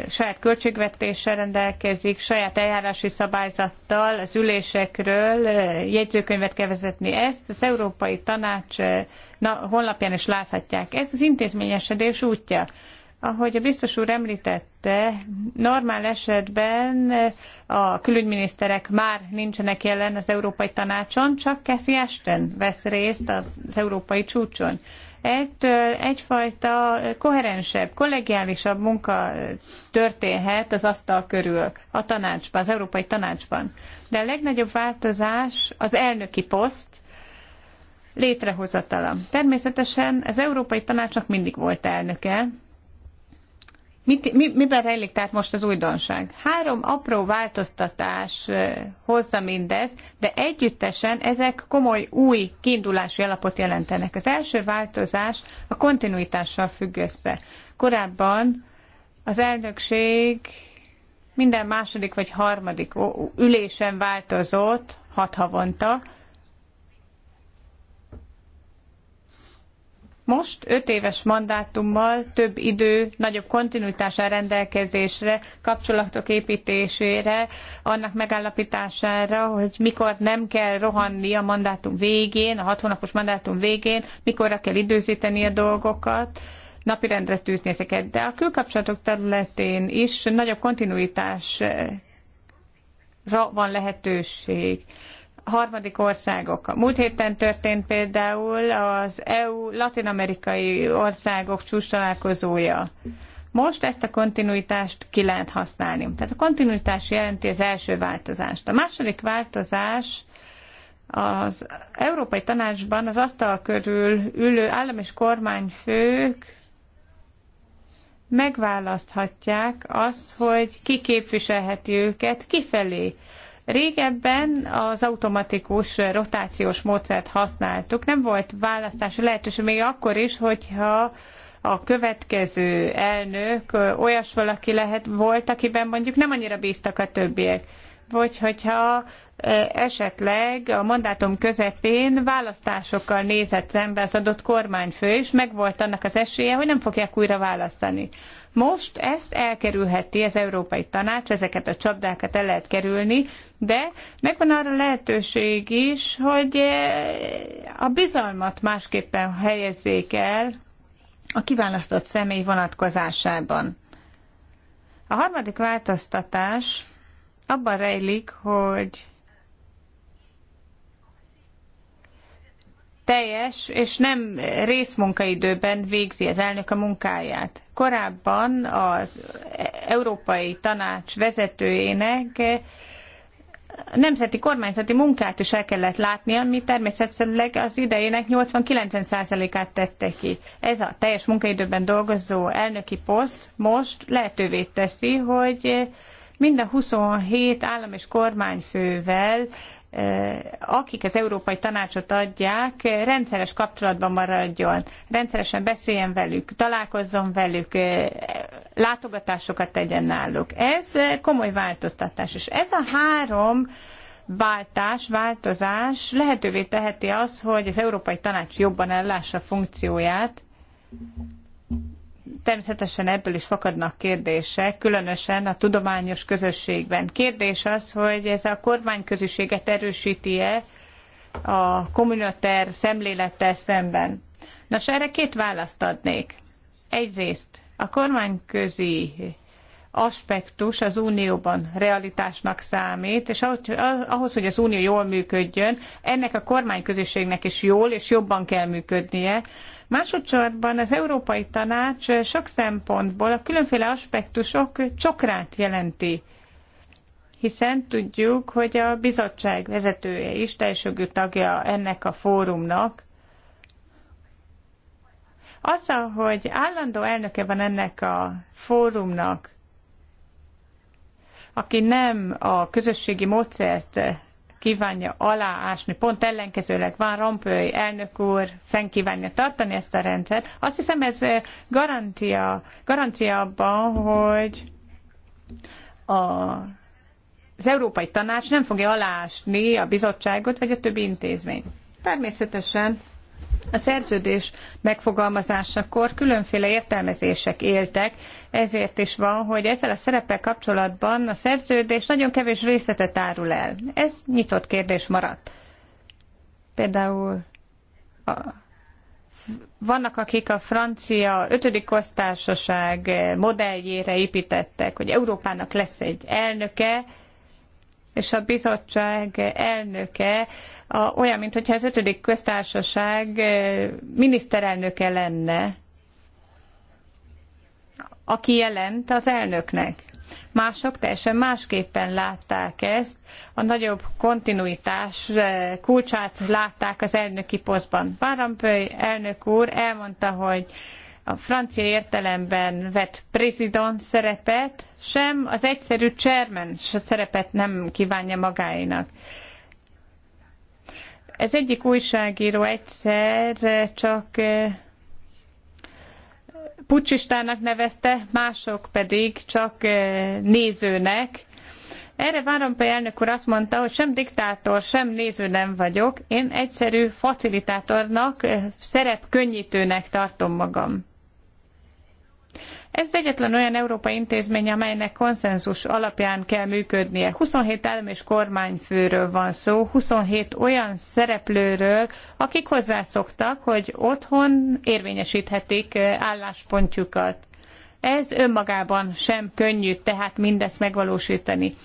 saját költségvetéssel rendelkezik, saját eljárási szabályzattal, az ülésekről jegyzőkönyvet kell vezetni. Ezt az Európai Tanács honlapján is láthatják. Ez az intézményesedés útja. Ahogy a biztos úr említette, normál esetben a külügyminiszterek már nincsenek jelen az Európai Tanácson, csak Cathy Ashton vesz részt az Európai Csúcson. Ettől egyfajta koherensebb, kollegiálisabb munka történhet az asztal körül a tanácsban, az Európai Tanácsban. De a legnagyobb változás az elnöki poszt, létrehozatala. Természetesen az Európai Tanácsnak mindig volt elnöke, Mit, mi, miben rejlik tehát most az újdonság? Három apró változtatás hozza mindez, de együttesen ezek komoly új kiindulási alapot jelentenek. Az első változás a kontinuitással függ össze. Korábban az elnökség minden második vagy harmadik ülésen változott, hat havonta, Most öt éves mandátummal több idő, nagyobb kontinuitás áll rendelkezésre, kapcsolatok építésére, annak megállapítására, hogy mikor nem kell rohanni a mandátum végén, a hat hónapos mandátum végén, mikorra kell időzíteni a dolgokat, napirendre tűzni ezeket. De a külkapcsolatok területén is nagyobb kontinuitásra van lehetőség harmadik országok. Múlt héten történt például az EU latinamerikai országok csúcs találkozója. Most ezt a kontinuitást ki lehet használni. Tehát a kontinuitás jelenti az első változást. A második változás az Európai Tanácsban az asztal körül ülő állam és kormányfők megválaszthatják azt, hogy ki képviselheti őket kifelé. Régebben az automatikus rotációs módszert használtuk, nem volt választási lehetőség még akkor is, hogyha a következő elnök olyas valaki lehet volt, akiben mondjuk nem annyira bíztak a többiek. Vagy hogyha esetleg a mandátum közepén választásokkal nézett szembe az adott kormányfő, és megvolt annak az esélye, hogy nem fogják újra választani. Most ezt elkerülheti az Európai Tanács, ezeket a csapdákat el lehet kerülni, de megvan arra lehetőség is, hogy eh, a bizalmat másképpen helyezzék el a kiválasztott személy vonatkozásában. A harmadik változtatás abban rejlik, hogy teljes és nem részmunkaidőben végzi az elnök a munkáját. Korábban az Európai Tanács vezetőjének nemzeti kormányzati munkát is el kellett látni, ami természetesen az idejének 80-90%-át tette ki. Ez a teljes munkaidőben dolgozó elnöki poszt most lehetővé teszi, hogy mind a 27 állam és kormányfővel Eh, akik az Európai Tanácsot adják, rendszeres kapcsolatban maradjon, rendszeresen beszéljen velük, találkozzon velük, eh, látogatásokat tegyen náluk. Ez komoly változtatás, és ez a három váltás, változás lehetővé teheti az, hogy az Európai Tanács jobban ellássa funkcióját, természetesen ebből is fakadnak kérdések, különösen a tudományos közösségben. Kérdés az, hogy ez a kormányközösséget erősíti-e a kommuniter szemlélettel szemben. Nos, erre két választ adnék. Egyrészt a kormányközi aspektus az unióban realitásnak számít, és ahhoz, hogy az unió jól működjön, ennek a kormányközösségnek is jól és jobban kell működnie, Másodszorban az Európai Tanács sok szempontból a különféle aspektusok csokrát jelenti hiszen tudjuk, hogy a bizottság vezetője is teljesögű tagja ennek a fórumnak. Azzal, hogy állandó elnöke van ennek a fórumnak, aki nem a közösségi módszert kívánja aláásni, pont ellenkezőleg Van Rompuy elnök úr fenn kívánja tartani ezt a rendszert. Azt hiszem ez eh, garantia, garancia abban, hogy a az Európai Tanács nem fogja aláásni a bizottságot vagy a többi intézményt. Természetesen a szerződés megfogalmazásakor különféle értelmezések éltek, ezért is van, hogy ezzel a szereppel kapcsolatban a szerződés nagyon kevés részletet árul el. Ez nyitott kérdés maradt. Például a, vannak, akik a francia ötödik osztársaság modelljére építettek, hogy Európának lesz egy elnöke, és a bizottság elnöke a, olyan, mintha az ötödik köztársaság miniszterelnöke lenne, aki jelent az elnöknek. Mások teljesen másképpen látták ezt, a nagyobb kontinuitás kulcsát látták az elnöki posztban. Báramböly elnök úr elmondta, hogy a francia értelemben vett prezident szerepet, sem az egyszerű chairman szerepet nem kívánja magáinak. Ez egyik újságíró egyszer csak eh, pucsistának nevezte, mások pedig csak eh, nézőnek. Erre Várompely elnök úr azt mondta, hogy sem diktátor, sem néző nem vagyok, én egyszerű facilitátornak, eh, szerepkönnyítőnek tartom magam. Ez egyetlen olyan európai intézmény, amelynek konszenzus alapján kell működnie. 27 állam és kormányfőről van szó, 27 olyan szereplőről, akik hozzászoktak, hogy otthon érvényesíthetik eh, álláspontjukat. Ez önmagában sem könnyű, tehát mindezt megvalósítani.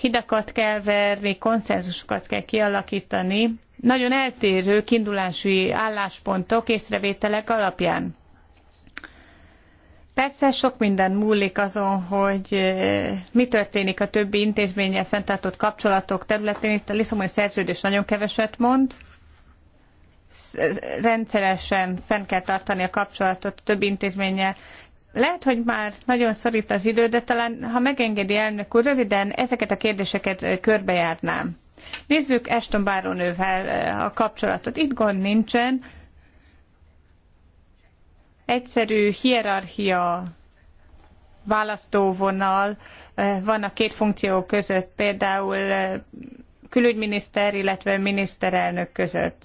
Hidakat kell verni, konszenzusokat kell kialakítani, nagyon eltérő kiindulási álláspontok, észrevételek alapján. Persze sok minden múlik azon, hogy mi történik a többi intézménnyel fenntartott kapcsolatok területén. Itt a Lisszaboni szerződés nagyon keveset mond. Rendszeresen fenn kell tartani a kapcsolatot a többi intézménnyel. Lehet, hogy már nagyon szorít az idő, de talán, ha megengedi elnök úr, röviden ezeket a kérdéseket körbejárnám. Nézzük Eston Báronővel a kapcsolatot. Itt gond nincsen, egyszerű hierarchia választóvonal eh, van a két funkció között, például eh, külügyminiszter, illetve miniszterelnök között.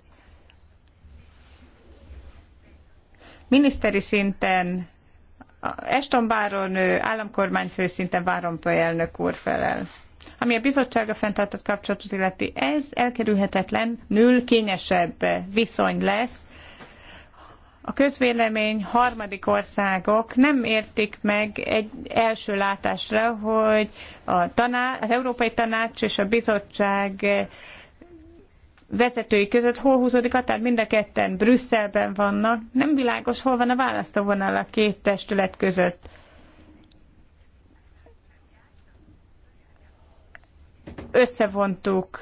Miniszteri szinten Eston Báronő, államkormányfő szinten Váronpöly elnök úr felel. Ami a bizottsága fenntartott kapcsolatot illeti, ez elkerülhetetlen, nül kényesebb viszony lesz, a közvélemény harmadik országok nem értik meg egy első látásra, hogy a tanács, az Európai Tanács és a Bizottság vezetői között hol húzódik a tehát mind a ketten Brüsszelben vannak. Nem világos, hol van a választóvonal a két testület között. Összevontuk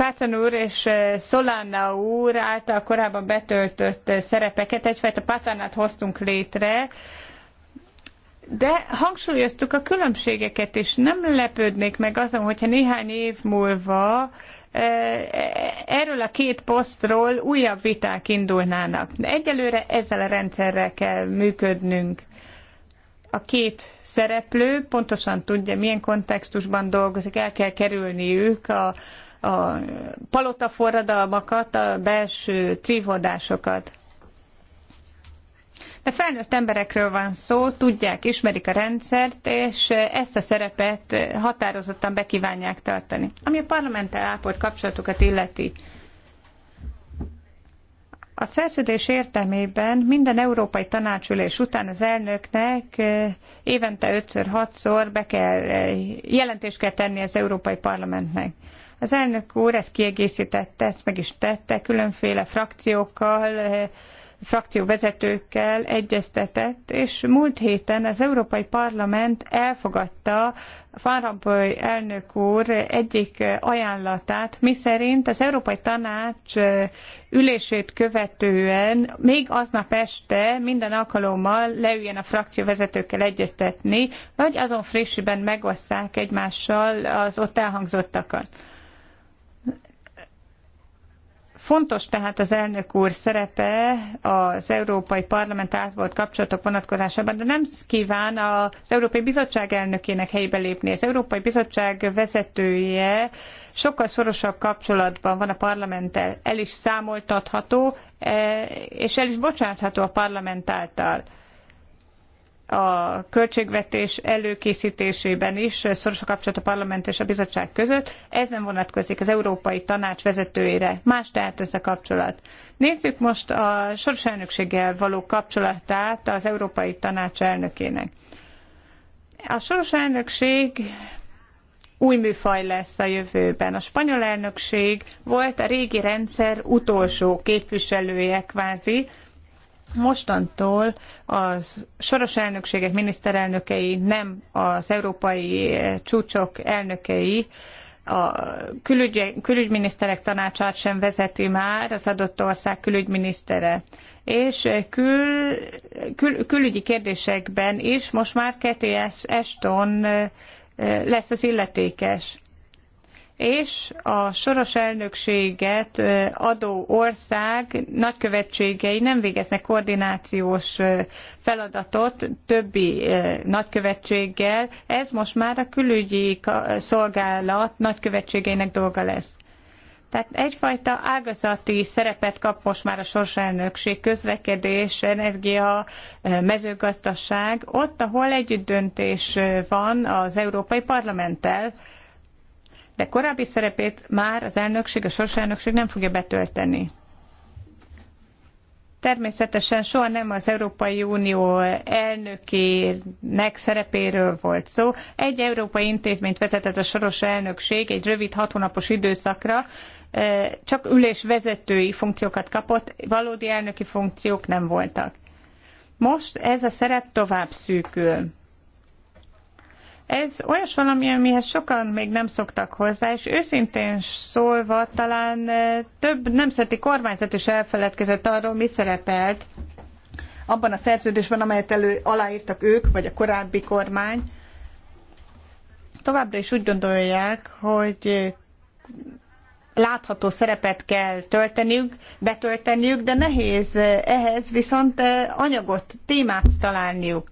Páton úr és eh, Solana úr által korábban betöltött eh, szerepeket, egyfajta pátánát hoztunk létre, de hangsúlyoztuk a különbségeket, és nem lepődnék meg azon, hogyha néhány év múlva eh, erről a két posztról újabb viták indulnának. egyelőre ezzel a rendszerrel kell működnünk. A két szereplő pontosan tudja, milyen kontextusban dolgozik, el kell kerülniük a a palotaforradalmakat, a belső cívódásokat. De felnőtt emberekről van szó, tudják, ismerik a rendszert, és ezt a szerepet határozottan bekívánják tartani. Ami a parlamenttel ápolt kapcsolatokat illeti, a szerződés értelmében minden európai tanácsülés után az elnöknek eh, évente 5-6-szor be kell, eh, jelentést kell tenni az Európai Parlamentnek. Az elnök úr ezt kiegészítette, ezt meg is tette, különféle frakciókkal, eh, frakcióvezetőkkel egyeztetett, és múlt héten az Európai Parlament elfogadta Van Rompuy elnök úr egyik ajánlatát, miszerint az Európai Tanács eh, ülését követően még aznap este minden alkalommal leüljen a frakcióvezetőkkel egyeztetni, vagy azon frissiben megosszák egymással az ott elhangzottakat. Fontos tehát az elnök úr szerepe az Európai Parlament átvolt kapcsolatok vonatkozásában, de nem kíván az Európai Bizottság elnökének helyébe lépni. Az Európai Bizottság vezetője sokkal szorosabb kapcsolatban van a parlamenttel, el is számoltatható, eh, és el is bocsátható a parlament által a költségvetés előkészítésében is szoros a kapcsolat a parlament és a bizottság között. Ez nem vonatkozik az Európai Tanács vezetőjére. Más tehát ez a kapcsolat. Nézzük most a soros elnökséggel való kapcsolatát az Európai Tanács elnökének. A soros elnökség új műfaj lesz a jövőben. A spanyol elnökség volt a régi rendszer utolsó képviselője kvázi, mostantól az soros elnökségek miniszterelnökei nem az európai eh, csúcsok elnökei, a külügy, külügyminiszterek tanácsát sem vezeti már az adott ország külügyminisztere. És eh, kül, kül, külügyi kérdésekben is most már Keti Ashton eh, lesz az illetékes és a soros elnökséget adó ország nagykövetségei nem végeznek koordinációs feladatot többi nagykövetséggel. Ez most már a külügyi szolgálat nagykövetségeinek dolga lesz. Tehát egyfajta ágazati szerepet kap most már a soros elnökség közlekedés, energia, mezőgazdaság, ott, ahol együttdöntés van az Európai Parlamenttel, de korábbi szerepét már az elnökség, a soros elnökség nem fogja betölteni. Természetesen soha nem az Európai Unió elnökének szerepéről volt szó. Egy európai intézményt vezetett a soros elnökség egy rövid hat hónapos időszakra, csak ülésvezetői funkciókat kapott, valódi elnöki funkciók nem voltak. Most ez a szerep tovább szűkül. Ez olyas valami, amihez sokan még nem szoktak hozzá, és őszintén szólva talán eh, több nemzeti kormányzat is elfeledkezett arról, mi szerepelt abban a szerződésben, amelyet elő aláírtak ők, vagy a korábbi kormány. Továbbra is úgy gondolják, hogy eh, látható szerepet kell tölteniük, betölteniük, de nehéz eh, ehhez viszont anyagot, témát találniuk.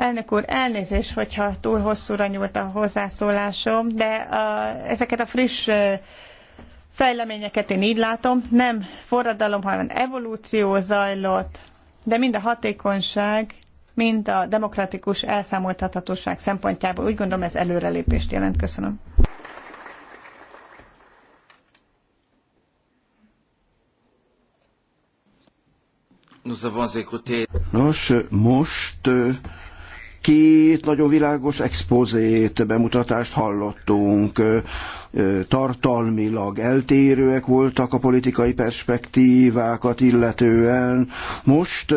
Elnök úr, elnézés, hogyha túl hosszúra nyúlt a hozzászólásom, de a, uh, ezeket a friss uh, fejleményeket én így látom, nem forradalom, hanem evolúció zajlott, de mind a hatékonyság, mind a demokratikus elszámoltathatóság szempontjából úgy gondolom ez előrelépést jelent. Köszönöm. Nos, most uh, két nagyon világos expozét, bemutatást hallottunk, tartalmilag eltérőek voltak a politikai perspektívákat illetően. Most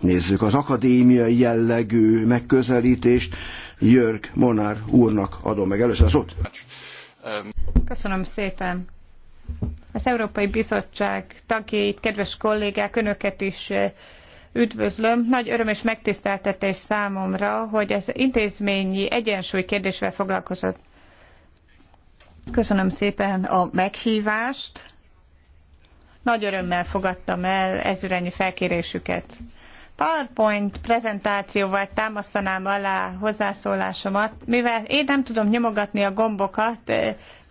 nézzük az akadémiai jellegű megközelítést. Jörg Monár úrnak adom meg először a szót. Köszönöm szépen. Az Európai Bizottság tagjait, kedves kollégák, önöket is üdvözlöm. Nagy öröm és megtiszteltetés számomra, hogy ez intézményi egyensúly kérdésével foglalkozott. Köszönöm szépen a meghívást. Nagy örömmel fogadtam el ezürennyi felkérésüket. PowerPoint prezentációval támasztanám alá hozzászólásomat, mivel én nem tudom nyomogatni a gombokat,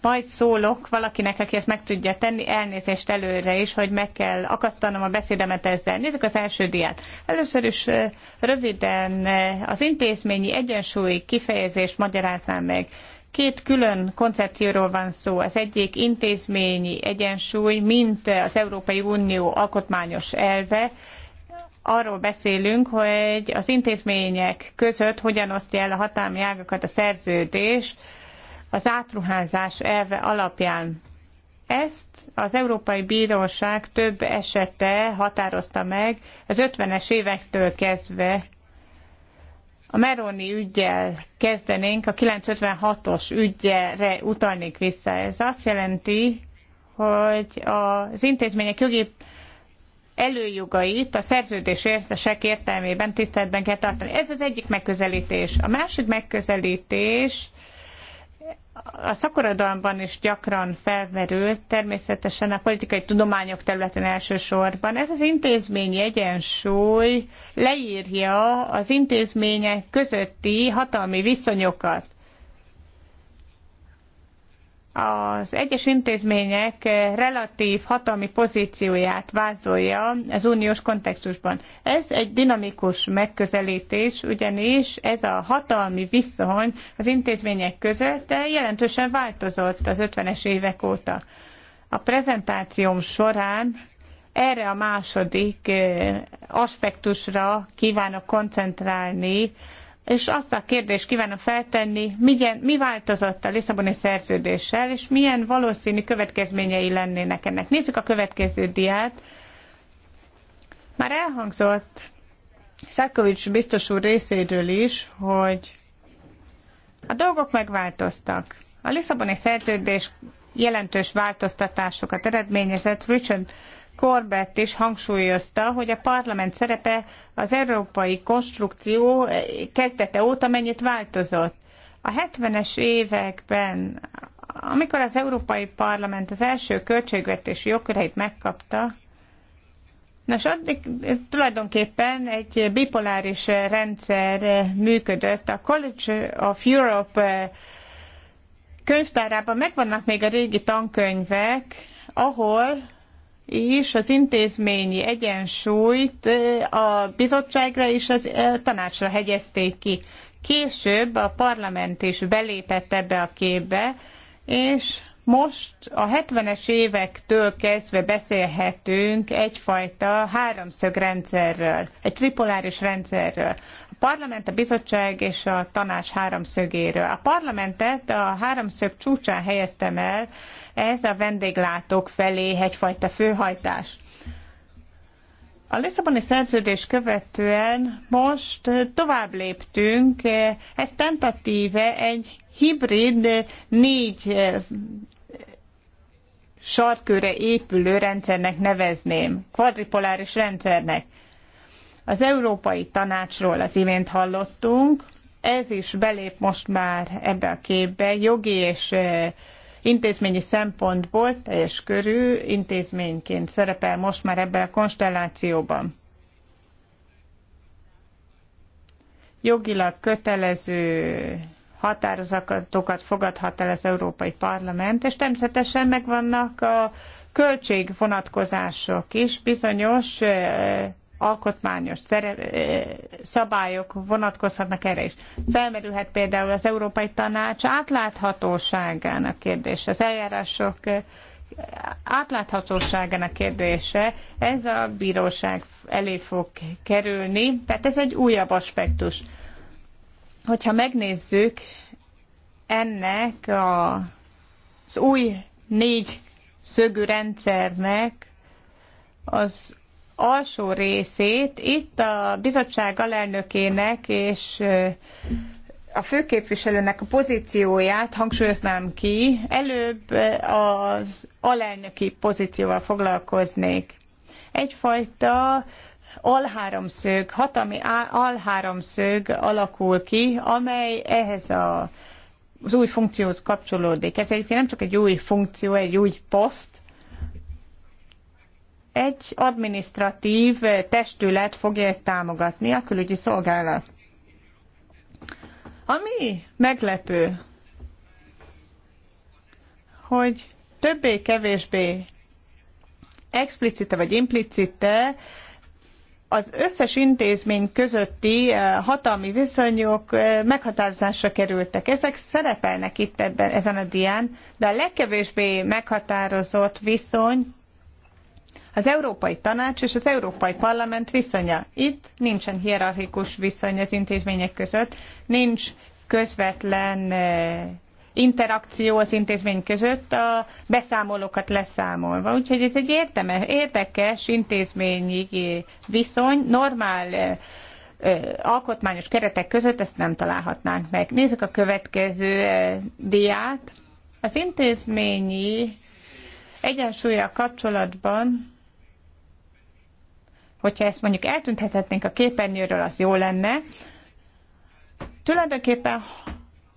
majd szólok valakinek, aki ezt meg tudja tenni, elnézést előre is, hogy meg kell akasztanom a beszédemet ezzel. Nézzük az első diát. Először is röviden az intézményi egyensúly kifejezést magyaráznám meg. Két külön koncepcióról van szó. Az egyik intézményi egyensúly, mint az Európai Unió alkotmányos elve, arról beszélünk, hogy az intézmények között hogyan osztja el a hatalmi ágakat a szerződés, az átruházás elve alapján. Ezt az Európai Bíróság több esete határozta meg az 50-es évektől kezdve. A Meroni ügyjel kezdenénk, a 956-os ügyre utalnék vissza. Ez azt jelenti, hogy az intézmények jogi előjogait a értesek értelmében tiszteletben kell tartani. Ez az egyik megközelítés. A másik megközelítés a szakorodalomban is gyakran felmerül, természetesen a politikai tudományok területen elsősorban. Ez az intézményi egyensúly leírja az intézmények közötti hatalmi viszonyokat az egyes intézmények relatív hatalmi pozícióját vázolja az uniós kontextusban. Ez egy dinamikus megközelítés, ugyanis ez a hatalmi viszony az intézmények között jelentősen változott az 50-es évek óta. A prezentációm során erre a második eh, aspektusra kívánok koncentrálni, és azt a kérdést kívánom feltenni, milyen, mi változott a Lisszaboni szerződéssel, és milyen valószínű következményei lennének ennek. Nézzük a következő diát. Már elhangzott Szarkovics biztos úr részéről is, hogy a dolgok megváltoztak. A Lisszaboni szerződés jelentős változtatásokat eredményezett. Richard Corbett is hangsúlyozta, hogy a parlament szerepe az európai konstrukció kezdete óta mennyit változott. A 70-es években, amikor az Európai Parlament az első költségvetési jogköreit megkapta, Nos, addig tulajdonképpen egy bipoláris rendszer működött. A College of Europe könyvtárában megvannak még a régi tankönyvek, ahol és az intézményi egyensúlyt a bizottságra és a tanácsra hegyezték ki. Később a parlament is belépett ebbe a képbe, és most a 70-es évektől kezdve beszélhetünk egyfajta háromszögrendszerről, egy tripoláris rendszerről parlament, a bizottság és a tanács háromszögéről. A parlamentet a háromszög csúcsán helyeztem el, ez a vendéglátók felé egyfajta főhajtás. A Lisszaboni szerződés követően most tovább léptünk, ez tentatíve egy hibrid négy sarkőre épülő rendszernek nevezném, kvadripoláris rendszernek. Az Európai Tanácsról az imént hallottunk, ez is belép most már ebbe a képbe, jogi és intézményi szempontból teljes körű intézményként szerepel most már ebben a konstellációban. Jogilag kötelező határozatokat fogadhat el az Európai Parlament, és természetesen megvannak a költségvonatkozások is, bizonyos alkotmányos eh, szabályok vonatkozhatnak erre is. Felmerülhet például az Európai Tanács átláthatóságának kérdése, az eljárások eh, átláthatóságának kérdése, ez a bíróság elé fog kerülni, tehát ez egy újabb aspektus. Hogyha megnézzük ennek a, az új négy szögű rendszernek az alsó részét. Itt a bizottság alelnökének és a főképviselőnek a pozícióját hangsúlyoznám ki, előbb az alelnöki pozícióval foglalkoznék. Egyfajta alháromszög, hatalmi alháromszög alakul ki, amely ehhez a, az új funkcióhoz kapcsolódik. Ez egyébként nem csak egy új funkció, egy új poszt, egy administratív testület fogja ezt támogatni, a külügyi szolgálat. Ami meglepő, hogy többé-kevésbé explicite vagy implicite az összes intézmény közötti eh, hatalmi viszonyok eh, meghatározásra kerültek. Ezek szerepelnek itt ebben, ezen a dián, de a legkevésbé meghatározott viszony az Európai Tanács és az Európai Parlament viszonya. Itt nincsen hierarchikus viszony az intézmények között, nincs közvetlen eh, interakció az intézmény között a beszámolókat leszámolva. Úgyhogy ez egy érdeme, érdekes intézményi eh, viszony, normál eh, alkotmányos keretek között ezt nem találhatnánk meg. Nézzük a következő diát. Az intézményi egyensúlya kapcsolatban Hogyha ezt mondjuk eltüntethetnénk a képernyőről, az jó lenne. Tulajdonképpen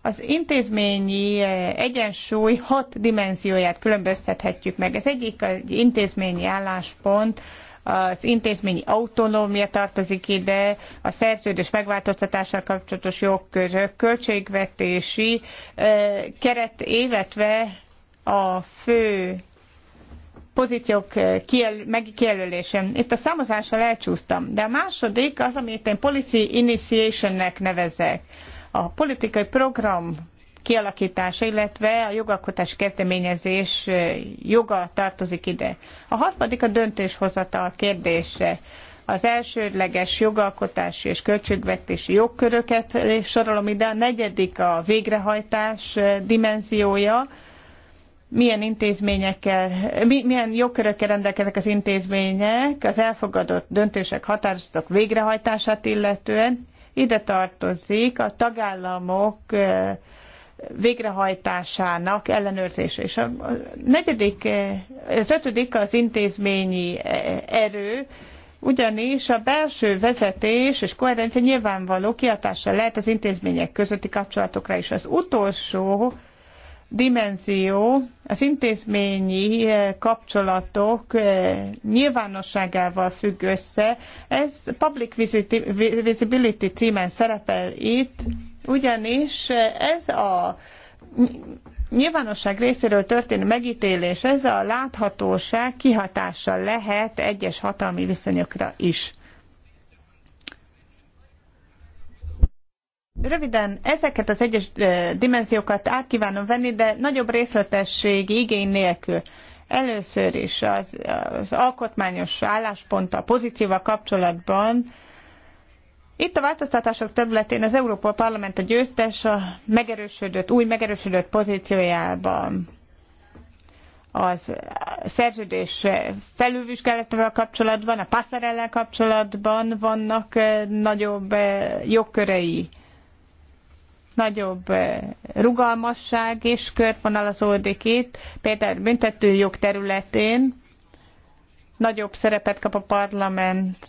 az intézményi eh, egyensúly hat dimenzióját különböztethetjük meg. Ez egyik egy intézményi álláspont, az intézményi autonómia tartozik ide, a szerződés megváltoztatással kapcsolatos jogkörök, költségvetési eh, keret, évetve a fő pozíciók eh, kijel, megkijelölésén. Itt a számozással elcsúsztam, de a második az, amit én policy initiationnek nevezek. A politikai program kialakítása, illetve a jogalkotás kezdeményezés eh, joga tartozik ide. A harmadik a döntéshozatal kérdése. Az elsődleges jogalkotási és költségvetési jogköröket sorolom ide, a negyedik a végrehajtás eh, dimenziója, milyen intézményekkel, milyen jogkörökkel rendelkeznek az intézmények az elfogadott döntések, határozatok végrehajtását illetően. Ide tartozik a tagállamok végrehajtásának ellenőrzése. És a negyedik, az ötödik az intézményi erő, ugyanis a belső vezetés és koherencia nyilvánvaló kiatással lehet az intézmények közötti kapcsolatokra is. Az utolsó dimenzió, az intézményi eh, kapcsolatok eh, nyilvánosságával függ össze. Ez Public Visibility címen szerepel itt, ugyanis eh, ez a nyilvánosság részéről történő megítélés, ez a láthatóság kihatással lehet egyes hatalmi viszonyokra is. Röviden, ezeket az egyes dimenziókat át kívánom venni, de nagyobb részletesség igény nélkül. Először is az, az alkotmányos a pozícióval kapcsolatban itt a változtatások területén az Európa Parlament a győztes a megerősödött, új megerősödött pozíciójában az szerződés felülvizsgálatával kapcsolatban, a passzerellel kapcsolatban vannak nagyobb jogkörei nagyobb eh, rugalmasság és körvonalazódik itt, például büntetőjog területén nagyobb szerepet kap a parlament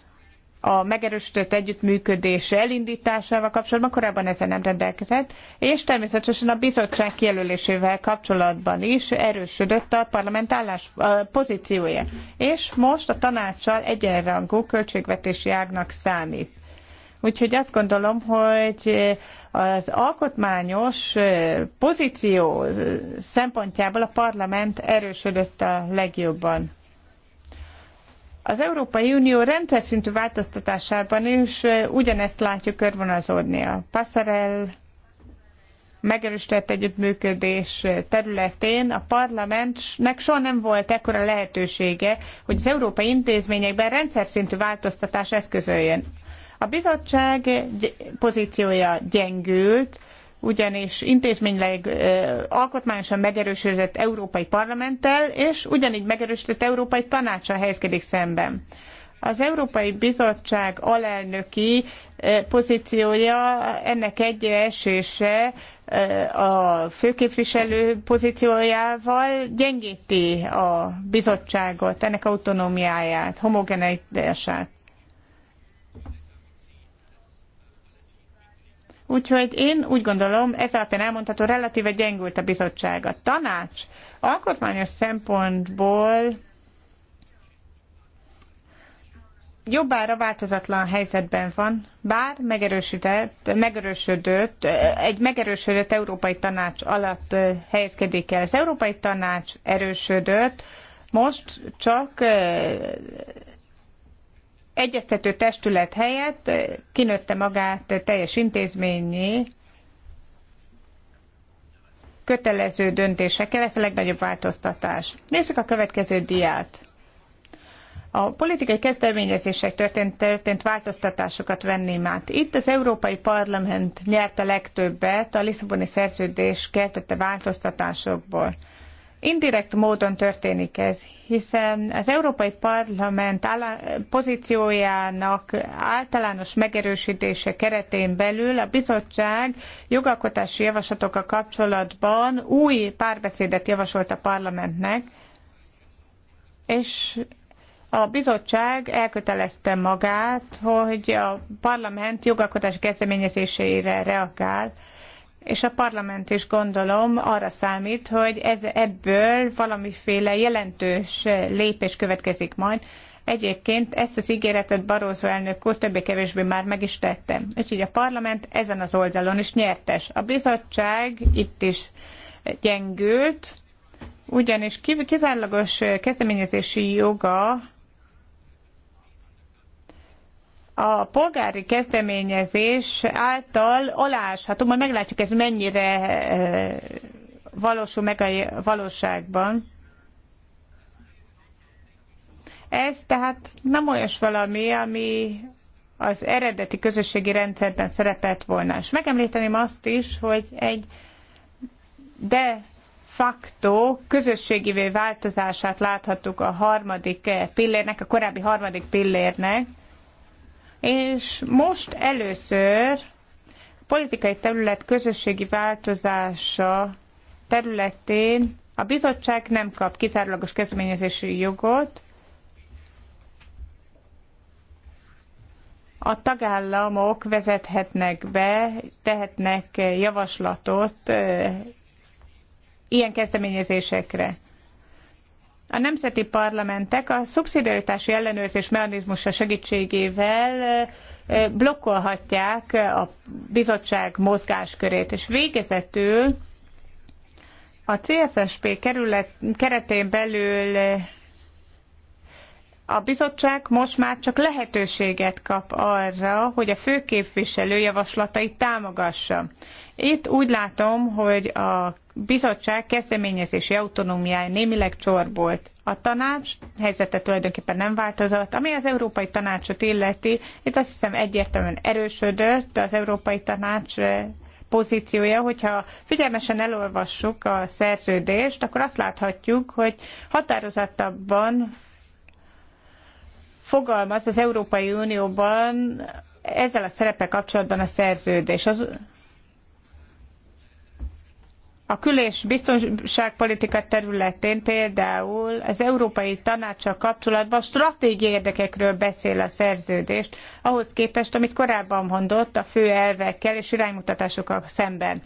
a megerősített együttműködés elindításával kapcsolatban, korábban ezen nem rendelkezett, és természetesen a bizottság kijelölésével kapcsolatban is erősödött a parlament állás a pozíciója, és most a tanácssal egyenrangú költségvetési ágnak számít. Úgyhogy azt gondolom, hogy az alkotmányos pozíció szempontjából a parlament erősödött a legjobban. Az Európai Unió rendszer szintű változtatásában is ugyanezt látjuk körvonazódni. A Passerel megerősített együttműködés területén a parlamentnek soha nem volt ekkora lehetősége, hogy az európai intézményekben rendszer szintű változtatás eszközöljön. A bizottság pozíciója gyengült, ugyanis intézményleg alkotmányosan megerősödött Európai Parlamenttel, és ugyanígy megerősödött Európai Tanácsa helyezkedik szemben. Az Európai Bizottság alelnöki pozíciója ennek egy esése a főképviselő pozíciójával gyengíti a bizottságot, ennek autonómiáját, homogenitását. Úgyhogy én úgy gondolom, ez alapján elmondható, relatíve gyengült a bizottság. A tanács alkotmányos szempontból jobbára változatlan helyzetben van, bár megerősödött, megerősödött, egy megerősödött Európai Tanács alatt helyezkedik el. Az Európai Tanács erősödött, most csak egyeztető testület helyett eh, kinőtte magát teljes intézményé kötelező döntésekkel, ez a legnagyobb változtatás. Nézzük a következő diát. A politikai kezdeményezések történt, történt változtatásokat venném át. Itt az Európai Parlament nyerte legtöbbet a Lisszaboni szerződés keltette változtatásokból. Indirekt módon történik ez, hiszen az Európai Parlament pozíciójának általános megerősítése keretén belül a bizottság jogalkotási javaslatokkal kapcsolatban új párbeszédet javasolt a parlamentnek, és a bizottság elkötelezte magát, hogy a parlament jogalkotási kezdeményezéseire reagál, és a parlament is gondolom arra számít, hogy ez, ebből valamiféle jelentős lépés következik majd. Egyébként ezt az ígéretet Barózó elnök úr többé-kevésbé már meg is tette. Úgyhogy a parlament ezen az oldalon is nyertes. A bizottság itt is gyengült, ugyanis kizárólagos kezdeményezési joga a polgári kezdeményezés által alásható, majd meglátjuk ez mennyire eh, valósul meg a valóságban. Ez tehát nem olyas valami, ami az eredeti közösségi rendszerben szerepelt volna. És megemlíteném azt is, hogy egy de facto közösségivé változását láthattuk a harmadik eh, pillérnek, a korábbi harmadik pillérnek, és most először politikai terület közösségi változása területén a bizottság nem kap kizárólagos kezdeményezési jogot, a tagállamok vezethetnek be, tehetnek javaslatot eh, ilyen kezdeményezésekre a nemzeti parlamentek a szubszidiaritási ellenőrzés mechanizmusa segítségével blokkolhatják a bizottság mozgáskörét, és végezetül a CFSP kerület, keretén belül a bizottság most már csak lehetőséget kap arra, hogy a főképviselő javaslatait támogassa. Itt úgy látom, hogy a bizottság kezdeményezési autonómiája némileg csorbolt. A tanács helyzete tulajdonképpen nem változott. Ami az Európai Tanácsot illeti, itt azt hiszem egyértelműen erősödött az Európai Tanács eh, pozíciója, hogyha figyelmesen elolvassuk a szerződést, akkor azt láthatjuk, hogy határozottabban fogalmaz az Európai Unióban ezzel a szerepe kapcsolatban a szerződés. Az a kül- és biztonságpolitika területén például az Európai Tanácsa kapcsolatban stratégiai érdekekről beszél a szerződést, ahhoz képest, amit korábban mondott a fő elvekkel és iránymutatásokkal szemben.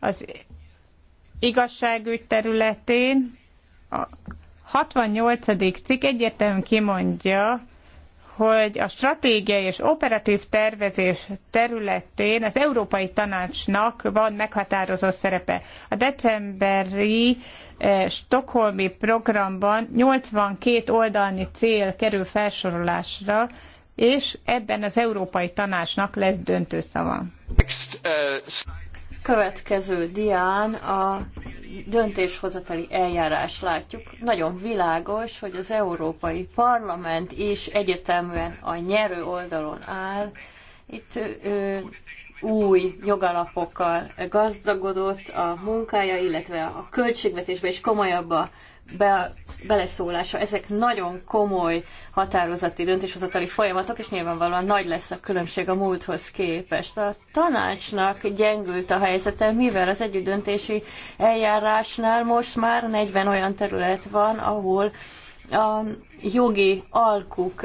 Az igazságügy területén a 68. cikk egyértelműen kimondja, hogy a stratégiai és operatív tervezés területén az Európai Tanácsnak van meghatározó szerepe. A decemberi eh, Stockholmi stokholmi programban 82 oldalnyi cél kerül felsorolásra, és ebben az Európai Tanácsnak lesz döntő szava. Next, uh következő dián a döntéshozatali eljárás látjuk. Nagyon világos, hogy az Európai Parlament is egyértelműen a nyerő oldalon áll. Itt ö, új jogalapokkal gazdagodott a munkája, illetve a költségvetésben is komolyabb a be, beleszólása. Ezek nagyon komoly határozati döntéshozatali folyamatok, és nyilvánvalóan nagy lesz a különbség a múlthoz képest. A tanácsnak gyengült a helyzete, mivel az együttdöntési eljárásnál most már 40 olyan terület van, ahol a jogi alkuk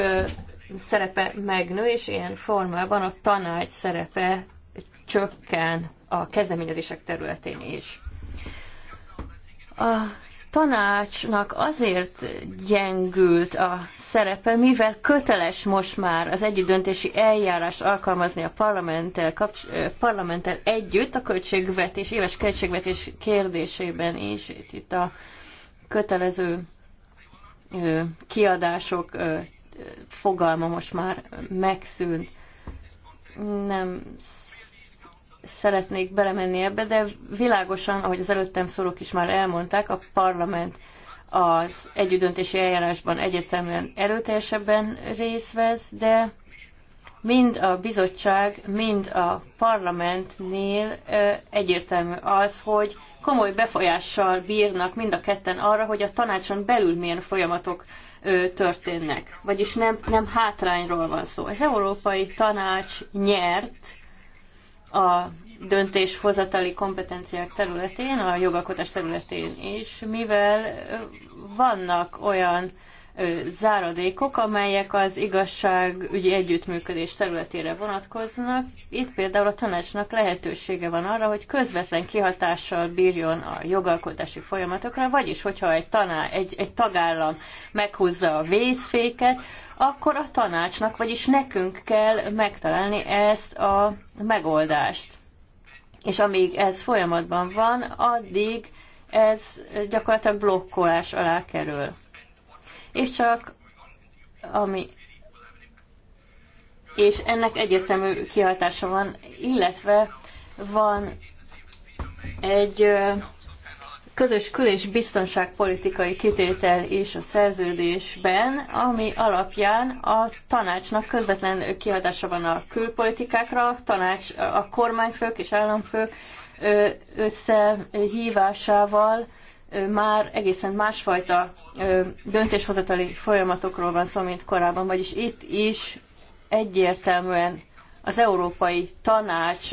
szerepe megnő, és ilyen formában a tanács szerepe csökken a kezdeményezések területén is. A tanácsnak azért gyengült a szerepe, mivel köteles most már az együttdöntési eljárást alkalmazni a parlamenttel, parlamenttel együtt a költségvetés, éves költségvetés kérdésében is, itt a kötelező kiadások fogalma most már megszűnt. Nem szeretnék belemenni ebbe, de világosan, ahogy az előttem szorok is már elmondták, a parlament az együttdöntési eljárásban egyértelműen erőteljesebben részt vesz, de mind a bizottság, mind a parlamentnél egyértelmű az, hogy komoly befolyással bírnak mind a ketten arra, hogy a tanácson belül milyen folyamatok történnek. Vagyis nem, nem hátrányról van szó. Az Európai Tanács nyert a döntéshozatali kompetenciák területén, a jogalkotás területén is, mivel vannak olyan záradékok, amelyek az igazságügyi együttműködés területére vonatkoznak. Itt például a tanácsnak lehetősége van arra, hogy közvetlen kihatással bírjon a jogalkotási folyamatokra, vagyis hogyha egy, taná, egy, egy tagállam meghúzza a vészféket, akkor a tanácsnak, vagyis nekünk kell megtalálni ezt a megoldást. És amíg ez folyamatban van, addig ez gyakorlatilag blokkolás alá kerül és csak ami és ennek egyértelmű kihatása van, illetve van egy közös kül- és biztonságpolitikai kitétel is a szerződésben, ami alapján a tanácsnak közvetlen kihatása van a külpolitikákra, a tanács a kormányfők és államfők összehívásával már egészen másfajta döntéshozatali folyamatokról van szó, mint korábban, vagyis itt is egyértelműen az Európai Tanács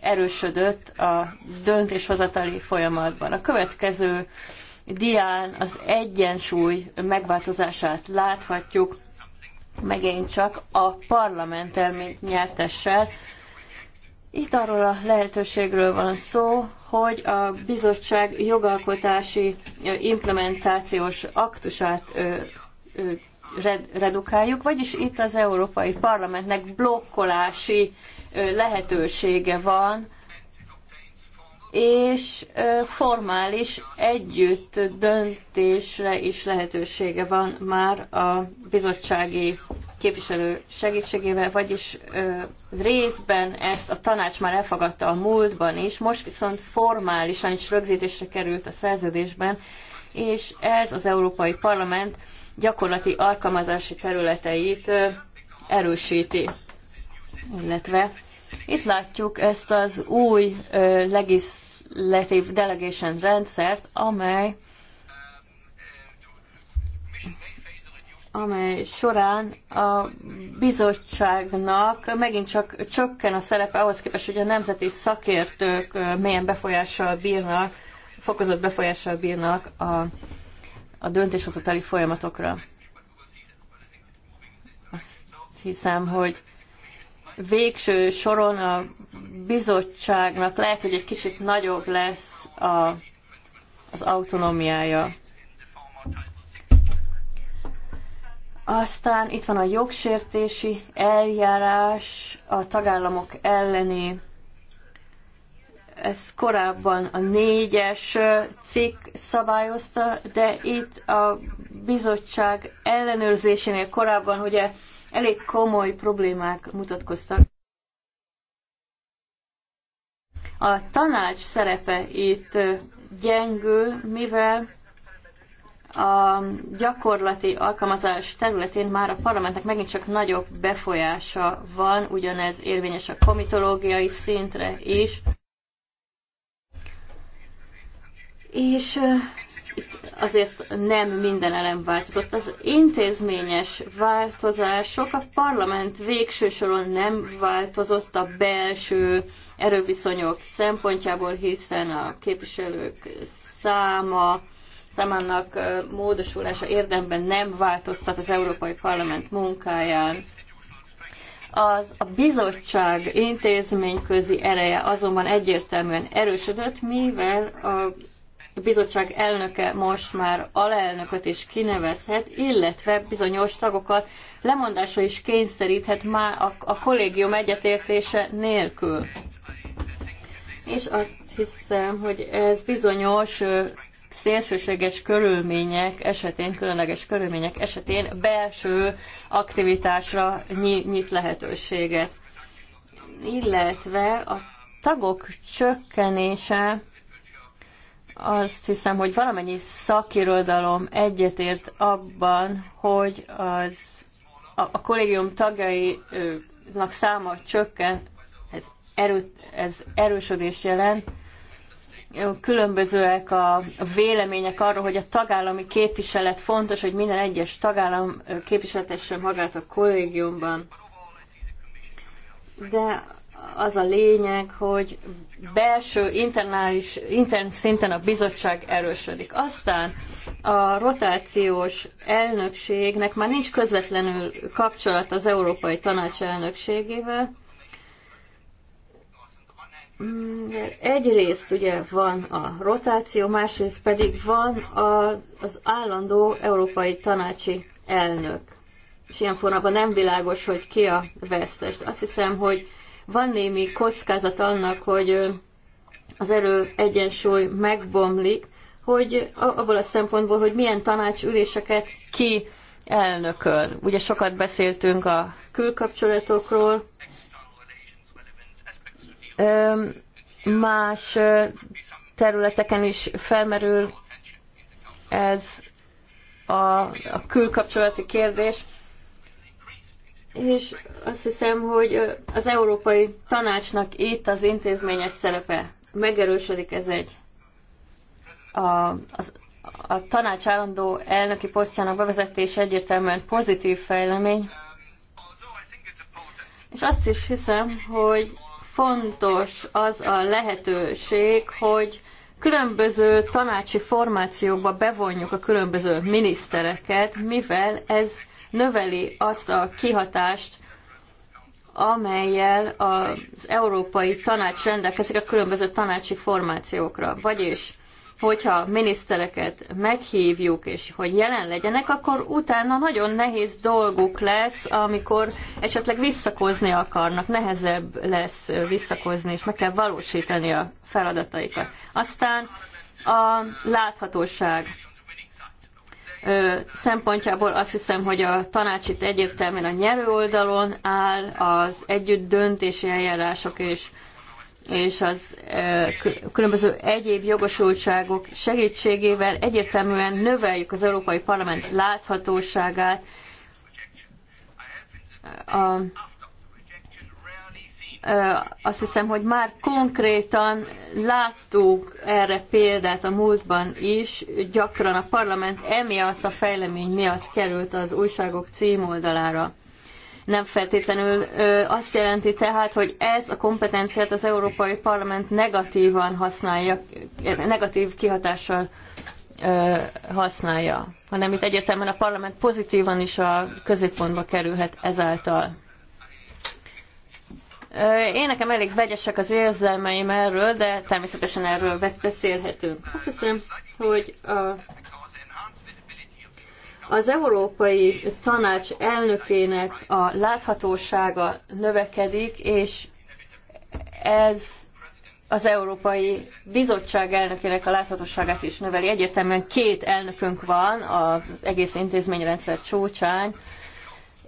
erősödött a döntéshozatali folyamatban. A következő dián az egyensúly megváltozását láthatjuk, megint csak a parlamenttel, mint nyertessel. Itt arról a lehetőségről van szó, hogy a bizottság jogalkotási implementációs aktusát redukáljuk, vagyis itt az Európai Parlamentnek blokkolási lehetősége van, és formális együtt döntésre is lehetősége van már a bizottsági képviselő segítségével, vagyis ö, részben ezt a tanács már elfogadta a múltban is, most viszont formálisan is rögzítésre került a szerződésben, és ez az Európai Parlament gyakorlati alkalmazási területeit ö, erősíti, illetve itt látjuk ezt az új ö, legislative delegation rendszert, amely amely során a bizottságnak megint csak csökken a szerepe ahhoz képest, hogy a nemzeti szakértők milyen befolyással bírnak, fokozott befolyással bírnak a, a döntéshozatali folyamatokra. Azt hiszem, hogy végső soron a bizottságnak lehet, hogy egy kicsit nagyobb lesz a, az autonómiája Aztán itt van a jogsértési eljárás a tagállamok elleni. Ez korábban a négyes cikk szabályozta, de itt a bizottság ellenőrzésénél korábban ugye elég komoly problémák mutatkoztak. A tanács szerepe itt gyengül, mivel a gyakorlati alkalmazás területén már a parlamentnek megint csak nagyobb befolyása van, ugyanez érvényes a komitológiai szintre is. És azért nem minden elem változott. Az intézményes változások a parlament végső soron nem változott a belső erőviszonyok szempontjából, hiszen a képviselők száma, Samannak módosulása érdemben nem változtat az Európai Parlament munkáján. Az a bizottság intézményközi ereje azonban egyértelműen erősödött, mivel a bizottság elnöke most már alelnököt is kinevezhet, illetve bizonyos tagokat lemondásra is kényszeríthet már a, a kollégium egyetértése nélkül. És azt hiszem, hogy ez bizonyos szélsőséges körülmények esetén, különleges körülmények esetén belső aktivitásra nyit lehetőséget. Illetve a tagok csökkenése azt hiszem, hogy valamennyi szakirodalom egyetért abban, hogy az a, a kollégium tagjainak száma csökken, ez, erő, ez erősödés jelent, különbözőek a vélemények arról, hogy a tagállami képviselet fontos, hogy minden egyes tagállam képviseletesse magát a kollégiumban. De az a lényeg, hogy belső, internális, intern szinten a bizottság erősödik. Aztán a rotációs elnökségnek már nincs közvetlenül kapcsolat az Európai Tanács elnökségével, egyrészt ugye van a rotáció, másrészt pedig van az állandó európai tanácsi elnök. És ilyen formában nem világos, hogy ki a vesztes. Azt hiszem, hogy van némi kockázat annak, hogy az erő egyensúly megbomlik, hogy abból a szempontból, hogy milyen tanácsüléseket ki elnököl. Ugye sokat beszéltünk a külkapcsolatokról, Más területeken is felmerül ez a, a külkapcsolati kérdés, és azt hiszem, hogy az Európai Tanácsnak itt az intézményes szerepe megerősödik ez egy a, a, a tanács állandó elnöki posztjának bevezetése egyértelműen pozitív fejlemény. És azt is hiszem, hogy fontos az a lehetőség, hogy különböző tanácsi formációkba bevonjuk a különböző minisztereket, mivel ez növeli azt a kihatást, amelyel az Európai Tanács rendelkezik a különböző tanácsi formációkra. Vagyis hogyha minisztereket meghívjuk, és hogy jelen legyenek, akkor utána nagyon nehéz dolguk lesz, amikor esetleg visszakozni akarnak, nehezebb lesz visszakozni, és meg kell valósítani a feladataikat. Aztán a láthatóság szempontjából azt hiszem, hogy a tanács itt egyértelműen a nyerő oldalon áll, az együtt döntési eljárások és és az különböző egyéb jogosultságok segítségével egyértelműen növeljük az Európai Parlament láthatóságát. A, azt hiszem, hogy már konkrétan láttuk erre példát a múltban is, gyakran a parlament emiatt a fejlemény miatt került az újságok címoldalára nem feltétlenül azt jelenti tehát, hogy ez a kompetenciát az Európai Parlament negatívan használja, negatív kihatással használja, hanem itt egyértelműen a parlament pozitívan is a középpontba kerülhet ezáltal. Én nekem elég vegyesek az érzelmeim erről, de természetesen erről beszélhetünk. Azt hiszem, hogy a az Európai Tanács elnökének a láthatósága növekedik, és ez az Európai Bizottság elnökének a láthatóságát is növeli. Egyértelműen két elnökünk van az egész intézményrendszer csúcsán,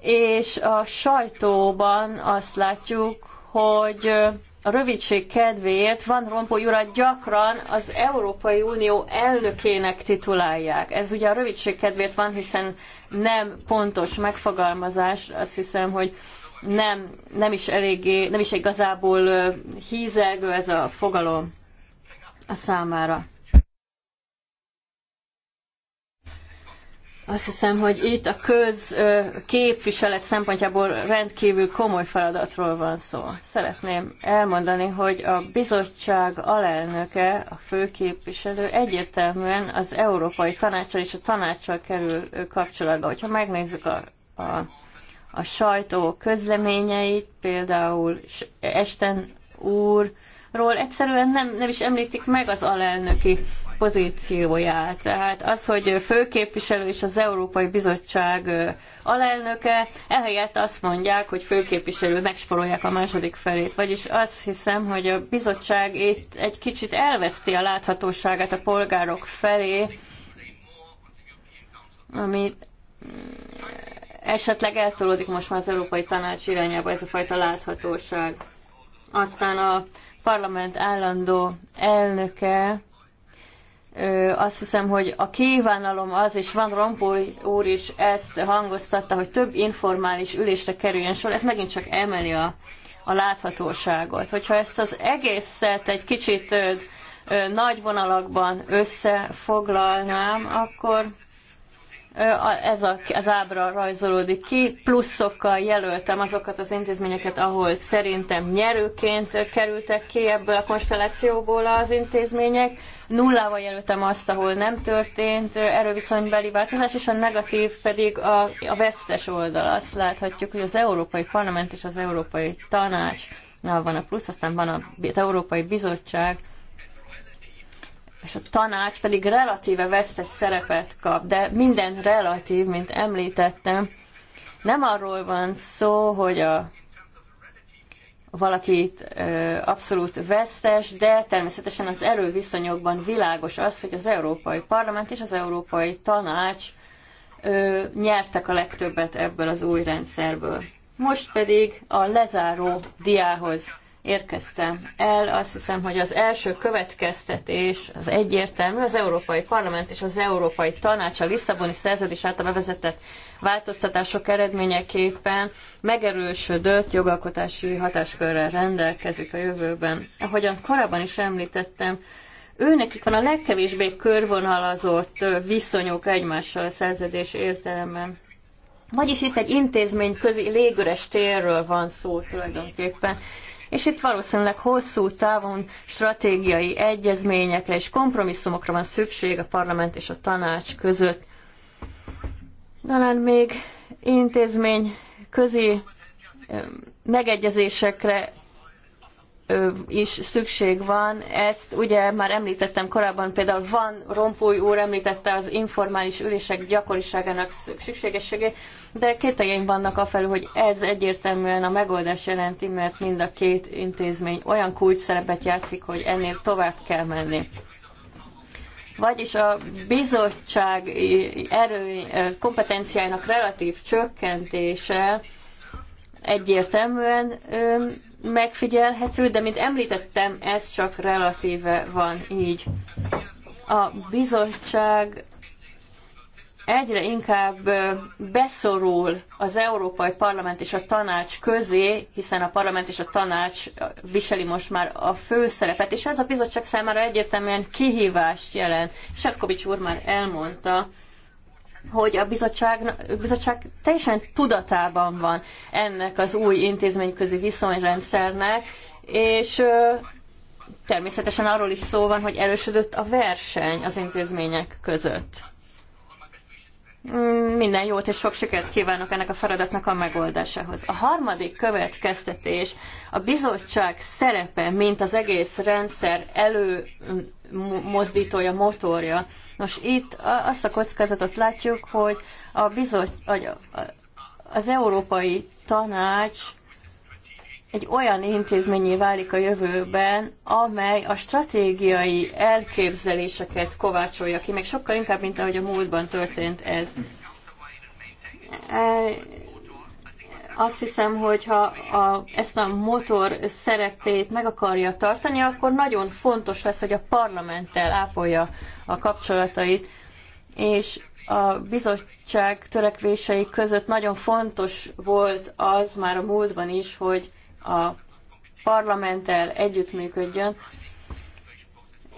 és a sajtóban azt látjuk, hogy a rövidség kedvéért Van Rompuy urat gyakran az Európai Unió elnökének titulálják. Ez ugye a rövidség kedvéért van, hiszen nem pontos megfogalmazás, azt hiszem, hogy nem, nem is eléggé, nem is igazából hízelgő ez a fogalom a számára. Azt hiszem, hogy itt a köz képviselet szempontjából rendkívül komoly feladatról van szó. Szeretném elmondani, hogy a bizottság alelnöke, a főképviselő egyértelműen az Európai Tanácssal és a tanácssal kerül kapcsolatba. Hogyha megnézzük a, a, a sajtó közleményeit, például Esten úrról, egyszerűen nem, nem is említik meg az alelnöki pozícióját. Tehát az, hogy főképviselő és az Európai Bizottság alelnöke, ehelyett azt mondják, hogy főképviselő megsporolják a második felét. Vagyis azt hiszem, hogy a bizottság itt egy kicsit elveszti a láthatóságát a polgárok felé, ami mm, esetleg eltolódik most már az Európai Tanács irányába ez a fajta láthatóság. Aztán a parlament állandó elnöke azt hiszem, hogy a kívánalom az, és Van Rompuy úr is ezt hangoztatta, hogy több informális ülésre kerüljön sor, ez megint csak emeli a, a láthatóságot. Hogyha ezt az egészet egy kicsit ö, ö, nagy vonalakban összefoglalnám, akkor ez a, az ábra rajzolódik ki, pluszokkal jelöltem azokat az intézményeket, ahol szerintem nyerőként kerültek ki ebből a konstellációból az intézmények, nullával jelöltem azt, ahol nem történt erőviszonybeli változás, és a negatív pedig a, a vesztes oldal. Azt láthatjuk, hogy az Európai Parlament és az Európai Tanács van a plusz, aztán van az Európai Bizottság, és a tanács pedig relatíve vesztes szerepet kap, de minden relatív, mint említettem. Nem arról van szó, hogy a valakit ö, abszolút vesztes, de természetesen az erőviszonyokban világos az, hogy az Európai Parlament és az Európai Tanács ö, nyertek a legtöbbet ebből az új rendszerből. Most pedig a lezáró diához érkeztem el. Azt hiszem, hogy az első következtetés az egyértelmű. Az Európai Parlament és az Európai Tanács a Lisszaboni szerződés által bevezetett változtatások eredményeképpen megerősödött jogalkotási hatáskörrel rendelkezik a jövőben. Ahogyan korábban is említettem, őnekik van a legkevésbé körvonalazott viszonyuk egymással a szerződés értelemben. Vagyis itt egy intézmény közi légüres térről van szó tulajdonképpen és itt valószínűleg hosszú távon stratégiai egyezményekre és kompromisszumokra van szükség a parlament és a tanács között. Talán még intézmény közi megegyezésekre is szükség van. Ezt ugye már említettem korábban, például Van Rompuy úr említette az informális ülések gyakoriságának szükségességét de kételjeim vannak afelől, hogy ez egyértelműen a megoldás jelenti, mert mind a két intézmény olyan kulcs szerepet játszik, hogy ennél tovább kell menni. Vagyis a bizottság erő, eh, kompetenciájának relatív csökkentése egyértelműen megfigyelhető, de mint említettem, ez csak relatíve van így. A bizottság egyre inkább beszorul az Európai Parlament és a Tanács közé, hiszen a Parlament és a Tanács viseli most már a főszerepet, és ez a bizottság számára egyértelműen kihívást jelent. Sefkovics úr már elmondta, hogy a bizottság, a bizottság teljesen tudatában van ennek az új intézményközi viszonyrendszernek, és természetesen arról is szó van, hogy erősödött a verseny az intézmények között minden jót és sok sikert kívánok ennek a feladatnak a megoldásához. A harmadik következtetés a bizottság szerepe, mint az egész rendszer előmozdítója, motorja. Nos, itt azt a kockázatot látjuk, hogy a bizot, az Európai Tanács egy olyan intézményé válik a jövőben, amely a stratégiai elképzeléseket kovácsolja ki, még sokkal inkább, mint ahogy a múltban történt ez. E, azt hiszem, hogy ha a, ezt a motor szerepét meg akarja tartani, akkor nagyon fontos lesz, hogy a parlamenttel ápolja a kapcsolatait, és a bizottság törekvései között nagyon fontos volt az már a múltban is, hogy a parlamenttel együttműködjön.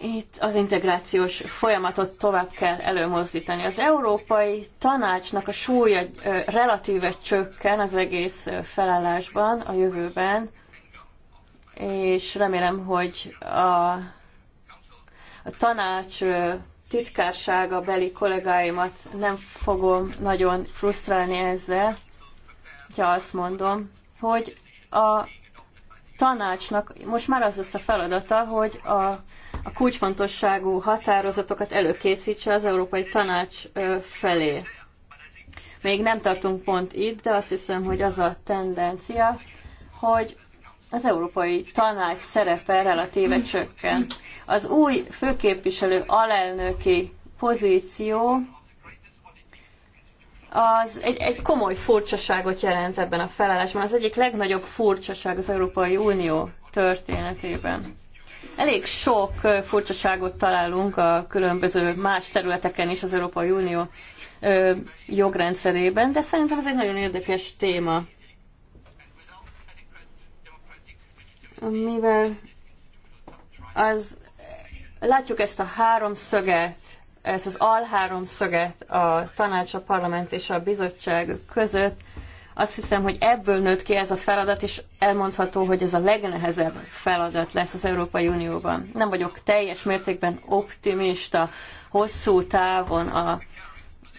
Itt az integrációs folyamatot tovább kell előmozdítani. Az Európai Tanácsnak a súlya relatíve csökken az egész felállásban a jövőben, és remélem, hogy a, a tanács titkársága beli kollégáimat nem fogom nagyon frusztrálni ezzel, ha azt mondom, hogy a tanácsnak most már az lesz a feladata, hogy a, a kulcsfontosságú határozatokat előkészítse az Európai Tanács felé. Még nem tartunk pont itt, de azt hiszem, hogy az a tendencia, hogy az Európai Tanács szerepe relatíve csökken. Az új főképviselő alelnöki pozíció az egy, egy komoly furcsaságot jelent ebben a felállásban. Az egyik legnagyobb furcsaság az Európai Unió történetében. Elég sok furcsaságot találunk a különböző más területeken is az Európai Unió ö, jogrendszerében, de szerintem ez egy nagyon érdekes téma. Mivel az, látjuk ezt a háromszöget, ezt az alháromszöget a tanács, a parlament és a bizottság között, azt hiszem, hogy ebből nőtt ki ez a feladat, és elmondható, hogy ez a legnehezebb feladat lesz az Európai Unióban. Nem vagyok teljes mértékben optimista hosszú távon a,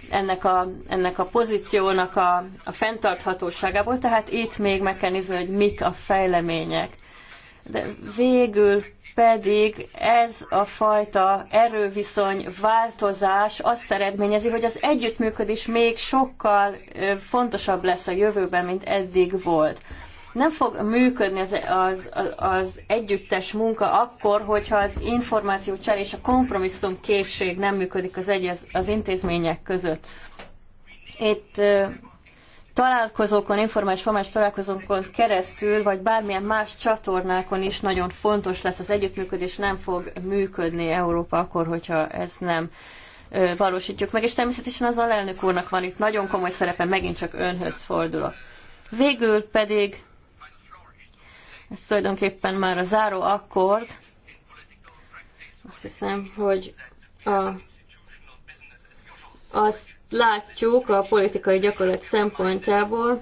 ennek, a, ennek a pozíciónak a, a fenntarthatóságából, tehát itt még meg kell nézni, hogy mik a fejlemények. De végül pedig ez a fajta erőviszony változás azt eredményezi, hogy az együttműködés még sokkal fontosabb lesz a jövőben, mint eddig volt. Nem fog működni az, az, az együttes munka akkor, hogyha az információcsere és a kompromisszum készség nem működik az, egyez, az intézmények között. Itt találkozókon, informális formális találkozókon keresztül, vagy bármilyen más csatornákon is nagyon fontos lesz az együttműködés, nem fog működni Európa akkor, hogyha ez nem valósítjuk meg, és természetesen az alelnök úrnak van itt nagyon komoly szerepe, megint csak önhöz fordulok. Végül pedig, ez tulajdonképpen már a záró akkord, azt hiszem, hogy a azt látjuk a politikai gyakorlat szempontjából,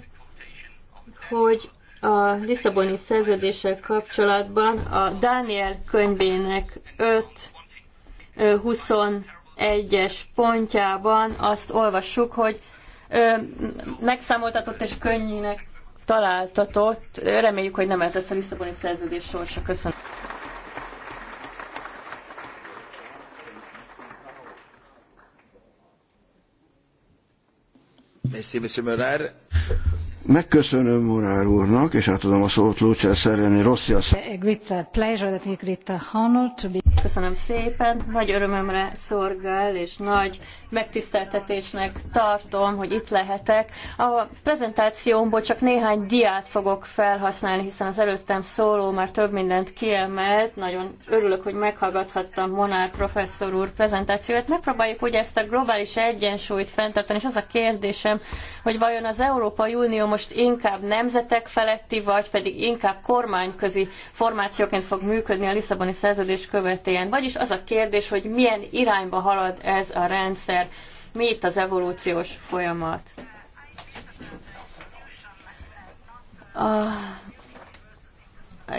hogy a Lisszaboni szerződések kapcsolatban a Dániel könyvének 5 21-es pontjában azt olvassuk, hogy megszámoltatott és könnyűnek találtatott. Reméljük, hogy nem ez lesz a Lisszaboni szerződés sorsa. Köszönöm. Merci, Monsieur Morar. Megköszönöm Morár úrnak, és átadom a szót Lúcsel Szerreni Rosszia Köszönöm szépen, nagy örömömre szorgál, és nagy megtiszteltetésnek tartom, hogy itt lehetek. A prezentációmból csak néhány diát fogok felhasználni, hiszen az előttem szóló már több mindent kiemelt. Nagyon örülök, hogy meghallgathattam Monár professzor úr prezentációját. Megpróbáljuk ugye ezt a globális egyensúlyt fenntartani, és az a kérdésem, hogy vajon az Európai Unió most most inkább nemzetek feletti, vagy pedig inkább kormányközi formációként fog működni a Lisszaboni szerződés követően. Vagyis az a kérdés, hogy milyen irányba halad ez a rendszer, mi itt az evolúciós folyamat. A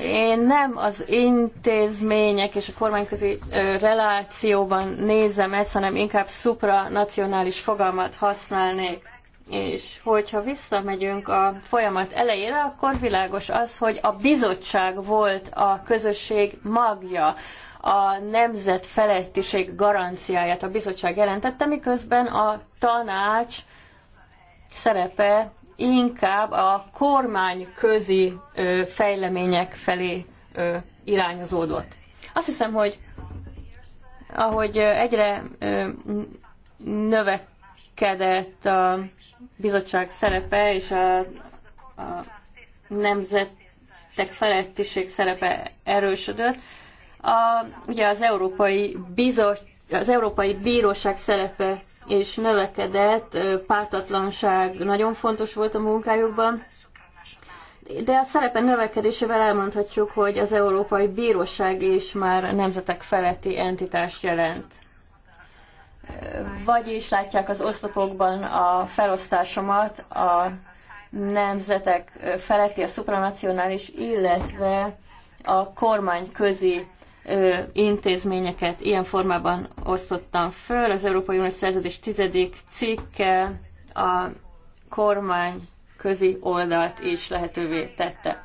én nem az intézmények és a kormányközi relációban nézem ezt, hanem inkább supranacionális fogalmat használnék és hogyha visszamegyünk a folyamat elejére, akkor világos az, hogy a bizottság volt a közösség magja, a nemzet felettiség garanciáját a bizottság jelentette, miközben a tanács szerepe inkább a kormány kormányközi fejlemények felé irányozódott. Azt hiszem, hogy ahogy egyre növekedett a bizottság szerepe és a, a nemzetek felettiség szerepe erősödött. A, ugye az Európai Bizottság az Európai Bíróság szerepe és növekedett, pártatlanság nagyon fontos volt a munkájukban, de a szerepe növekedésével elmondhatjuk, hogy az Európai Bíróság is már nemzetek feletti entitást jelent vagyis látják az oszlopokban a felosztásomat a nemzetek feletti, a szupranacionális, illetve a kormányközi intézményeket ilyen formában osztottam föl. Az Európai Unió szerződés tizedik cikke a kormány közi oldalt is lehetővé tette.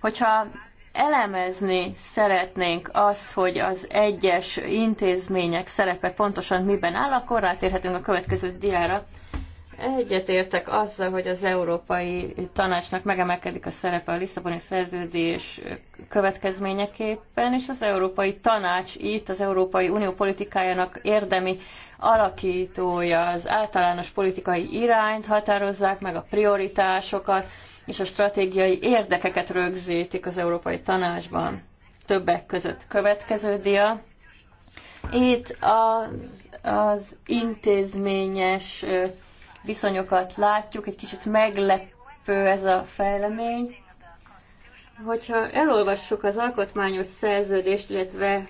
Hogyha elemezni szeretnénk azt, hogy az egyes intézmények szerepe pontosan miben áll, akkor rátérhetünk a következő diára. Egyetértek azzal, hogy az Európai Tanácsnak megemelkedik a szerepe a Lisszaboni szerződés következményeképpen, és az Európai Tanács itt az Európai Unió politikájának érdemi alakítója, az általános politikai irányt határozzák meg, a prioritásokat, és a stratégiai érdekeket rögzítik az Európai Tanácsban többek között. Következő dia. Itt az, az intézményes viszonyokat látjuk, egy kicsit meglepő ez a fejlemény. Hogyha elolvassuk az alkotmányos szerződést, illetve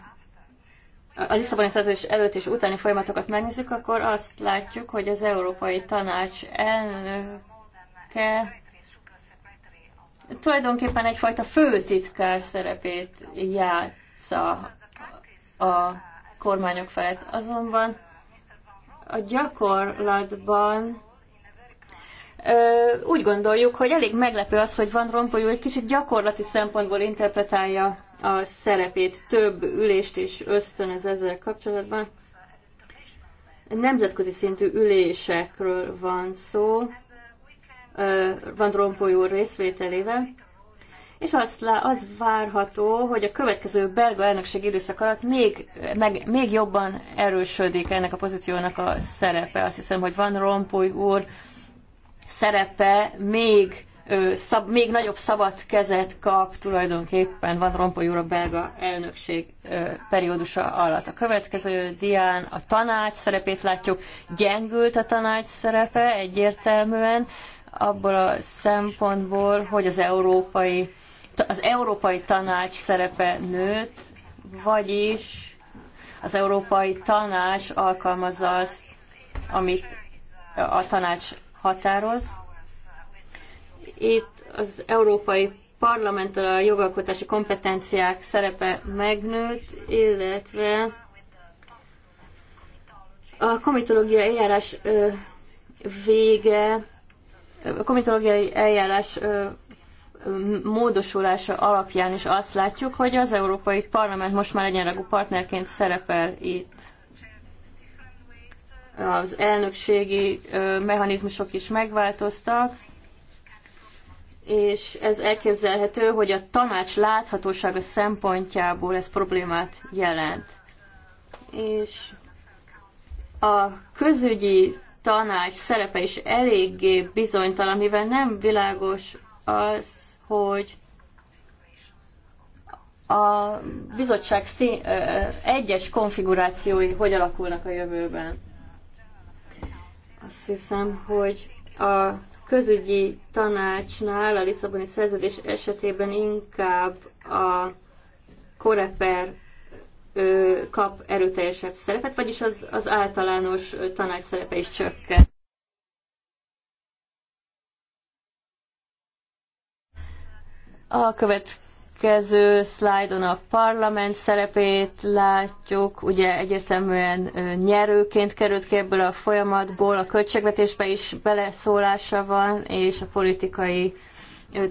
a Lisszaboni szerződés előtt és utáni folyamatokat megnézzük, akkor azt látjuk, hogy az Európai Tanács elnöke tulajdonképpen egyfajta főtitkár szerepét játsza a kormányok felett. Azonban a gyakorlatban úgy gondoljuk, hogy elég meglepő az, hogy Van Rompuy egy kicsit gyakorlati szempontból interpretálja a szerepét. Több ülést is ösztönöz ezzel kapcsolatban. Nemzetközi szintű ülésekről van szó, van Rompuy úr részvételével, és lá, az várható, hogy a következő belga elnökség időszak alatt még, meg, még jobban erősödik ennek a pozíciónak a szerepe. Azt hiszem, hogy Van Rompuy úr szerepe még, ö, szab, még nagyobb szabad kezet kap tulajdonképpen Van Rompuy úr a belga elnökség ö, periódusa alatt. A következő dián a tanács szerepét látjuk, gyengült a tanács szerepe egyértelműen, abból a szempontból, hogy az európai, az európai tanács szerepe nőtt, vagyis az európai tanács alkalmazza azt, amit a tanács határoz. Itt az európai parlament a jogalkotási kompetenciák szerepe megnőtt, illetve a komitológia eljárás vége komitológiai eljárás módosulása alapján is azt látjuk, hogy az Európai Parlament most már egyenragú partnerként szerepel itt. Az elnökségi mechanizmusok is megváltoztak, és ez elképzelhető, hogy a tanács láthatósága szempontjából ez problémát jelent. És a közügyi tanács szerepe is eléggé bizonytalan, mivel nem világos az, hogy a bizottság szín, ö, egyes konfigurációi hogy alakulnak a jövőben. Azt hiszem, hogy a közügyi tanácsnál a Lisszaboni szerződés esetében inkább a koreper kap erőteljesebb szerepet, vagyis az, az általános tanács szerepe is csökken. A következő szlájdon a parlament szerepét látjuk, ugye egyértelműen nyerőként került ki ebből a folyamatból, a költségvetésbe is beleszólása van, és a politikai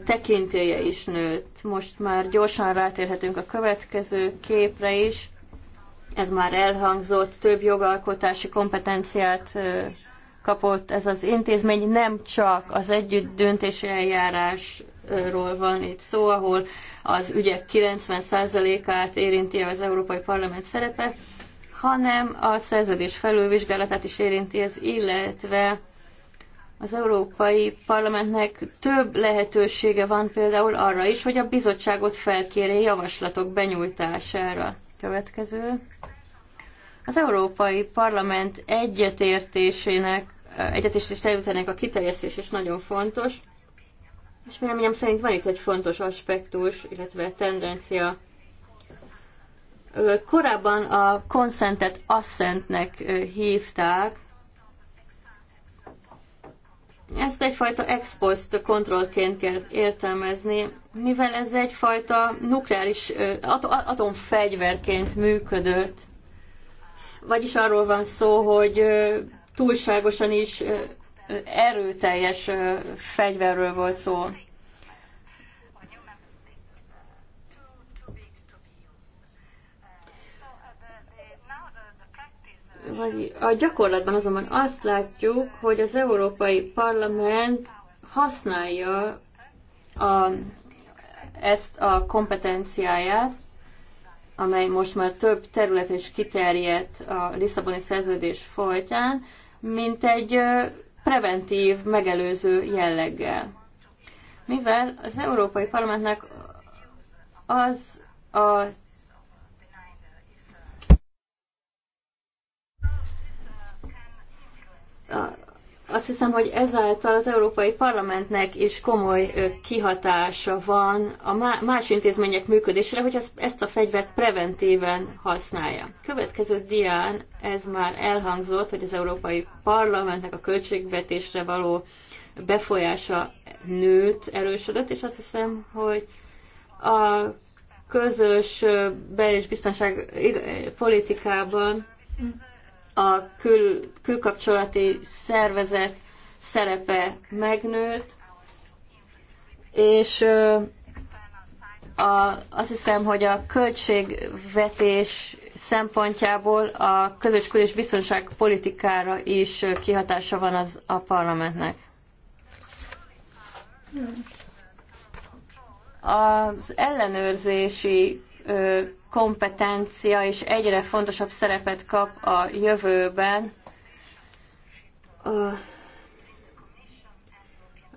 tekintélye is nőtt. Most már gyorsan rátérhetünk a következő képre is. Ez már elhangzott, több jogalkotási kompetenciát kapott ez az intézmény. Nem csak az együtt döntési eljárásról van itt szó, ahol az ügyek 90%-át érinti az Európai Parlament szerepe, hanem a szerződés felülvizsgálatát is érinti ez, illetve az Európai Parlamentnek több lehetősége van például arra is, hogy a bizottságot felkérje javaslatok benyújtására. Következő. Az Európai Parlament egyetértésének, egyetértést eljutának a kiterjesztés is nagyon fontos, és véleményem szerint van itt egy fontos aspektus, illetve tendencia. Korábban a konszentet asszentnek hívták, ezt egyfajta ex post kontrollként kell értelmezni, mivel ez egyfajta nukleáris atomfegyverként működött. Vagyis arról van szó, hogy túlságosan is erőteljes fegyverről volt szó. hogy a gyakorlatban azonban azt látjuk, hogy az Európai Parlament használja a, ezt a kompetenciáját, amely most már több terület is kiterjedt a Lisszaboni szerződés folytán, mint egy preventív, megelőző jelleggel. Mivel az Európai Parlamentnek az a azt hiszem, hogy ezáltal az Európai Parlamentnek is komoly kihatása van a más intézmények működésére, hogy ezt a fegyvert preventíven használja. Következő dián ez már elhangzott, hogy az Európai Parlamentnek a költségvetésre való befolyása nőtt, erősödött, és azt hiszem, hogy a közös bel- és biztonságpolitikában a kül, külkapcsolati szervezet szerepe megnőtt, és a, azt hiszem, hogy a költségvetés szempontjából a közös kül- és biztonságpolitikára is kihatása van az a parlamentnek. Hmm. Az ellenőrzési kompetencia és egyre fontosabb szerepet kap a jövőben.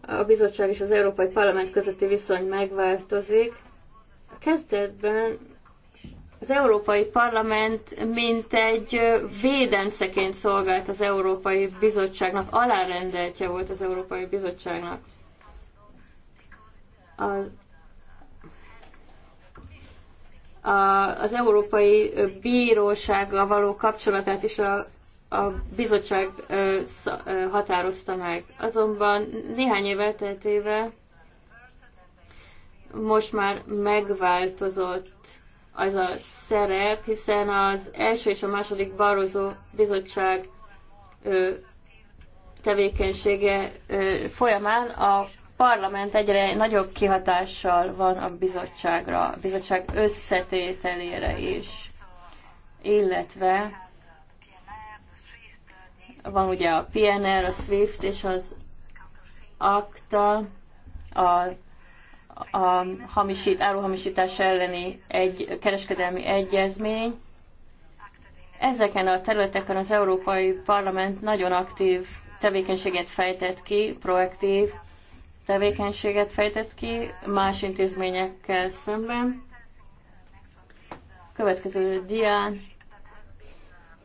A bizottság és az Európai Parlament közötti viszony megváltozik. A kezdetben az Európai Parlament mint egy védenceként szolgált az Európai Bizottságnak, alárendeltje volt az Európai Bizottságnak. Az az Európai Bírósággal való kapcsolatát is a, a bizottság határozta meg. Azonban néhány év elteltével most már megváltozott az a szerep, hiszen az első és a második Barozó bizottság tevékenysége folyamán a parlament egyre nagyobb kihatással van a bizottságra, a bizottság összetételére is, illetve van ugye a PNR, a SWIFT és az ACTA, a, a hamisít, áruhamisítás elleni egy, kereskedelmi egyezmény. Ezeken a területeken az Európai Parlament nagyon aktív tevékenységet fejtett ki, proaktív, tevékenységet fejtett ki más intézményekkel szemben. Következő dián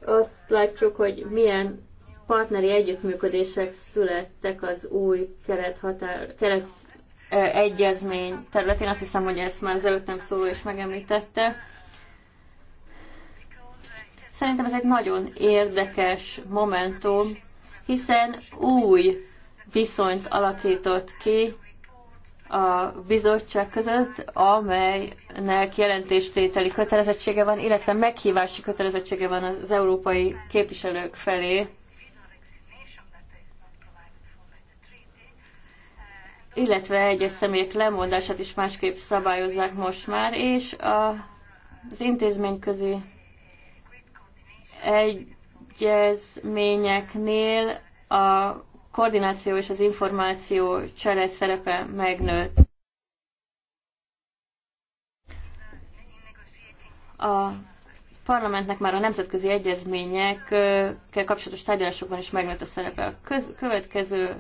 azt látjuk, hogy milyen partneri együttműködések születtek az új kerethatár, keret egyezmény területén. Azt hiszem, hogy ezt már az előttem szóló is megemlítette. Szerintem ez egy nagyon érdekes momentum, hiszen új viszonyt alakított ki a bizottság között, amelynek jelentéstételi kötelezettsége van, illetve meghívási kötelezettsége van az európai képviselők felé. illetve egyes személyek lemondását is másképp szabályozzák most már, és a, az intézményközi egyezményeknél a koordináció és az információ csere szerepe megnőtt. A parlamentnek már a nemzetközi egyezményekkel kapcsolatos tárgyalásokban is megnőtt a szerepe. A köz, következő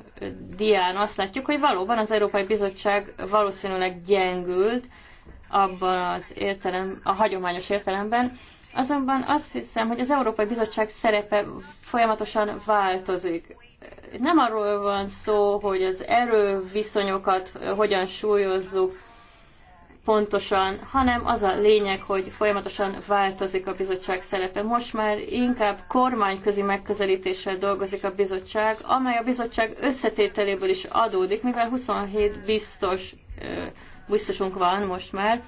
dián azt látjuk, hogy valóban az Európai Bizottság valószínűleg gyengült abban az értelem, a hagyományos értelemben, Azonban azt hiszem, hogy az Európai Bizottság szerepe folyamatosan változik nem arról van szó, hogy az erőviszonyokat hogyan súlyozzuk pontosan, hanem az a lényeg, hogy folyamatosan változik a bizottság szerepe. Most már inkább kormányközi megközelítéssel dolgozik a bizottság, amely a bizottság összetételéből is adódik, mivel 27 biztos, biztosunk van most már,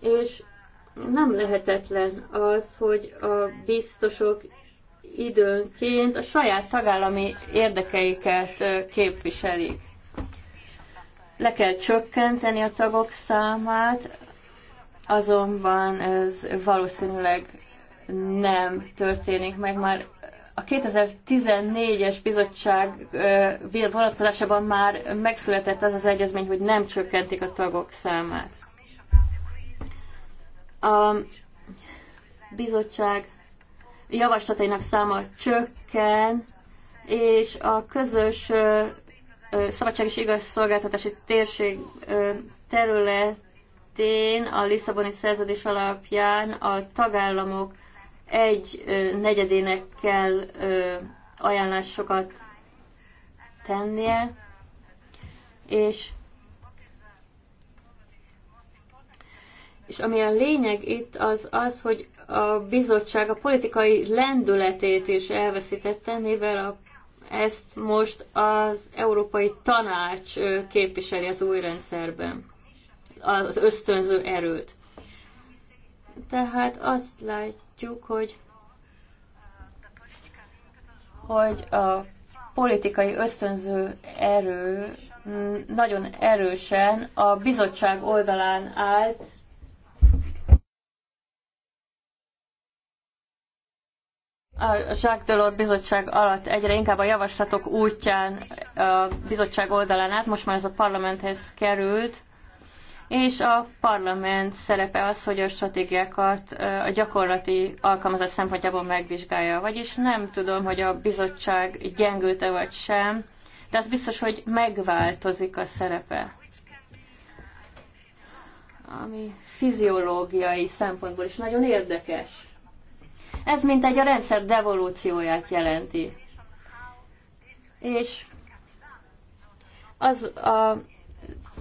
és nem lehetetlen az, hogy a biztosok időnként a saját tagállami érdekeiket képviselik. Le kell csökkenteni a tagok számát, azonban ez valószínűleg nem történik meg. Már a 2014-es bizottság vonatkozásában már megszületett az az egyezmény, hogy nem csökkentik a tagok számát. A bizottság javaslatainak száma csökken, és a közös szabadság és igazszolgáltatási térség területén a Lisszaboni szerződés alapján a tagállamok egy negyedének kell ajánlásokat tennie, és és ami a lényeg itt az az, hogy a bizottság a politikai lendületét is elveszítette, mivel a, ezt most az Európai Tanács képviseli az új rendszerben, az ösztönző erőt. Tehát azt látjuk, hogy, hogy a politikai ösztönző erő nagyon erősen a bizottság oldalán állt, a Jacques Delors bizottság alatt egyre inkább a javaslatok útján a bizottság oldalán át, most már ez a parlamenthez került, és a parlament szerepe az, hogy a stratégiákat a gyakorlati alkalmazás szempontjából megvizsgálja. Vagyis nem tudom, hogy a bizottság gyengült-e vagy sem, de az biztos, hogy megváltozik a szerepe ami fiziológiai szempontból is nagyon érdekes ez mint egy a rendszer devolúcióját jelenti. És az a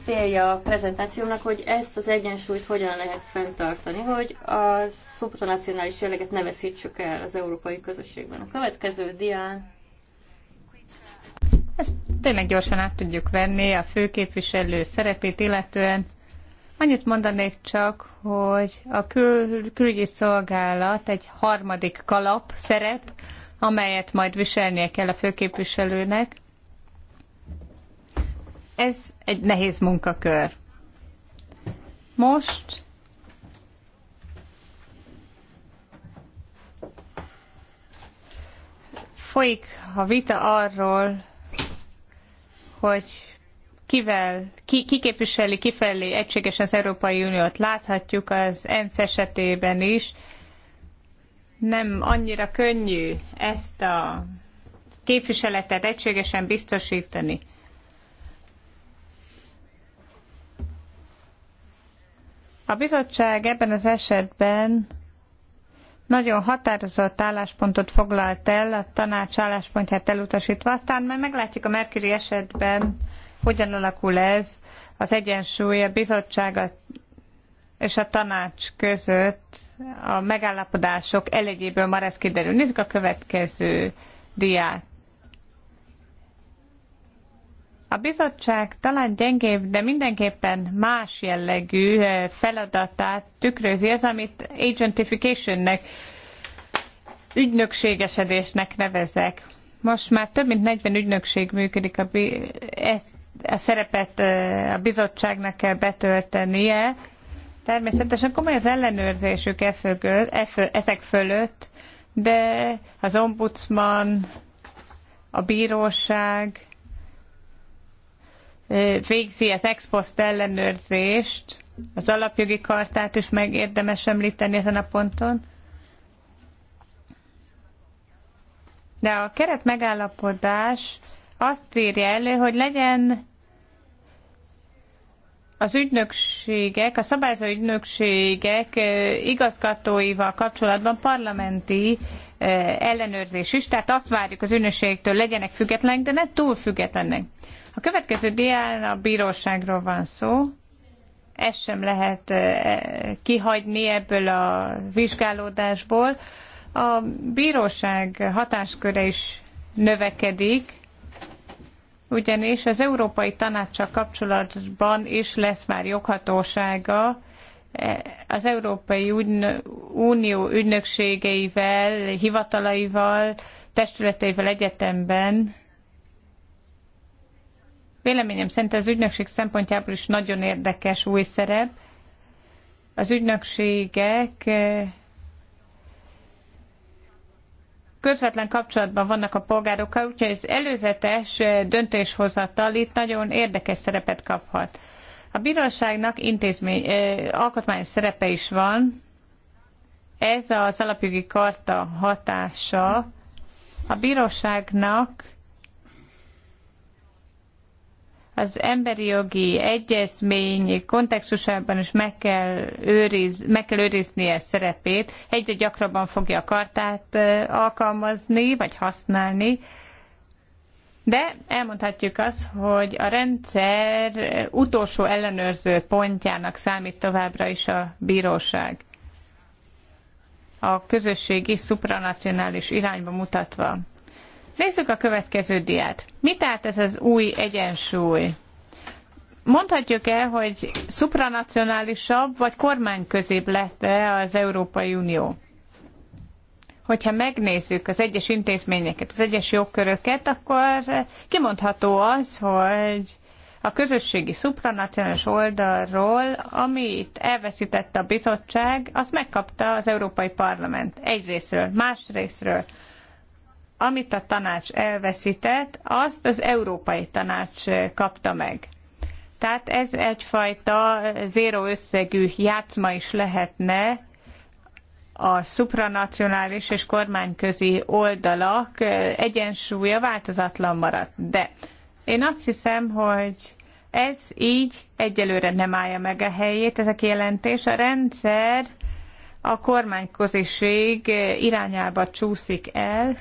célja a prezentációnak, hogy ezt az egyensúlyt hogyan lehet fenntartani, hogy a szupranacionális jelleget ne veszítsük el az európai közösségben. A következő dián ezt tényleg gyorsan át tudjuk venni a főképviselő szerepét illetően. Annyit mondanék csak, hogy a kül- külügyi szolgálat egy harmadik kalap szerep, amelyet majd viselnie kell a főképviselőnek. Ez egy nehéz munkakör. Most folyik a vita arról, hogy kivel, ki, ki képviseli kifelé egységesen az Európai Uniót. Láthatjuk az ENSZ esetében is, nem annyira könnyű ezt a képviseletet egységesen biztosítani. A bizottság ebben az esetben nagyon határozott álláspontot foglalt el, a tanács álláspontját elutasítva. Aztán majd meglátjuk a Mercury esetben, hogyan alakul ez az egyensúly a bizottság és a tanács között a megállapodások elegyéből már ez kiderül. Nézzük a következő diát. A bizottság talán gyengébb, de mindenképpen más jellegű eh, feladatát tükrözi ez, amit agentificationnek, ügynökségesedésnek nevezek. Most már több mint 40 ügynökség működik, a, ezt a szerepet a bizottságnak kell betöltenie. Természetesen komoly az ellenőrzésük e e föl, ezek fölött, de az ombudsman, a bíróság végzi az ex post ellenőrzést, az alapjogi kartát is megérdemes említeni ezen a ponton. De a keret megállapodás azt írja elő, hogy legyen az ügynökségek, a szabályozó ügynökségek igazgatóival kapcsolatban parlamenti ellenőrzés is, tehát azt várjuk az ügynökségtől legyenek függetlenek, de ne túl függetlenek. A következő dián a bíróságról van szó. Ezt sem lehet kihagyni ebből a vizsgálódásból. A bíróság hatásköre is növekedik, ugyanis az Európai Tanácssal kapcsolatban is lesz már joghatósága, az Európai Unió ügynökségeivel, hivatalaival, testületeivel egyetemben. Véleményem szerint az ügynökség szempontjából is nagyon érdekes új szerep. Az ügynökségek közvetlen kapcsolatban vannak a polgárokkal, úgyhogy az előzetes döntéshozatal itt nagyon érdekes szerepet kaphat. A bíróságnak intézmény, alkotmányos szerepe is van. Ez az alapjogi karta hatása. A bíróságnak az emberi jogi egyezmény kontextusában is meg kell, őriz, meg kell őriznie szerepét. Egyre gyakrabban fogja a kartát alkalmazni, vagy használni, de elmondhatjuk azt, hogy a rendszer utolsó ellenőrző pontjának számít továbbra is a bíróság. A közösségi szupranacionális irányba mutatva. Nézzük a következő diát. Mit állt ez az új egyensúly? Mondhatjuk el, hogy supranacionálisabb vagy kormányközibb lett-e az Európai Unió? Hogyha megnézzük az egyes intézményeket, az egyes jogköröket, akkor kimondható az, hogy a közösségi szupranacionális oldalról, amit elveszített a bizottság, azt megkapta az Európai Parlament egyrésztről, másrésztről amit a tanács elveszített, azt az Európai Tanács kapta meg. Tehát ez egyfajta zéró összegű játszma is lehetne a szupranacionális és kormányközi oldalak egyensúlya változatlan maradt. De én azt hiszem, hogy ez így egyelőre nem állja meg a helyét, ez a kijelentés. A rendszer a kormányköziség irányába csúszik el,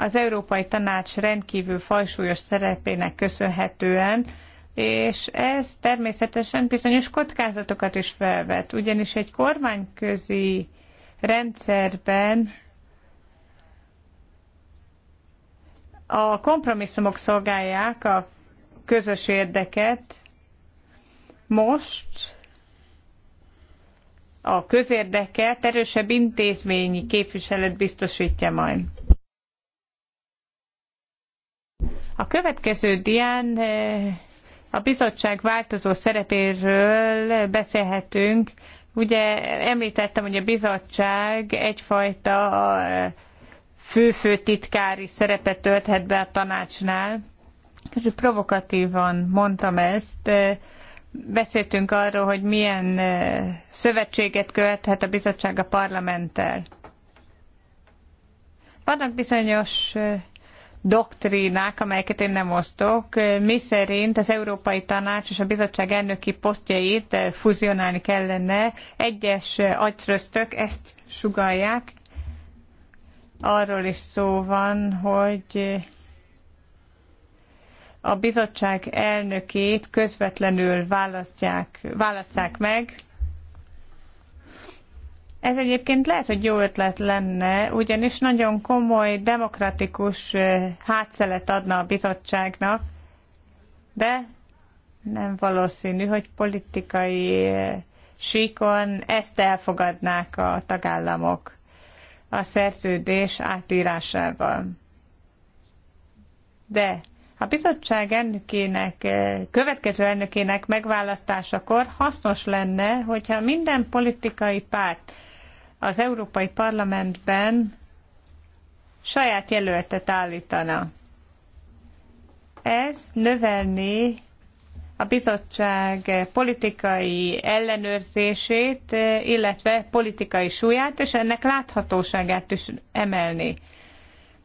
az Európai Tanács rendkívül fajsúlyos szerepének köszönhetően, és ez természetesen bizonyos kockázatokat is felvet, ugyanis egy kormányközi rendszerben a kompromisszumok szolgálják a közös érdeket. Most a közérdeket erősebb intézményi képviselet biztosítja majd. A következő dián eh, a bizottság változó szerepéről beszélhetünk. Ugye említettem, hogy a bizottság egyfajta eh, fő titkári szerepet tölthet be a tanácsnál. Kicsit provokatívan mondtam ezt. Eh, beszéltünk arról, hogy milyen szövetséget követhet a bizottság a parlamenttel. Vannak bizonyos doktrínák, amelyeket én nem osztok, mi szerint az Európai Tanács és a bizottság elnöki posztjait fuzionálni kellene. Egyes agytröztök ezt sugalják. Arról is szó van, hogy a bizottság elnökét közvetlenül választják, válasszák meg, ez egyébként lehet, hogy jó ötlet lenne, ugyanis nagyon komoly demokratikus hátszelet adna a bizottságnak, de nem valószínű, hogy politikai síkon ezt elfogadnák a tagállamok a szerződés átírásával. De a bizottság elnökének, következő elnökének megválasztásakor hasznos lenne, hogyha minden politikai párt az Európai Parlamentben saját jelöltet állítana. Ez növelni a bizottság politikai ellenőrzését, illetve politikai súlyát, és ennek láthatóságát is emelni.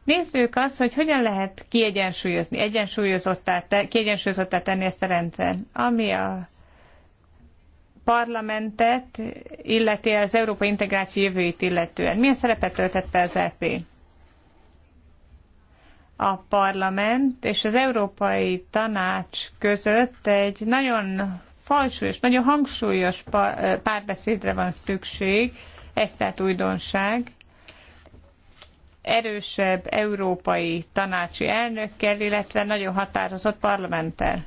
Nézzük azt, hogy hogyan lehet kiegyensúlyozni, egyensúlyozottá, kiegyensúlyozottá tenni ezt a rendszer, ami a parlamentet, illeti az európai integráció jövőjét illetően. Milyen szerepet töltett be az EP? A parlament és az Európai Tanács között egy nagyon falsúlyos, nagyon hangsúlyos párbeszédre van szükség, ez tehát újdonság. Erősebb európai tanácsi elnökkel, illetve nagyon határozott parlamenttel.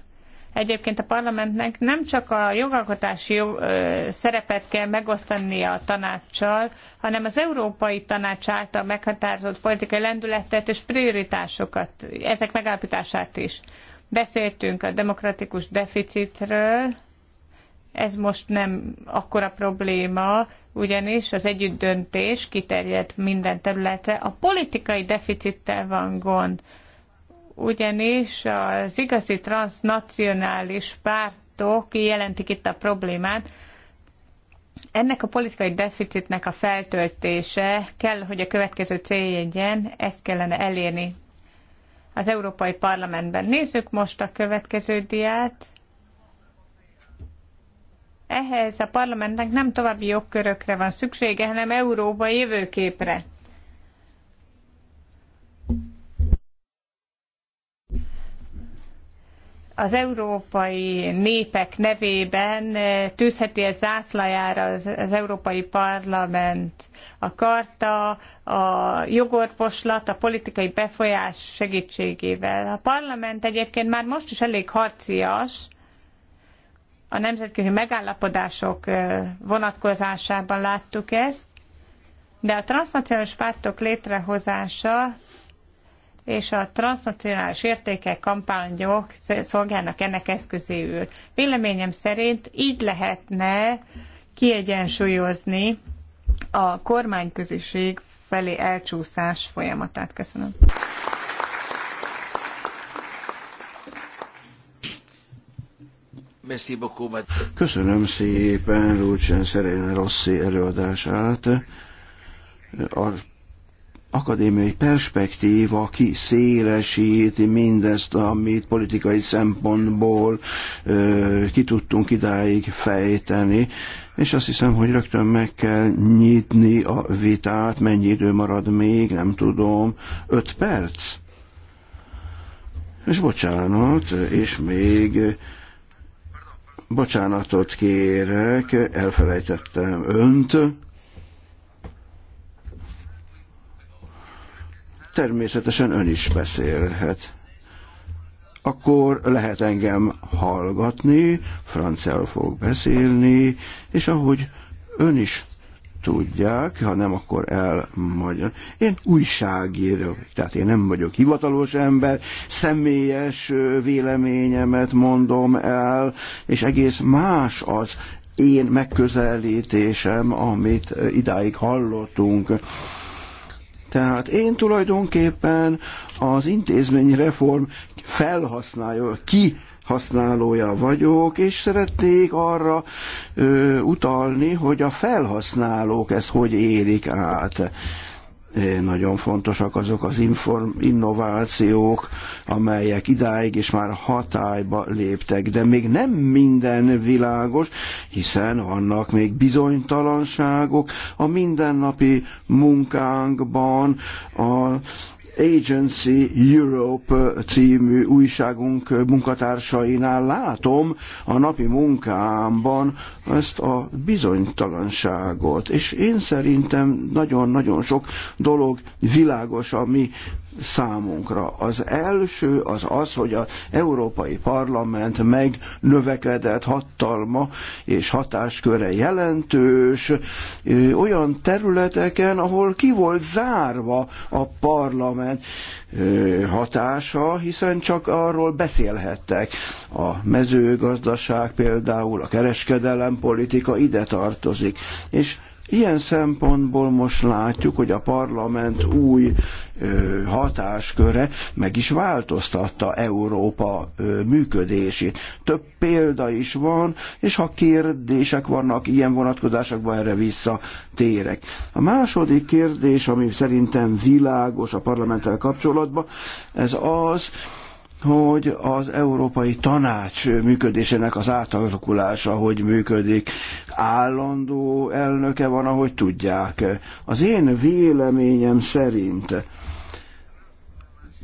Egyébként a parlamentnek nem csak a jogalkotási jog, ö, szerepet kell megosztania a tanácssal, hanem az Európai Tanács által meghatározott politikai lendületet és prioritásokat, ezek megállapítását is. Beszéltünk a demokratikus deficitről, ez most nem akkora probléma, ugyanis az együttdöntés kiterjedt minden területre. A politikai deficittel van gond ugyanis az igazi transnacionális pártok jelentik itt a problémát. Ennek a politikai deficitnek a feltöltése kell, hogy a következő céljegyen ezt kellene elérni az Európai Parlamentben. Nézzük most a következő diát. Ehhez a parlamentnek nem további jogkörökre van szüksége, hanem Európa jövőképre. az európai népek nevében eh, tűzheti ez zászlajára az, az Európai Parlament a karta, a jogorvoslat, a politikai befolyás segítségével. A parlament egyébként már most is elég harcias, a nemzetközi megállapodások eh, vonatkozásában láttuk ezt, de a transznacionális pártok létrehozása és a transnacionális értékek kampányok szolgálnak ennek eszközéül. Véleményem szerint így lehetne kiegyensúlyozni a kormányköziség felé elcsúszás folyamatát. Köszönöm. Köszönöm szépen Lucien Szerén Rossi előadását. A akadémiai perspektíva kiszélesíti mindezt, amit politikai szempontból ö, ki tudtunk idáig fejteni, és azt hiszem, hogy rögtön meg kell nyitni a vitát, mennyi idő marad még, nem tudom, öt perc? És bocsánat, és még bocsánatot kérek, elfelejtettem önt, Természetesen ön is beszélhet. Akkor lehet engem hallgatni, francel fog beszélni, és ahogy ön is tudják, ha nem, akkor elmagyar. Én újságíró, tehát én nem vagyok hivatalos ember, személyes véleményemet mondom el, és egész más az én megközelítésem, amit idáig hallottunk. Tehát én tulajdonképpen az intézményreform felhasználja, ki használója vagyok, és szeretnék arra ö, utalni, hogy a felhasználók ezt hogy élik át. Nagyon fontosak azok az inform, innovációk, amelyek idáig is már hatályba léptek, de még nem minden világos, hiszen vannak még bizonytalanságok a mindennapi munkánkban, a Agency Europe című újságunk munkatársainál látom a napi munkámban ezt a bizonytalanságot. És én szerintem nagyon-nagyon sok dolog világos a mi számunkra. Az első az az, hogy az Európai Parlament megnövekedett hatalma és hatásköre jelentős olyan területeken, ahol ki volt zárva a parlament hatása, hiszen csak arról beszélhettek. A mezőgazdaság például, a kereskedelem politika ide tartozik. És Ilyen szempontból most látjuk, hogy a parlament új hatásköre meg is változtatta Európa működését. Több példa is van, és ha kérdések vannak ilyen vonatkozásokban, erre visszatérek. A második kérdés, ami szerintem világos a parlamenttel kapcsolatban, ez az, hogy az Európai Tanács működésének az átalakulása hogy működik. Állandó elnöke van, ahogy tudják. Az én véleményem szerint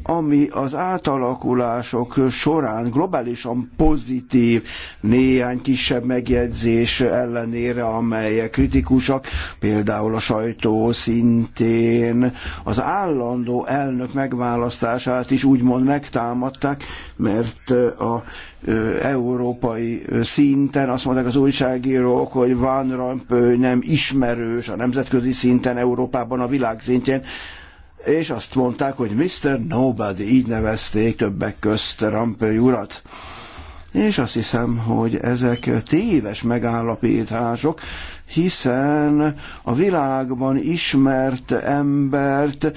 ami az átalakulások során globálisan pozitív néhány kisebb megjegyzés ellenére, amelyek kritikusak, például a sajtó szintén az állandó elnök megválasztását is úgymond megtámadták, mert a európai szinten azt mondták az újságírók, hogy Van Rompuy nem ismerős a nemzetközi szinten, Európában, a világ szintjén, és azt mondták, hogy Mr. Nobody, így nevezték többek közt Rampöly urat. És azt hiszem, hogy ezek téves megállapítások, hiszen a világban ismert embert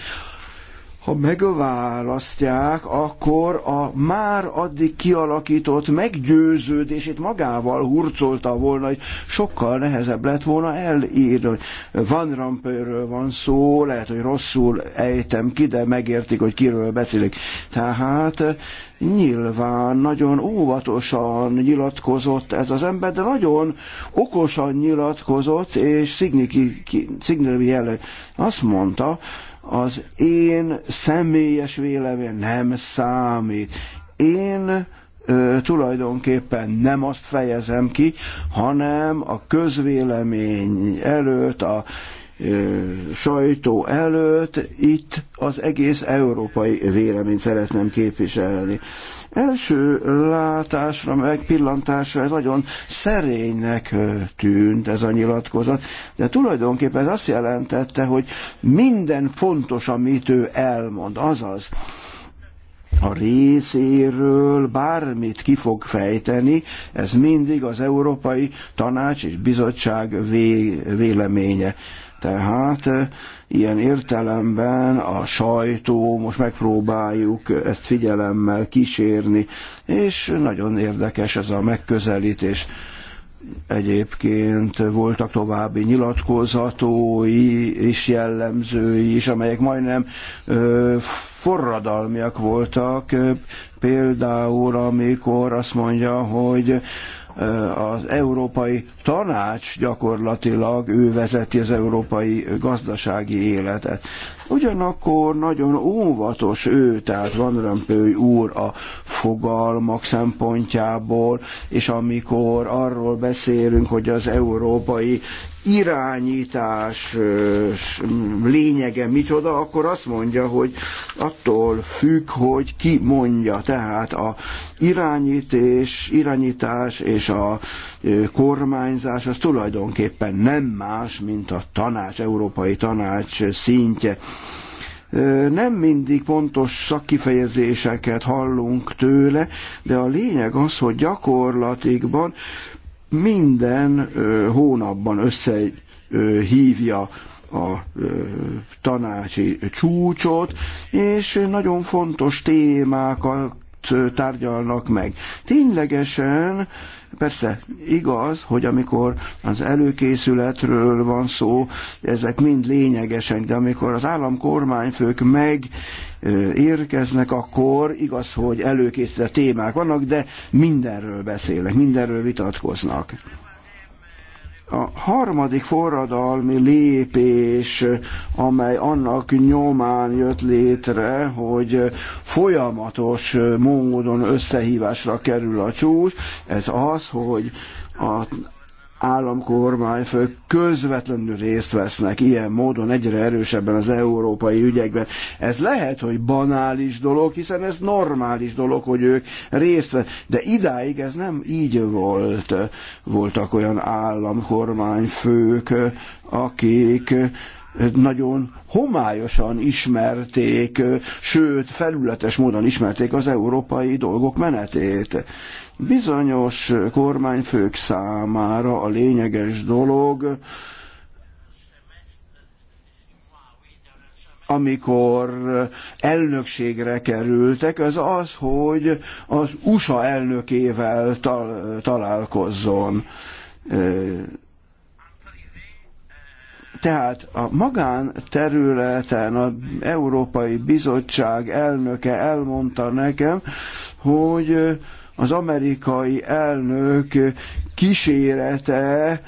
ha megválasztják, akkor a már addig kialakított meggyőződését magával hurcolta volna, hogy sokkal nehezebb lett volna elírni. Van Rampőről van szó, lehet, hogy rosszul ejtem ki, de megértik, hogy kiről beszélek. Tehát eh, nyilván nagyon óvatosan nyilatkozott ez az ember, de nagyon okosan nyilatkozott, és szignifi jelleg. Azt mondta, az én személyes vélemény nem számít. Én tulajdonképpen nem azt fejezem ki, hanem a közvélemény előtt, a sajtó előtt itt az egész európai véleményt szeretném képviselni. Első látásra, meg pillantásra ez nagyon szerénynek tűnt ez a nyilatkozat, de tulajdonképpen ez azt jelentette, hogy minden fontos, amit ő elmond, azaz a részéről bármit ki fog fejteni, ez mindig az Európai Tanács és Bizottság vé véleménye. Tehát eh, ilyen értelemben a sajtó, most megpróbáljuk ezt figyelemmel kísérni, és nagyon érdekes ez a megközelítés. Egyébként voltak további nyilatkozatói és jellemzői is, amelyek majdnem ö, forradalmiak voltak. Például, amikor azt mondja, hogy az Európai Tanács gyakorlatilag ő vezeti az európai gazdasági életet. Ugyanakkor nagyon óvatos ő, tehát Van Rompuy úr a fogalmak szempontjából, és amikor arról beszélünk, hogy az európai irányítás lényege micsoda, akkor azt mondja, hogy attól függ, hogy ki mondja. Tehát a irányítés, irányítás és a kormányzás az tulajdonképpen nem más, mint a tanács, európai tanács szintje nem mindig pontos szakkifejezéseket hallunk tőle, de a lényeg az, hogy gyakorlatikban minden hónapban összehívja a tanácsi csúcsot, és nagyon fontos témákat tárgyalnak meg. Ténylegesen Persze igaz, hogy amikor az előkészületről van szó, ezek mind lényegesek, de amikor az államkormányfők meg érkeznek, akkor igaz, hogy előkészített témák vannak, de mindenről beszélnek, mindenről vitatkoznak a harmadik forradalmi lépés, amely annak nyomán jött létre, hogy folyamatos módon összehívásra kerül a csúcs, ez az, hogy a államkormányfők közvetlenül részt vesznek ilyen módon egyre erősebben az európai ügyekben. Ez lehet, hogy banális dolog, hiszen ez normális dolog, hogy ők részt vesznek, de idáig ez nem így volt. Voltak olyan államkormányfők, akik nagyon homályosan ismerték, sőt felületes módon ismerték az európai dolgok menetét Bizonyos kormányfők számára a lényeges dolog, amikor elnökségre kerültek, az az, hogy az USA elnökével tal- találkozzon. Tehát a magánterületen az Európai Bizottság elnöke elmondta nekem, hogy az amerikai elnök kísérete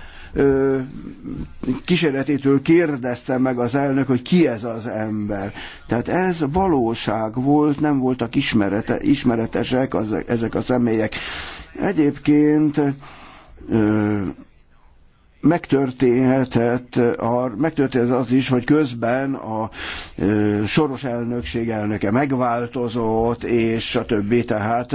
kísérletétől kérdezte meg az elnök, hogy ki ez az ember. Tehát ez valóság volt, nem voltak ismerete, ismeretesek az, ezek a személyek. Egyébként megtörténhetett, a, megtörténhet az is, hogy közben a e, soros elnökség elnöke megváltozott, és a többi, tehát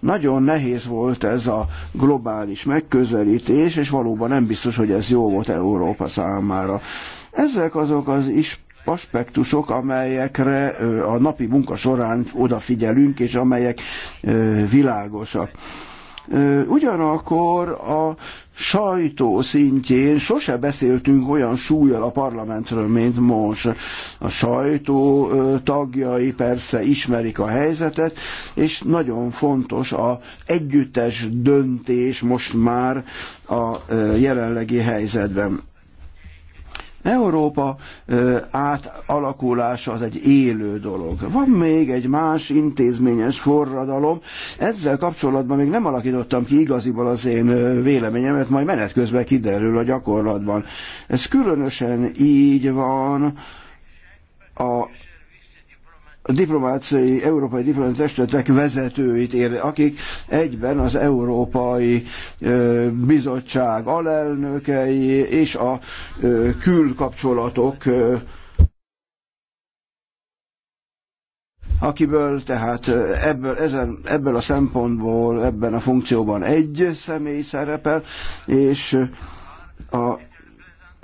nagyon nehéz volt ez a globális megközelítés, és valóban nem biztos, hogy ez jó volt Európa számára. Ezek azok az is aspektusok, amelyekre a napi munka során odafigyelünk, és amelyek világosak. Ugyanakkor a sajtó szintjén sose beszéltünk olyan súlyjal a parlamentről, mint most. A sajtó tagjai persze ismerik a helyzetet, és nagyon fontos a együttes döntés most már a jelenlegi helyzetben. Európa átalakulása az egy élő dolog. Van még egy más intézményes forradalom, ezzel kapcsolatban még nem alakítottam ki igaziból az én véleményemet, majd menet közben kiderül a gyakorlatban. Ez különösen így van a diplomáciai, európai diplomáciai testületek vezetőit ér, akik egyben az Európai Bizottság alelnökei és a külkapcsolatok akiből tehát ebből, ezen, ebből a szempontból, ebben a funkcióban egy személy szerepel, és a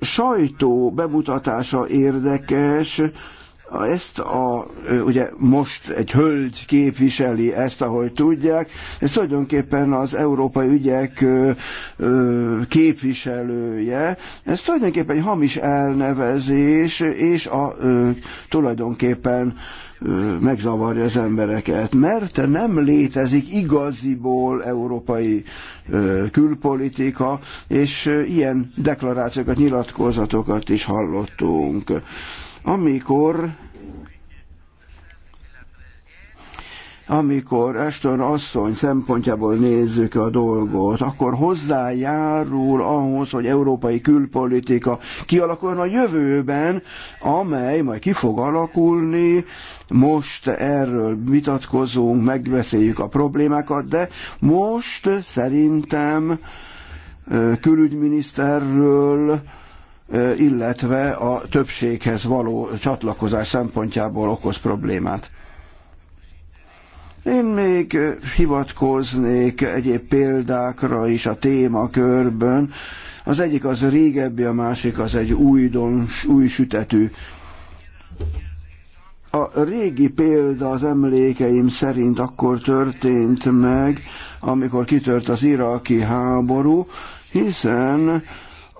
sajtó bemutatása érdekes, ezt a, ugye most egy hölgy képviseli ezt, ahogy tudják, ez tulajdonképpen az európai ügyek képviselője, ez tulajdonképpen egy hamis elnevezés, és a tulajdonképpen megzavarja az embereket, mert nem létezik igaziból európai külpolitika, és ilyen deklarációkat, nyilatkozatokat is hallottunk amikor amikor Eston asszony szempontjából nézzük a dolgot, akkor hozzájárul ahhoz, hogy európai külpolitika kialakuljon a jövőben, amely majd ki fog alakulni, most erről vitatkozunk, megbeszéljük a problémákat, de most szerintem külügyminiszterről, illetve a többséghez való csatlakozás szempontjából okoz problémát. Én még hivatkoznék egyéb példákra is a témakörben. Az egyik az régebbi, a másik az egy újdon, új sütetű. A régi példa az emlékeim szerint akkor történt meg, amikor kitört az iraki háború, hiszen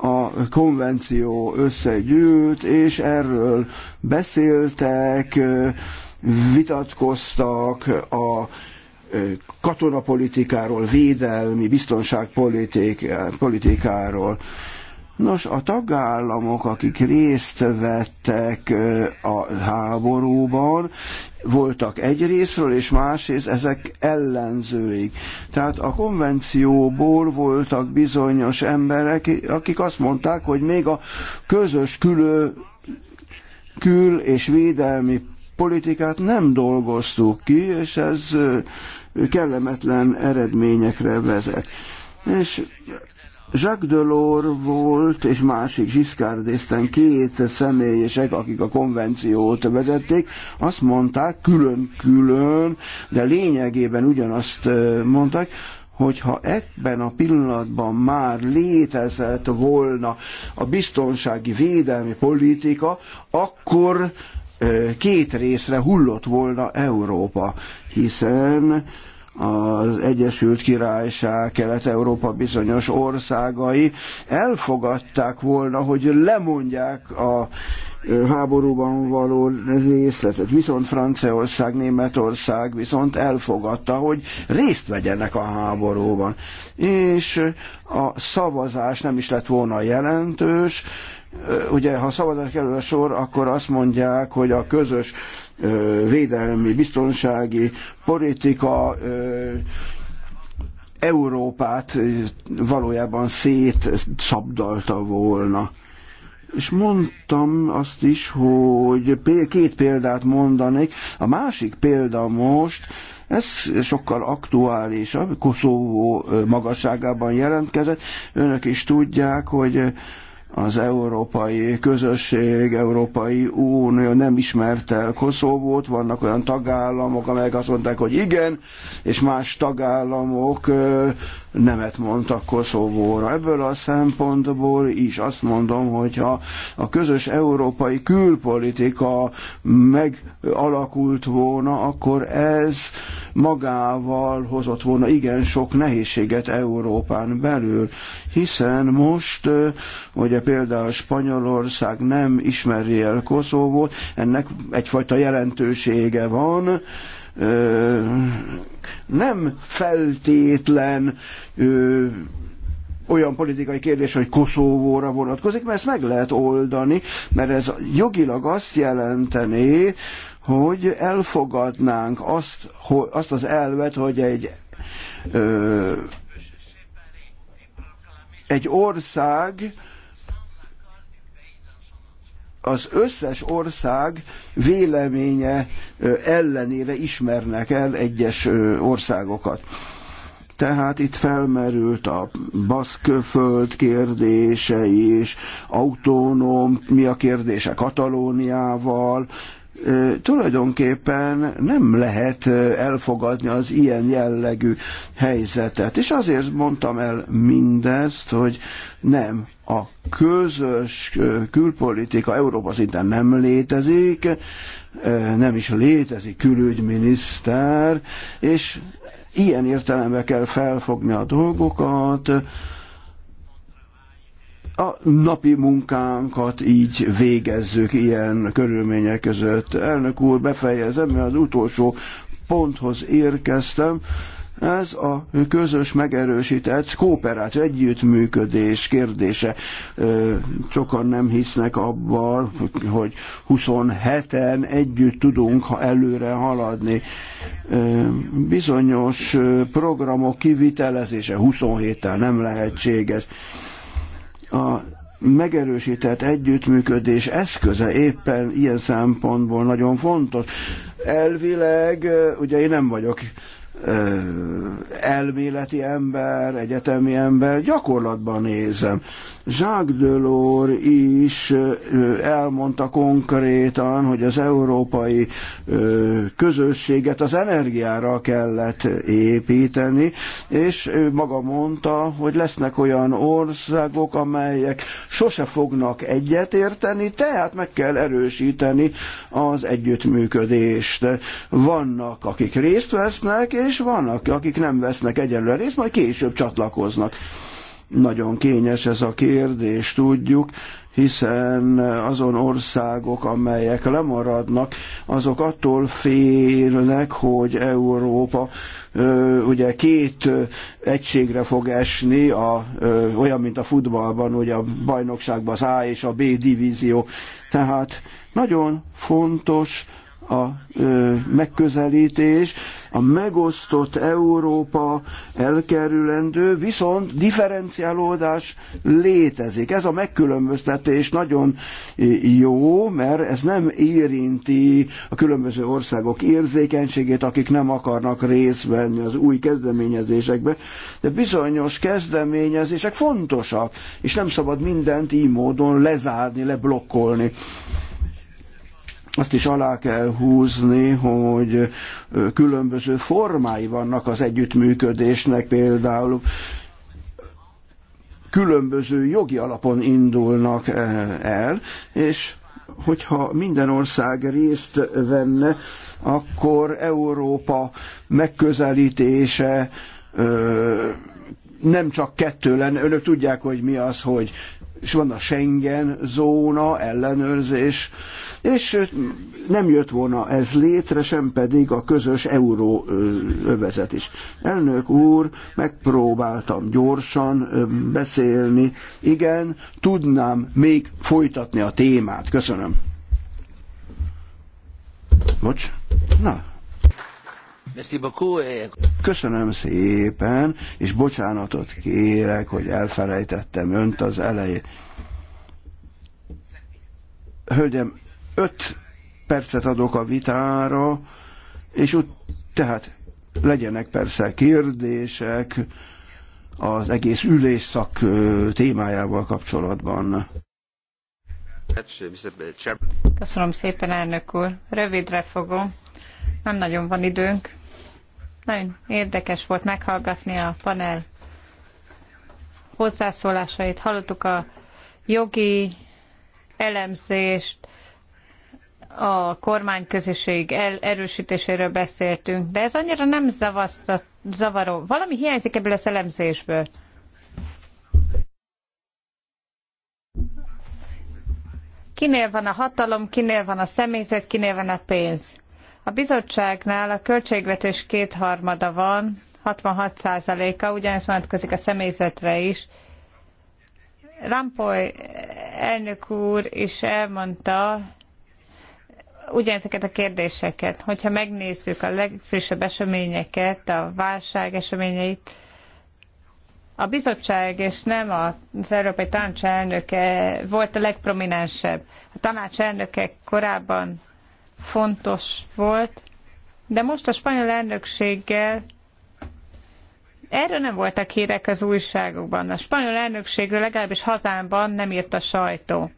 a konvenció összegyűlt, és erről beszéltek, vitatkoztak a katonapolitikáról, védelmi, biztonságpolitikáról. Nos, a tagállamok, akik részt vettek a háborúban, voltak egy részről, és másrészt ezek ellenzőik. Tehát a konvencióból voltak bizonyos emberek, akik azt mondták, hogy még a közös külő, kül- és védelmi politikát nem dolgoztuk ki, és ez kellemetlen eredményekre vezet. És Jacques Delors volt, és másik Giscard d'Estaing két személyesek, akik a konvenciót vezették, azt mondták külön-külön, de lényegében ugyanazt mondták, hogyha ebben a pillanatban már létezett volna a biztonsági védelmi politika, akkor két részre hullott volna Európa, hiszen az Egyesült Királyság, Kelet-Európa bizonyos országai elfogadták volna, hogy lemondják a háborúban való részletet. Viszont Franciaország, Németország viszont elfogadta, hogy részt vegyenek a háborúban. És a szavazás nem is lett volna jelentős, ugye ha szavazás kerül a sor, akkor azt mondják, hogy a közös védelmi, biztonsági politika Európát valójában szétszabdalta volna. És mondtam azt is, hogy két példát mondanék. A másik példa most, ez sokkal aktuálisabb, Koszovó magasságában jelentkezett. Önök is tudják, hogy az európai közösség, európai unió nem ismerte el Koszovót, vannak olyan tagállamok, amelyek azt mondták, hogy igen, és más tagállamok nemet mondtak Koszovóra. Ebből a szempontból is azt mondom, hogyha a közös európai külpolitika megalakult volna, akkor ez magával hozott volna igen sok nehézséget Európán belül, hiszen most, ugye például Spanyolország nem ismeri el Koszovót, ennek egyfajta jelentősége van, nem feltétlen olyan politikai kérdés, hogy Koszovóra vonatkozik, mert ezt meg lehet oldani, mert ez jogilag azt jelenteni, hogy elfogadnánk azt, hogy azt az elvet, hogy egy ö, egy ország az összes ország véleménye ellenére ismernek el egyes országokat. Tehát itt felmerült a baszkföld kérdése is, autonóm mi a kérdése Katalóniával, tulajdonképpen nem lehet elfogadni az ilyen jellegű helyzetet. És azért mondtam el mindezt, hogy nem, a közös külpolitika Európa szinten nem létezik, nem is létezik külügyminiszter, és ilyen értelemben kell felfogni a dolgokat, a napi munkánkat így végezzük ilyen körülmények között. Elnök úr, befejezem, mert az utolsó ponthoz érkeztem. Ez a közös megerősített kooperáció, együttműködés kérdése. Sokan nem hisznek abban, hogy 27-en együtt tudunk előre haladni. Bizonyos programok kivitelezése 27-tel nem lehetséges a megerősített együttműködés eszköze éppen ilyen szempontból nagyon fontos. Elvileg, ugye én nem vagyok elméleti ember, egyetemi ember, gyakorlatban nézem. Jacques Delors is elmondta konkrétan, hogy az európai közösséget az energiára kellett építeni, és ő maga mondta, hogy lesznek olyan országok, amelyek sose fognak egyetérteni, tehát meg kell erősíteni az együttműködést. Vannak, akik részt vesznek, és vannak, akik nem vesznek egyelőre részt, majd később csatlakoznak. Nagyon kényes ez a kérdés, tudjuk, hiszen azon országok, amelyek lemaradnak, azok attól félnek, hogy Európa ugye két egységre fog esni, a, olyan, mint a futballban, ugye a bajnokságban az A és a B divízió. Tehát nagyon fontos, a megközelítés. A megosztott Európa elkerülendő, viszont differenciálódás létezik. Ez a megkülönböztetés nagyon jó, mert ez nem érinti a különböző országok érzékenységét, akik nem akarnak részt venni az új kezdeményezésekbe, de bizonyos kezdeményezések fontosak, és nem szabad mindent így módon lezárni, leblokkolni azt is alá kell húzni, hogy különböző formái vannak az együttműködésnek, például különböző jogi alapon indulnak el, és hogyha minden ország részt venne, akkor Európa megközelítése nem csak kettő lenne. Önök tudják, hogy mi az, hogy és van a Schengen zóna, ellenőrzés, és nem jött volna ez létre, sem pedig a közös övezet is. Elnök úr, megpróbáltam gyorsan beszélni. Igen, tudnám még folytatni a témát. Köszönöm. Bocs. Na, eh, Köszönöm szépen, és bocsánatot kérek, hogy elfelejtettem önt az elején. Hölgyem, öt percet adok a vitára, és úgy, tehát legyenek persze kérdések az egész ülésszak témájával kapcsolatban. Köszönöm szépen, elnök úr. Rövidre fogom. Nem nagyon van időnk. Nagyon érdekes volt meghallgatni a panel hozzászólásait. Hallottuk a jogi elemzést, a kormányközösség el, erősítéséről beszéltünk, de ez annyira nem zavaró. Valami hiányzik ebből a elemzésből. Kinél van a hatalom, kinél van a személyzet, kinél van a pénz. A bizottságnál a költségvetés kétharmada van, 66%-a, ugyanez vonatkozik a személyzetre is. Rampoy elnök úr is elmondta, ugyanezeket a kérdéseket. Hogyha megnézzük a legfrissebb eseményeket, a válság eseményeit, a bizottság és nem az Európai Tanács elnöke volt a legprominensebb. A tanács elnöke korábban fontos volt, de most a spanyol elnökséggel erről nem voltak hírek az újságokban. A spanyol elnökségről legalábbis hazámban nem írt a sajtó.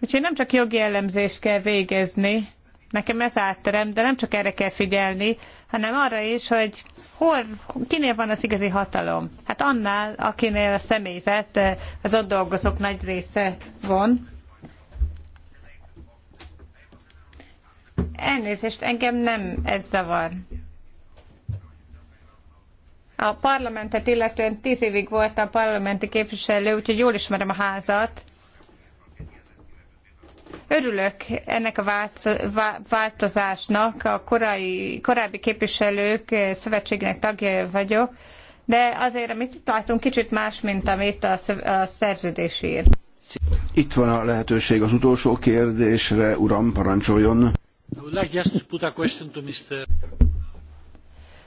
Úgyhogy nem csak jogi elemzést kell végezni, nekem ez átterem, de nem csak erre kell figyelni, hanem arra is, hogy hol, kinél van az igazi hatalom. Hát annál, akinél a személyzet, eh, az ott dolgozók nagy része van. Elnézést, engem nem ez zavar. A parlamentet illetően tíz évig voltam parlamenti képviselő, úgyhogy jól ismerem a házat. Örülök ennek a változásnak, a korai, korábbi képviselők eh, szövetségének tagja vagyok, de azért, amit itt látunk, kicsit más, mint amit a, a szerződés ír. Itt van a lehetőség az utolsó kérdésre, uram, parancsoljon.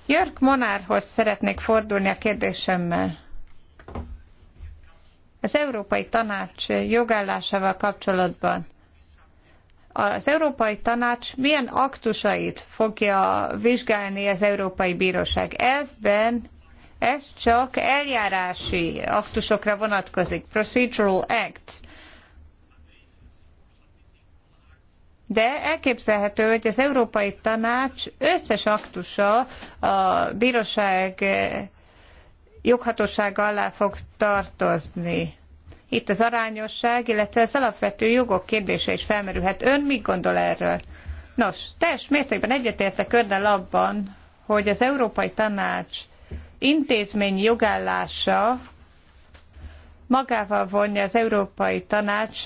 Jörg Monárhoz szeretnék fordulni a kérdésemmel. Az Európai Tanács jogállásával kapcsolatban az Európai Tanács milyen aktusait fogja vizsgálni az Európai Bíróság. Elvben ez csak eljárási aktusokra vonatkozik, procedural acts. De elképzelhető, hogy az Európai Tanács összes aktusa a bíróság joghatósága alá fog tartozni. Itt az arányosság, illetve az alapvető jogok kérdése is felmerülhet. Ön mit gondol erről? Nos, teljes mértékben egyetértek önnel abban, hogy az Európai Tanács intézmény jogállása magával vonja az Európai Tanács,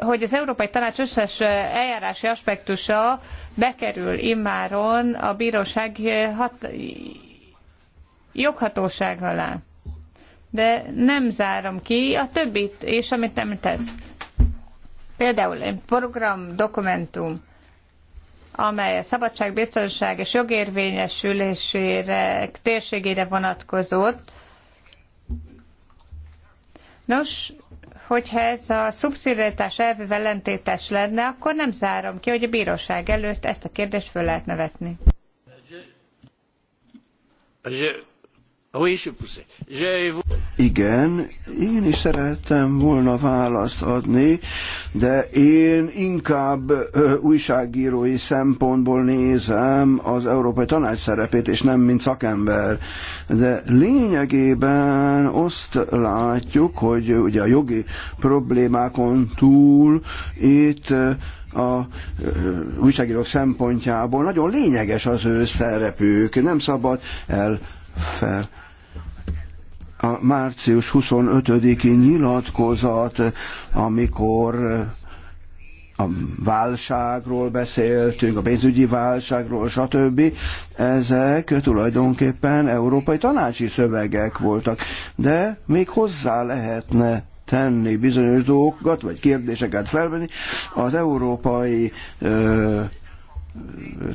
hogy az Európai Tanács összes eljárási aspektusa bekerül immáron a bíróság hat, joghatóság alá de nem zárom ki a többit, és amit említett. Például egy program, dokumentum, amely a szabadság, biztonság és jogérvényesülésére, térségére vonatkozott. Nos, hogyha ez a szubszidiaritás elvével ellentétes lenne, akkor nem zárom ki, hogy a bíróság előtt ezt a kérdést föl lehet nevetni. Igen, én is szerettem volna választ adni, de én inkább ö, újságírói szempontból nézem az Európai Tanács szerepét, és nem mint szakember. De lényegében azt látjuk, hogy ugye a jogi problémákon túl itt ö, a újságírók szempontjából nagyon lényeges az ő szerepük. Nem szabad el fel a március 25-i nyilatkozat, amikor a válságról beszéltünk, a pénzügyi válságról, stb. Ezek tulajdonképpen európai tanácsi szövegek voltak, de még hozzá lehetne tenni bizonyos dolgokat, vagy kérdéseket felvenni az európai ö,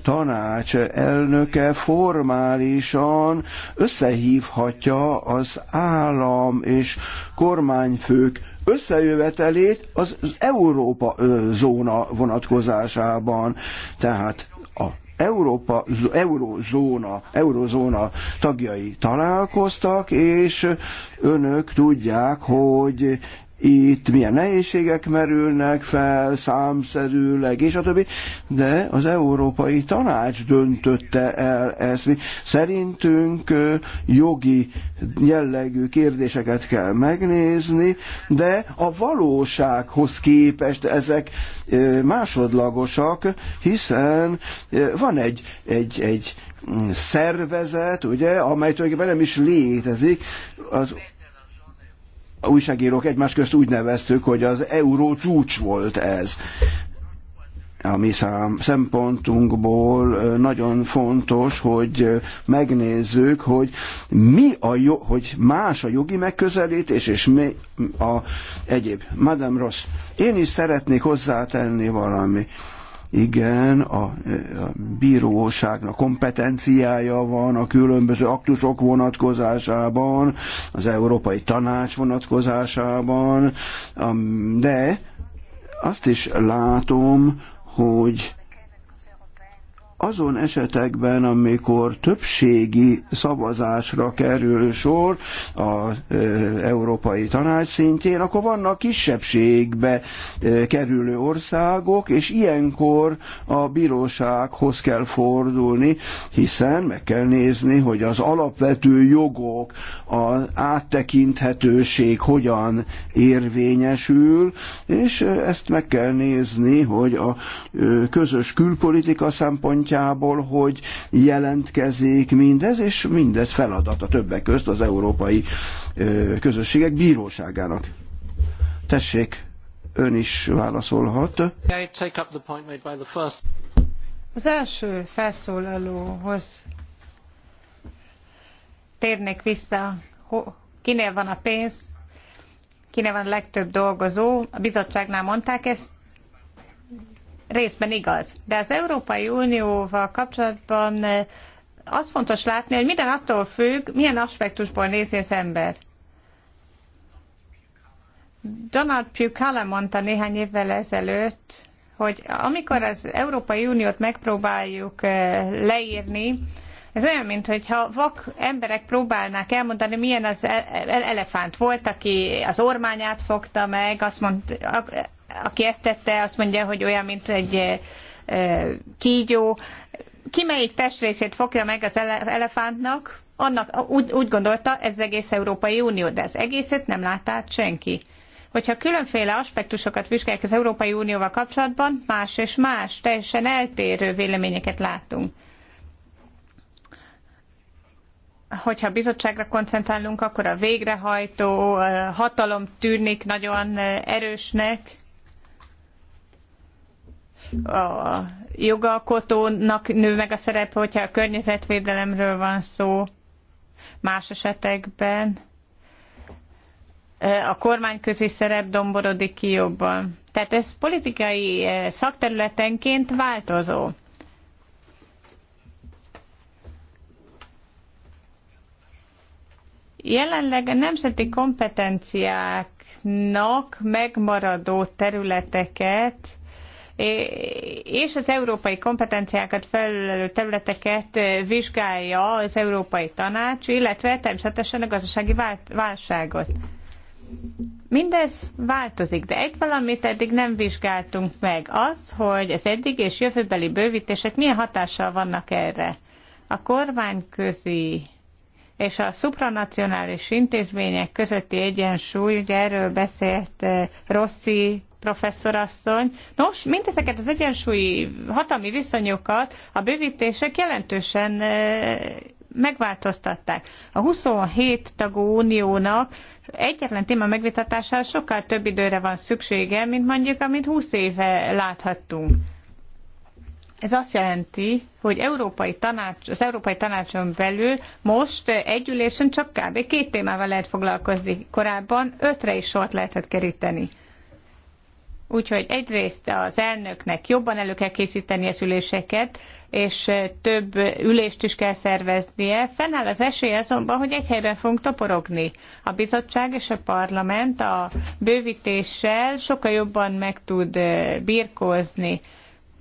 tanács elnöke formálisan összehívhatja az állam és kormányfők összejövetelét az Európa zóna vonatkozásában. Tehát a Európa, eurozóna, eurozóna tagjai találkoztak, és önök tudják, hogy itt milyen nehézségek merülnek fel számszerűleg, és a többi, de az Európai Tanács döntötte el ezt. Mi szerintünk jogi jellegű kérdéseket kell megnézni, de a valósághoz képest ezek másodlagosak, hiszen van egy, egy, egy mm, szervezet, ugye, amely tulajdonképpen nem is létezik, az a újságírók egymás közt úgy neveztük, hogy az euró csúcs volt ez. A mi szám, szempontunkból nagyon fontos, hogy megnézzük, hogy mi a jo, hogy más a jogi megközelítés, és mi a egyéb. Madame Ross, én is szeretnék hozzátenni valamit igen, a, a bíróságnak kompetenciája van a különböző aktusok vonatkozásában, az Európai Tanács vonatkozásában, de azt is látom, hogy azon esetekben, amikor többségi szavazásra kerül sor az e, Európai Tanács szintjén, akkor vannak kisebbségbe e, kerülő országok, és ilyenkor a bírósághoz kell fordulni, hiszen meg kell nézni, hogy az alapvető jogok, az áttekinthetőség hogyan érvényesül, és e, ezt meg kell nézni, hogy a közös külpolitika szempontjából szempontjából, hogy jelentkezik mindez, és mindez a többek közt az Európai Közösségek Bíróságának. Tessék, ön is válaszolhat. Az első felszólalóhoz térnék vissza, kinél van a pénz, kinél van a legtöbb dolgozó. A bizottságnál mondták, ezt? részben igaz. De az Európai Unióval kapcsolatban az fontos látni, hogy minden attól függ, milyen aspektusból nézi az ember. Donald Pukala mondta néhány évvel ezelőtt, hogy amikor az Európai Uniót megpróbáljuk leírni, ez olyan, mintha vak emberek próbálnák elmondani, milyen az e- e- elefánt volt, aki az ormányát fogta meg, azt mondta, aki ezt tette, azt mondja, hogy olyan, mint egy kígyó. Ki melyik testrészét fogja meg az elefántnak? Annak úgy, úgy gondolta, ez az egész Európai Unió, de az egészet nem látta át senki. Hogyha különféle aspektusokat vizsgálják az Európai Unióval kapcsolatban, más és más, teljesen eltérő véleményeket látunk hogyha a bizottságra koncentrálunk, akkor a végrehajtó hatalom tűnik nagyon erősnek, a jogalkotónak nő meg a szerep, hogyha a környezetvédelemről van szó más esetekben. Eh, a kormányközi szerep domborodik ki jobban. Tehát ez politikai eh, szakterületenként változó. Jelenleg a nemzeti kompetenciáknak megmaradó területeket és az európai kompetenciákat felülelő területeket vizsgálja az Európai Tanács, illetve természetesen a gazdasági válságot. Mindez változik, de egy valamit eddig nem vizsgáltunk meg, az, hogy az eddig és jövőbeli bővítések milyen hatással vannak erre. A kormányközi és a supranacionális intézmények közötti egyensúly, ugye erről beszélt Rossi professzorasszony. Nos, mindezeket az egyensúlyi hatalmi viszonyokat a bővítések jelentősen e, megváltoztatták. A 27 tagú uniónak egyetlen téma megvitatására sokkal több időre van szüksége, mint mondjuk, amit 20 éve láthattunk. Ez azt jelenti, hogy európai tanács, az Európai Tanácson belül most egy ülésen csak kb. két témával lehet foglalkozni. Korábban ötre is sort lehetett keríteni. Úgyhogy egyrészt az elnöknek jobban elő kell készíteni az üléseket, és több ülést is kell szerveznie. Fennáll az esély azonban, hogy egy helyben fogunk toporogni. A bizottság és a parlament a bővítéssel sokkal jobban meg tud birkózni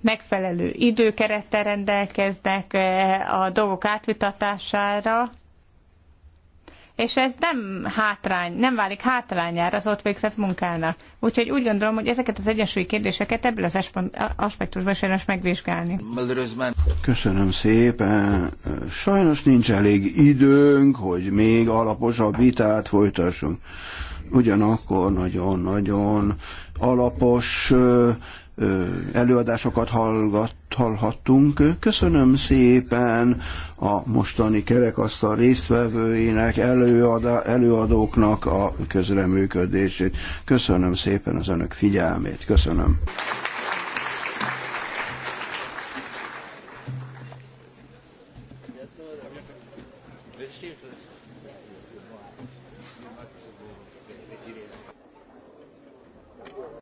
megfelelő időkerettel rendelkeznek a dolgok átvitatására, és ez nem hátrány, nem válik hátrányára az ott végzett munkának. Úgyhogy úgy gondolom, hogy ezeket az egyensúlyi kérdéseket ebből az aspektusban is érdemes megvizsgálni. Köszönöm szépen. Sajnos nincs elég időnk, hogy még alaposabb vitát folytassunk. Ugyanakkor nagyon-nagyon alapos előadásokat hallgat hallhattunk. Köszönöm szépen a mostani kerekasztal résztvevőinek, előada, előadóknak a közreműködését. Köszönöm szépen az önök figyelmét. Köszönöm.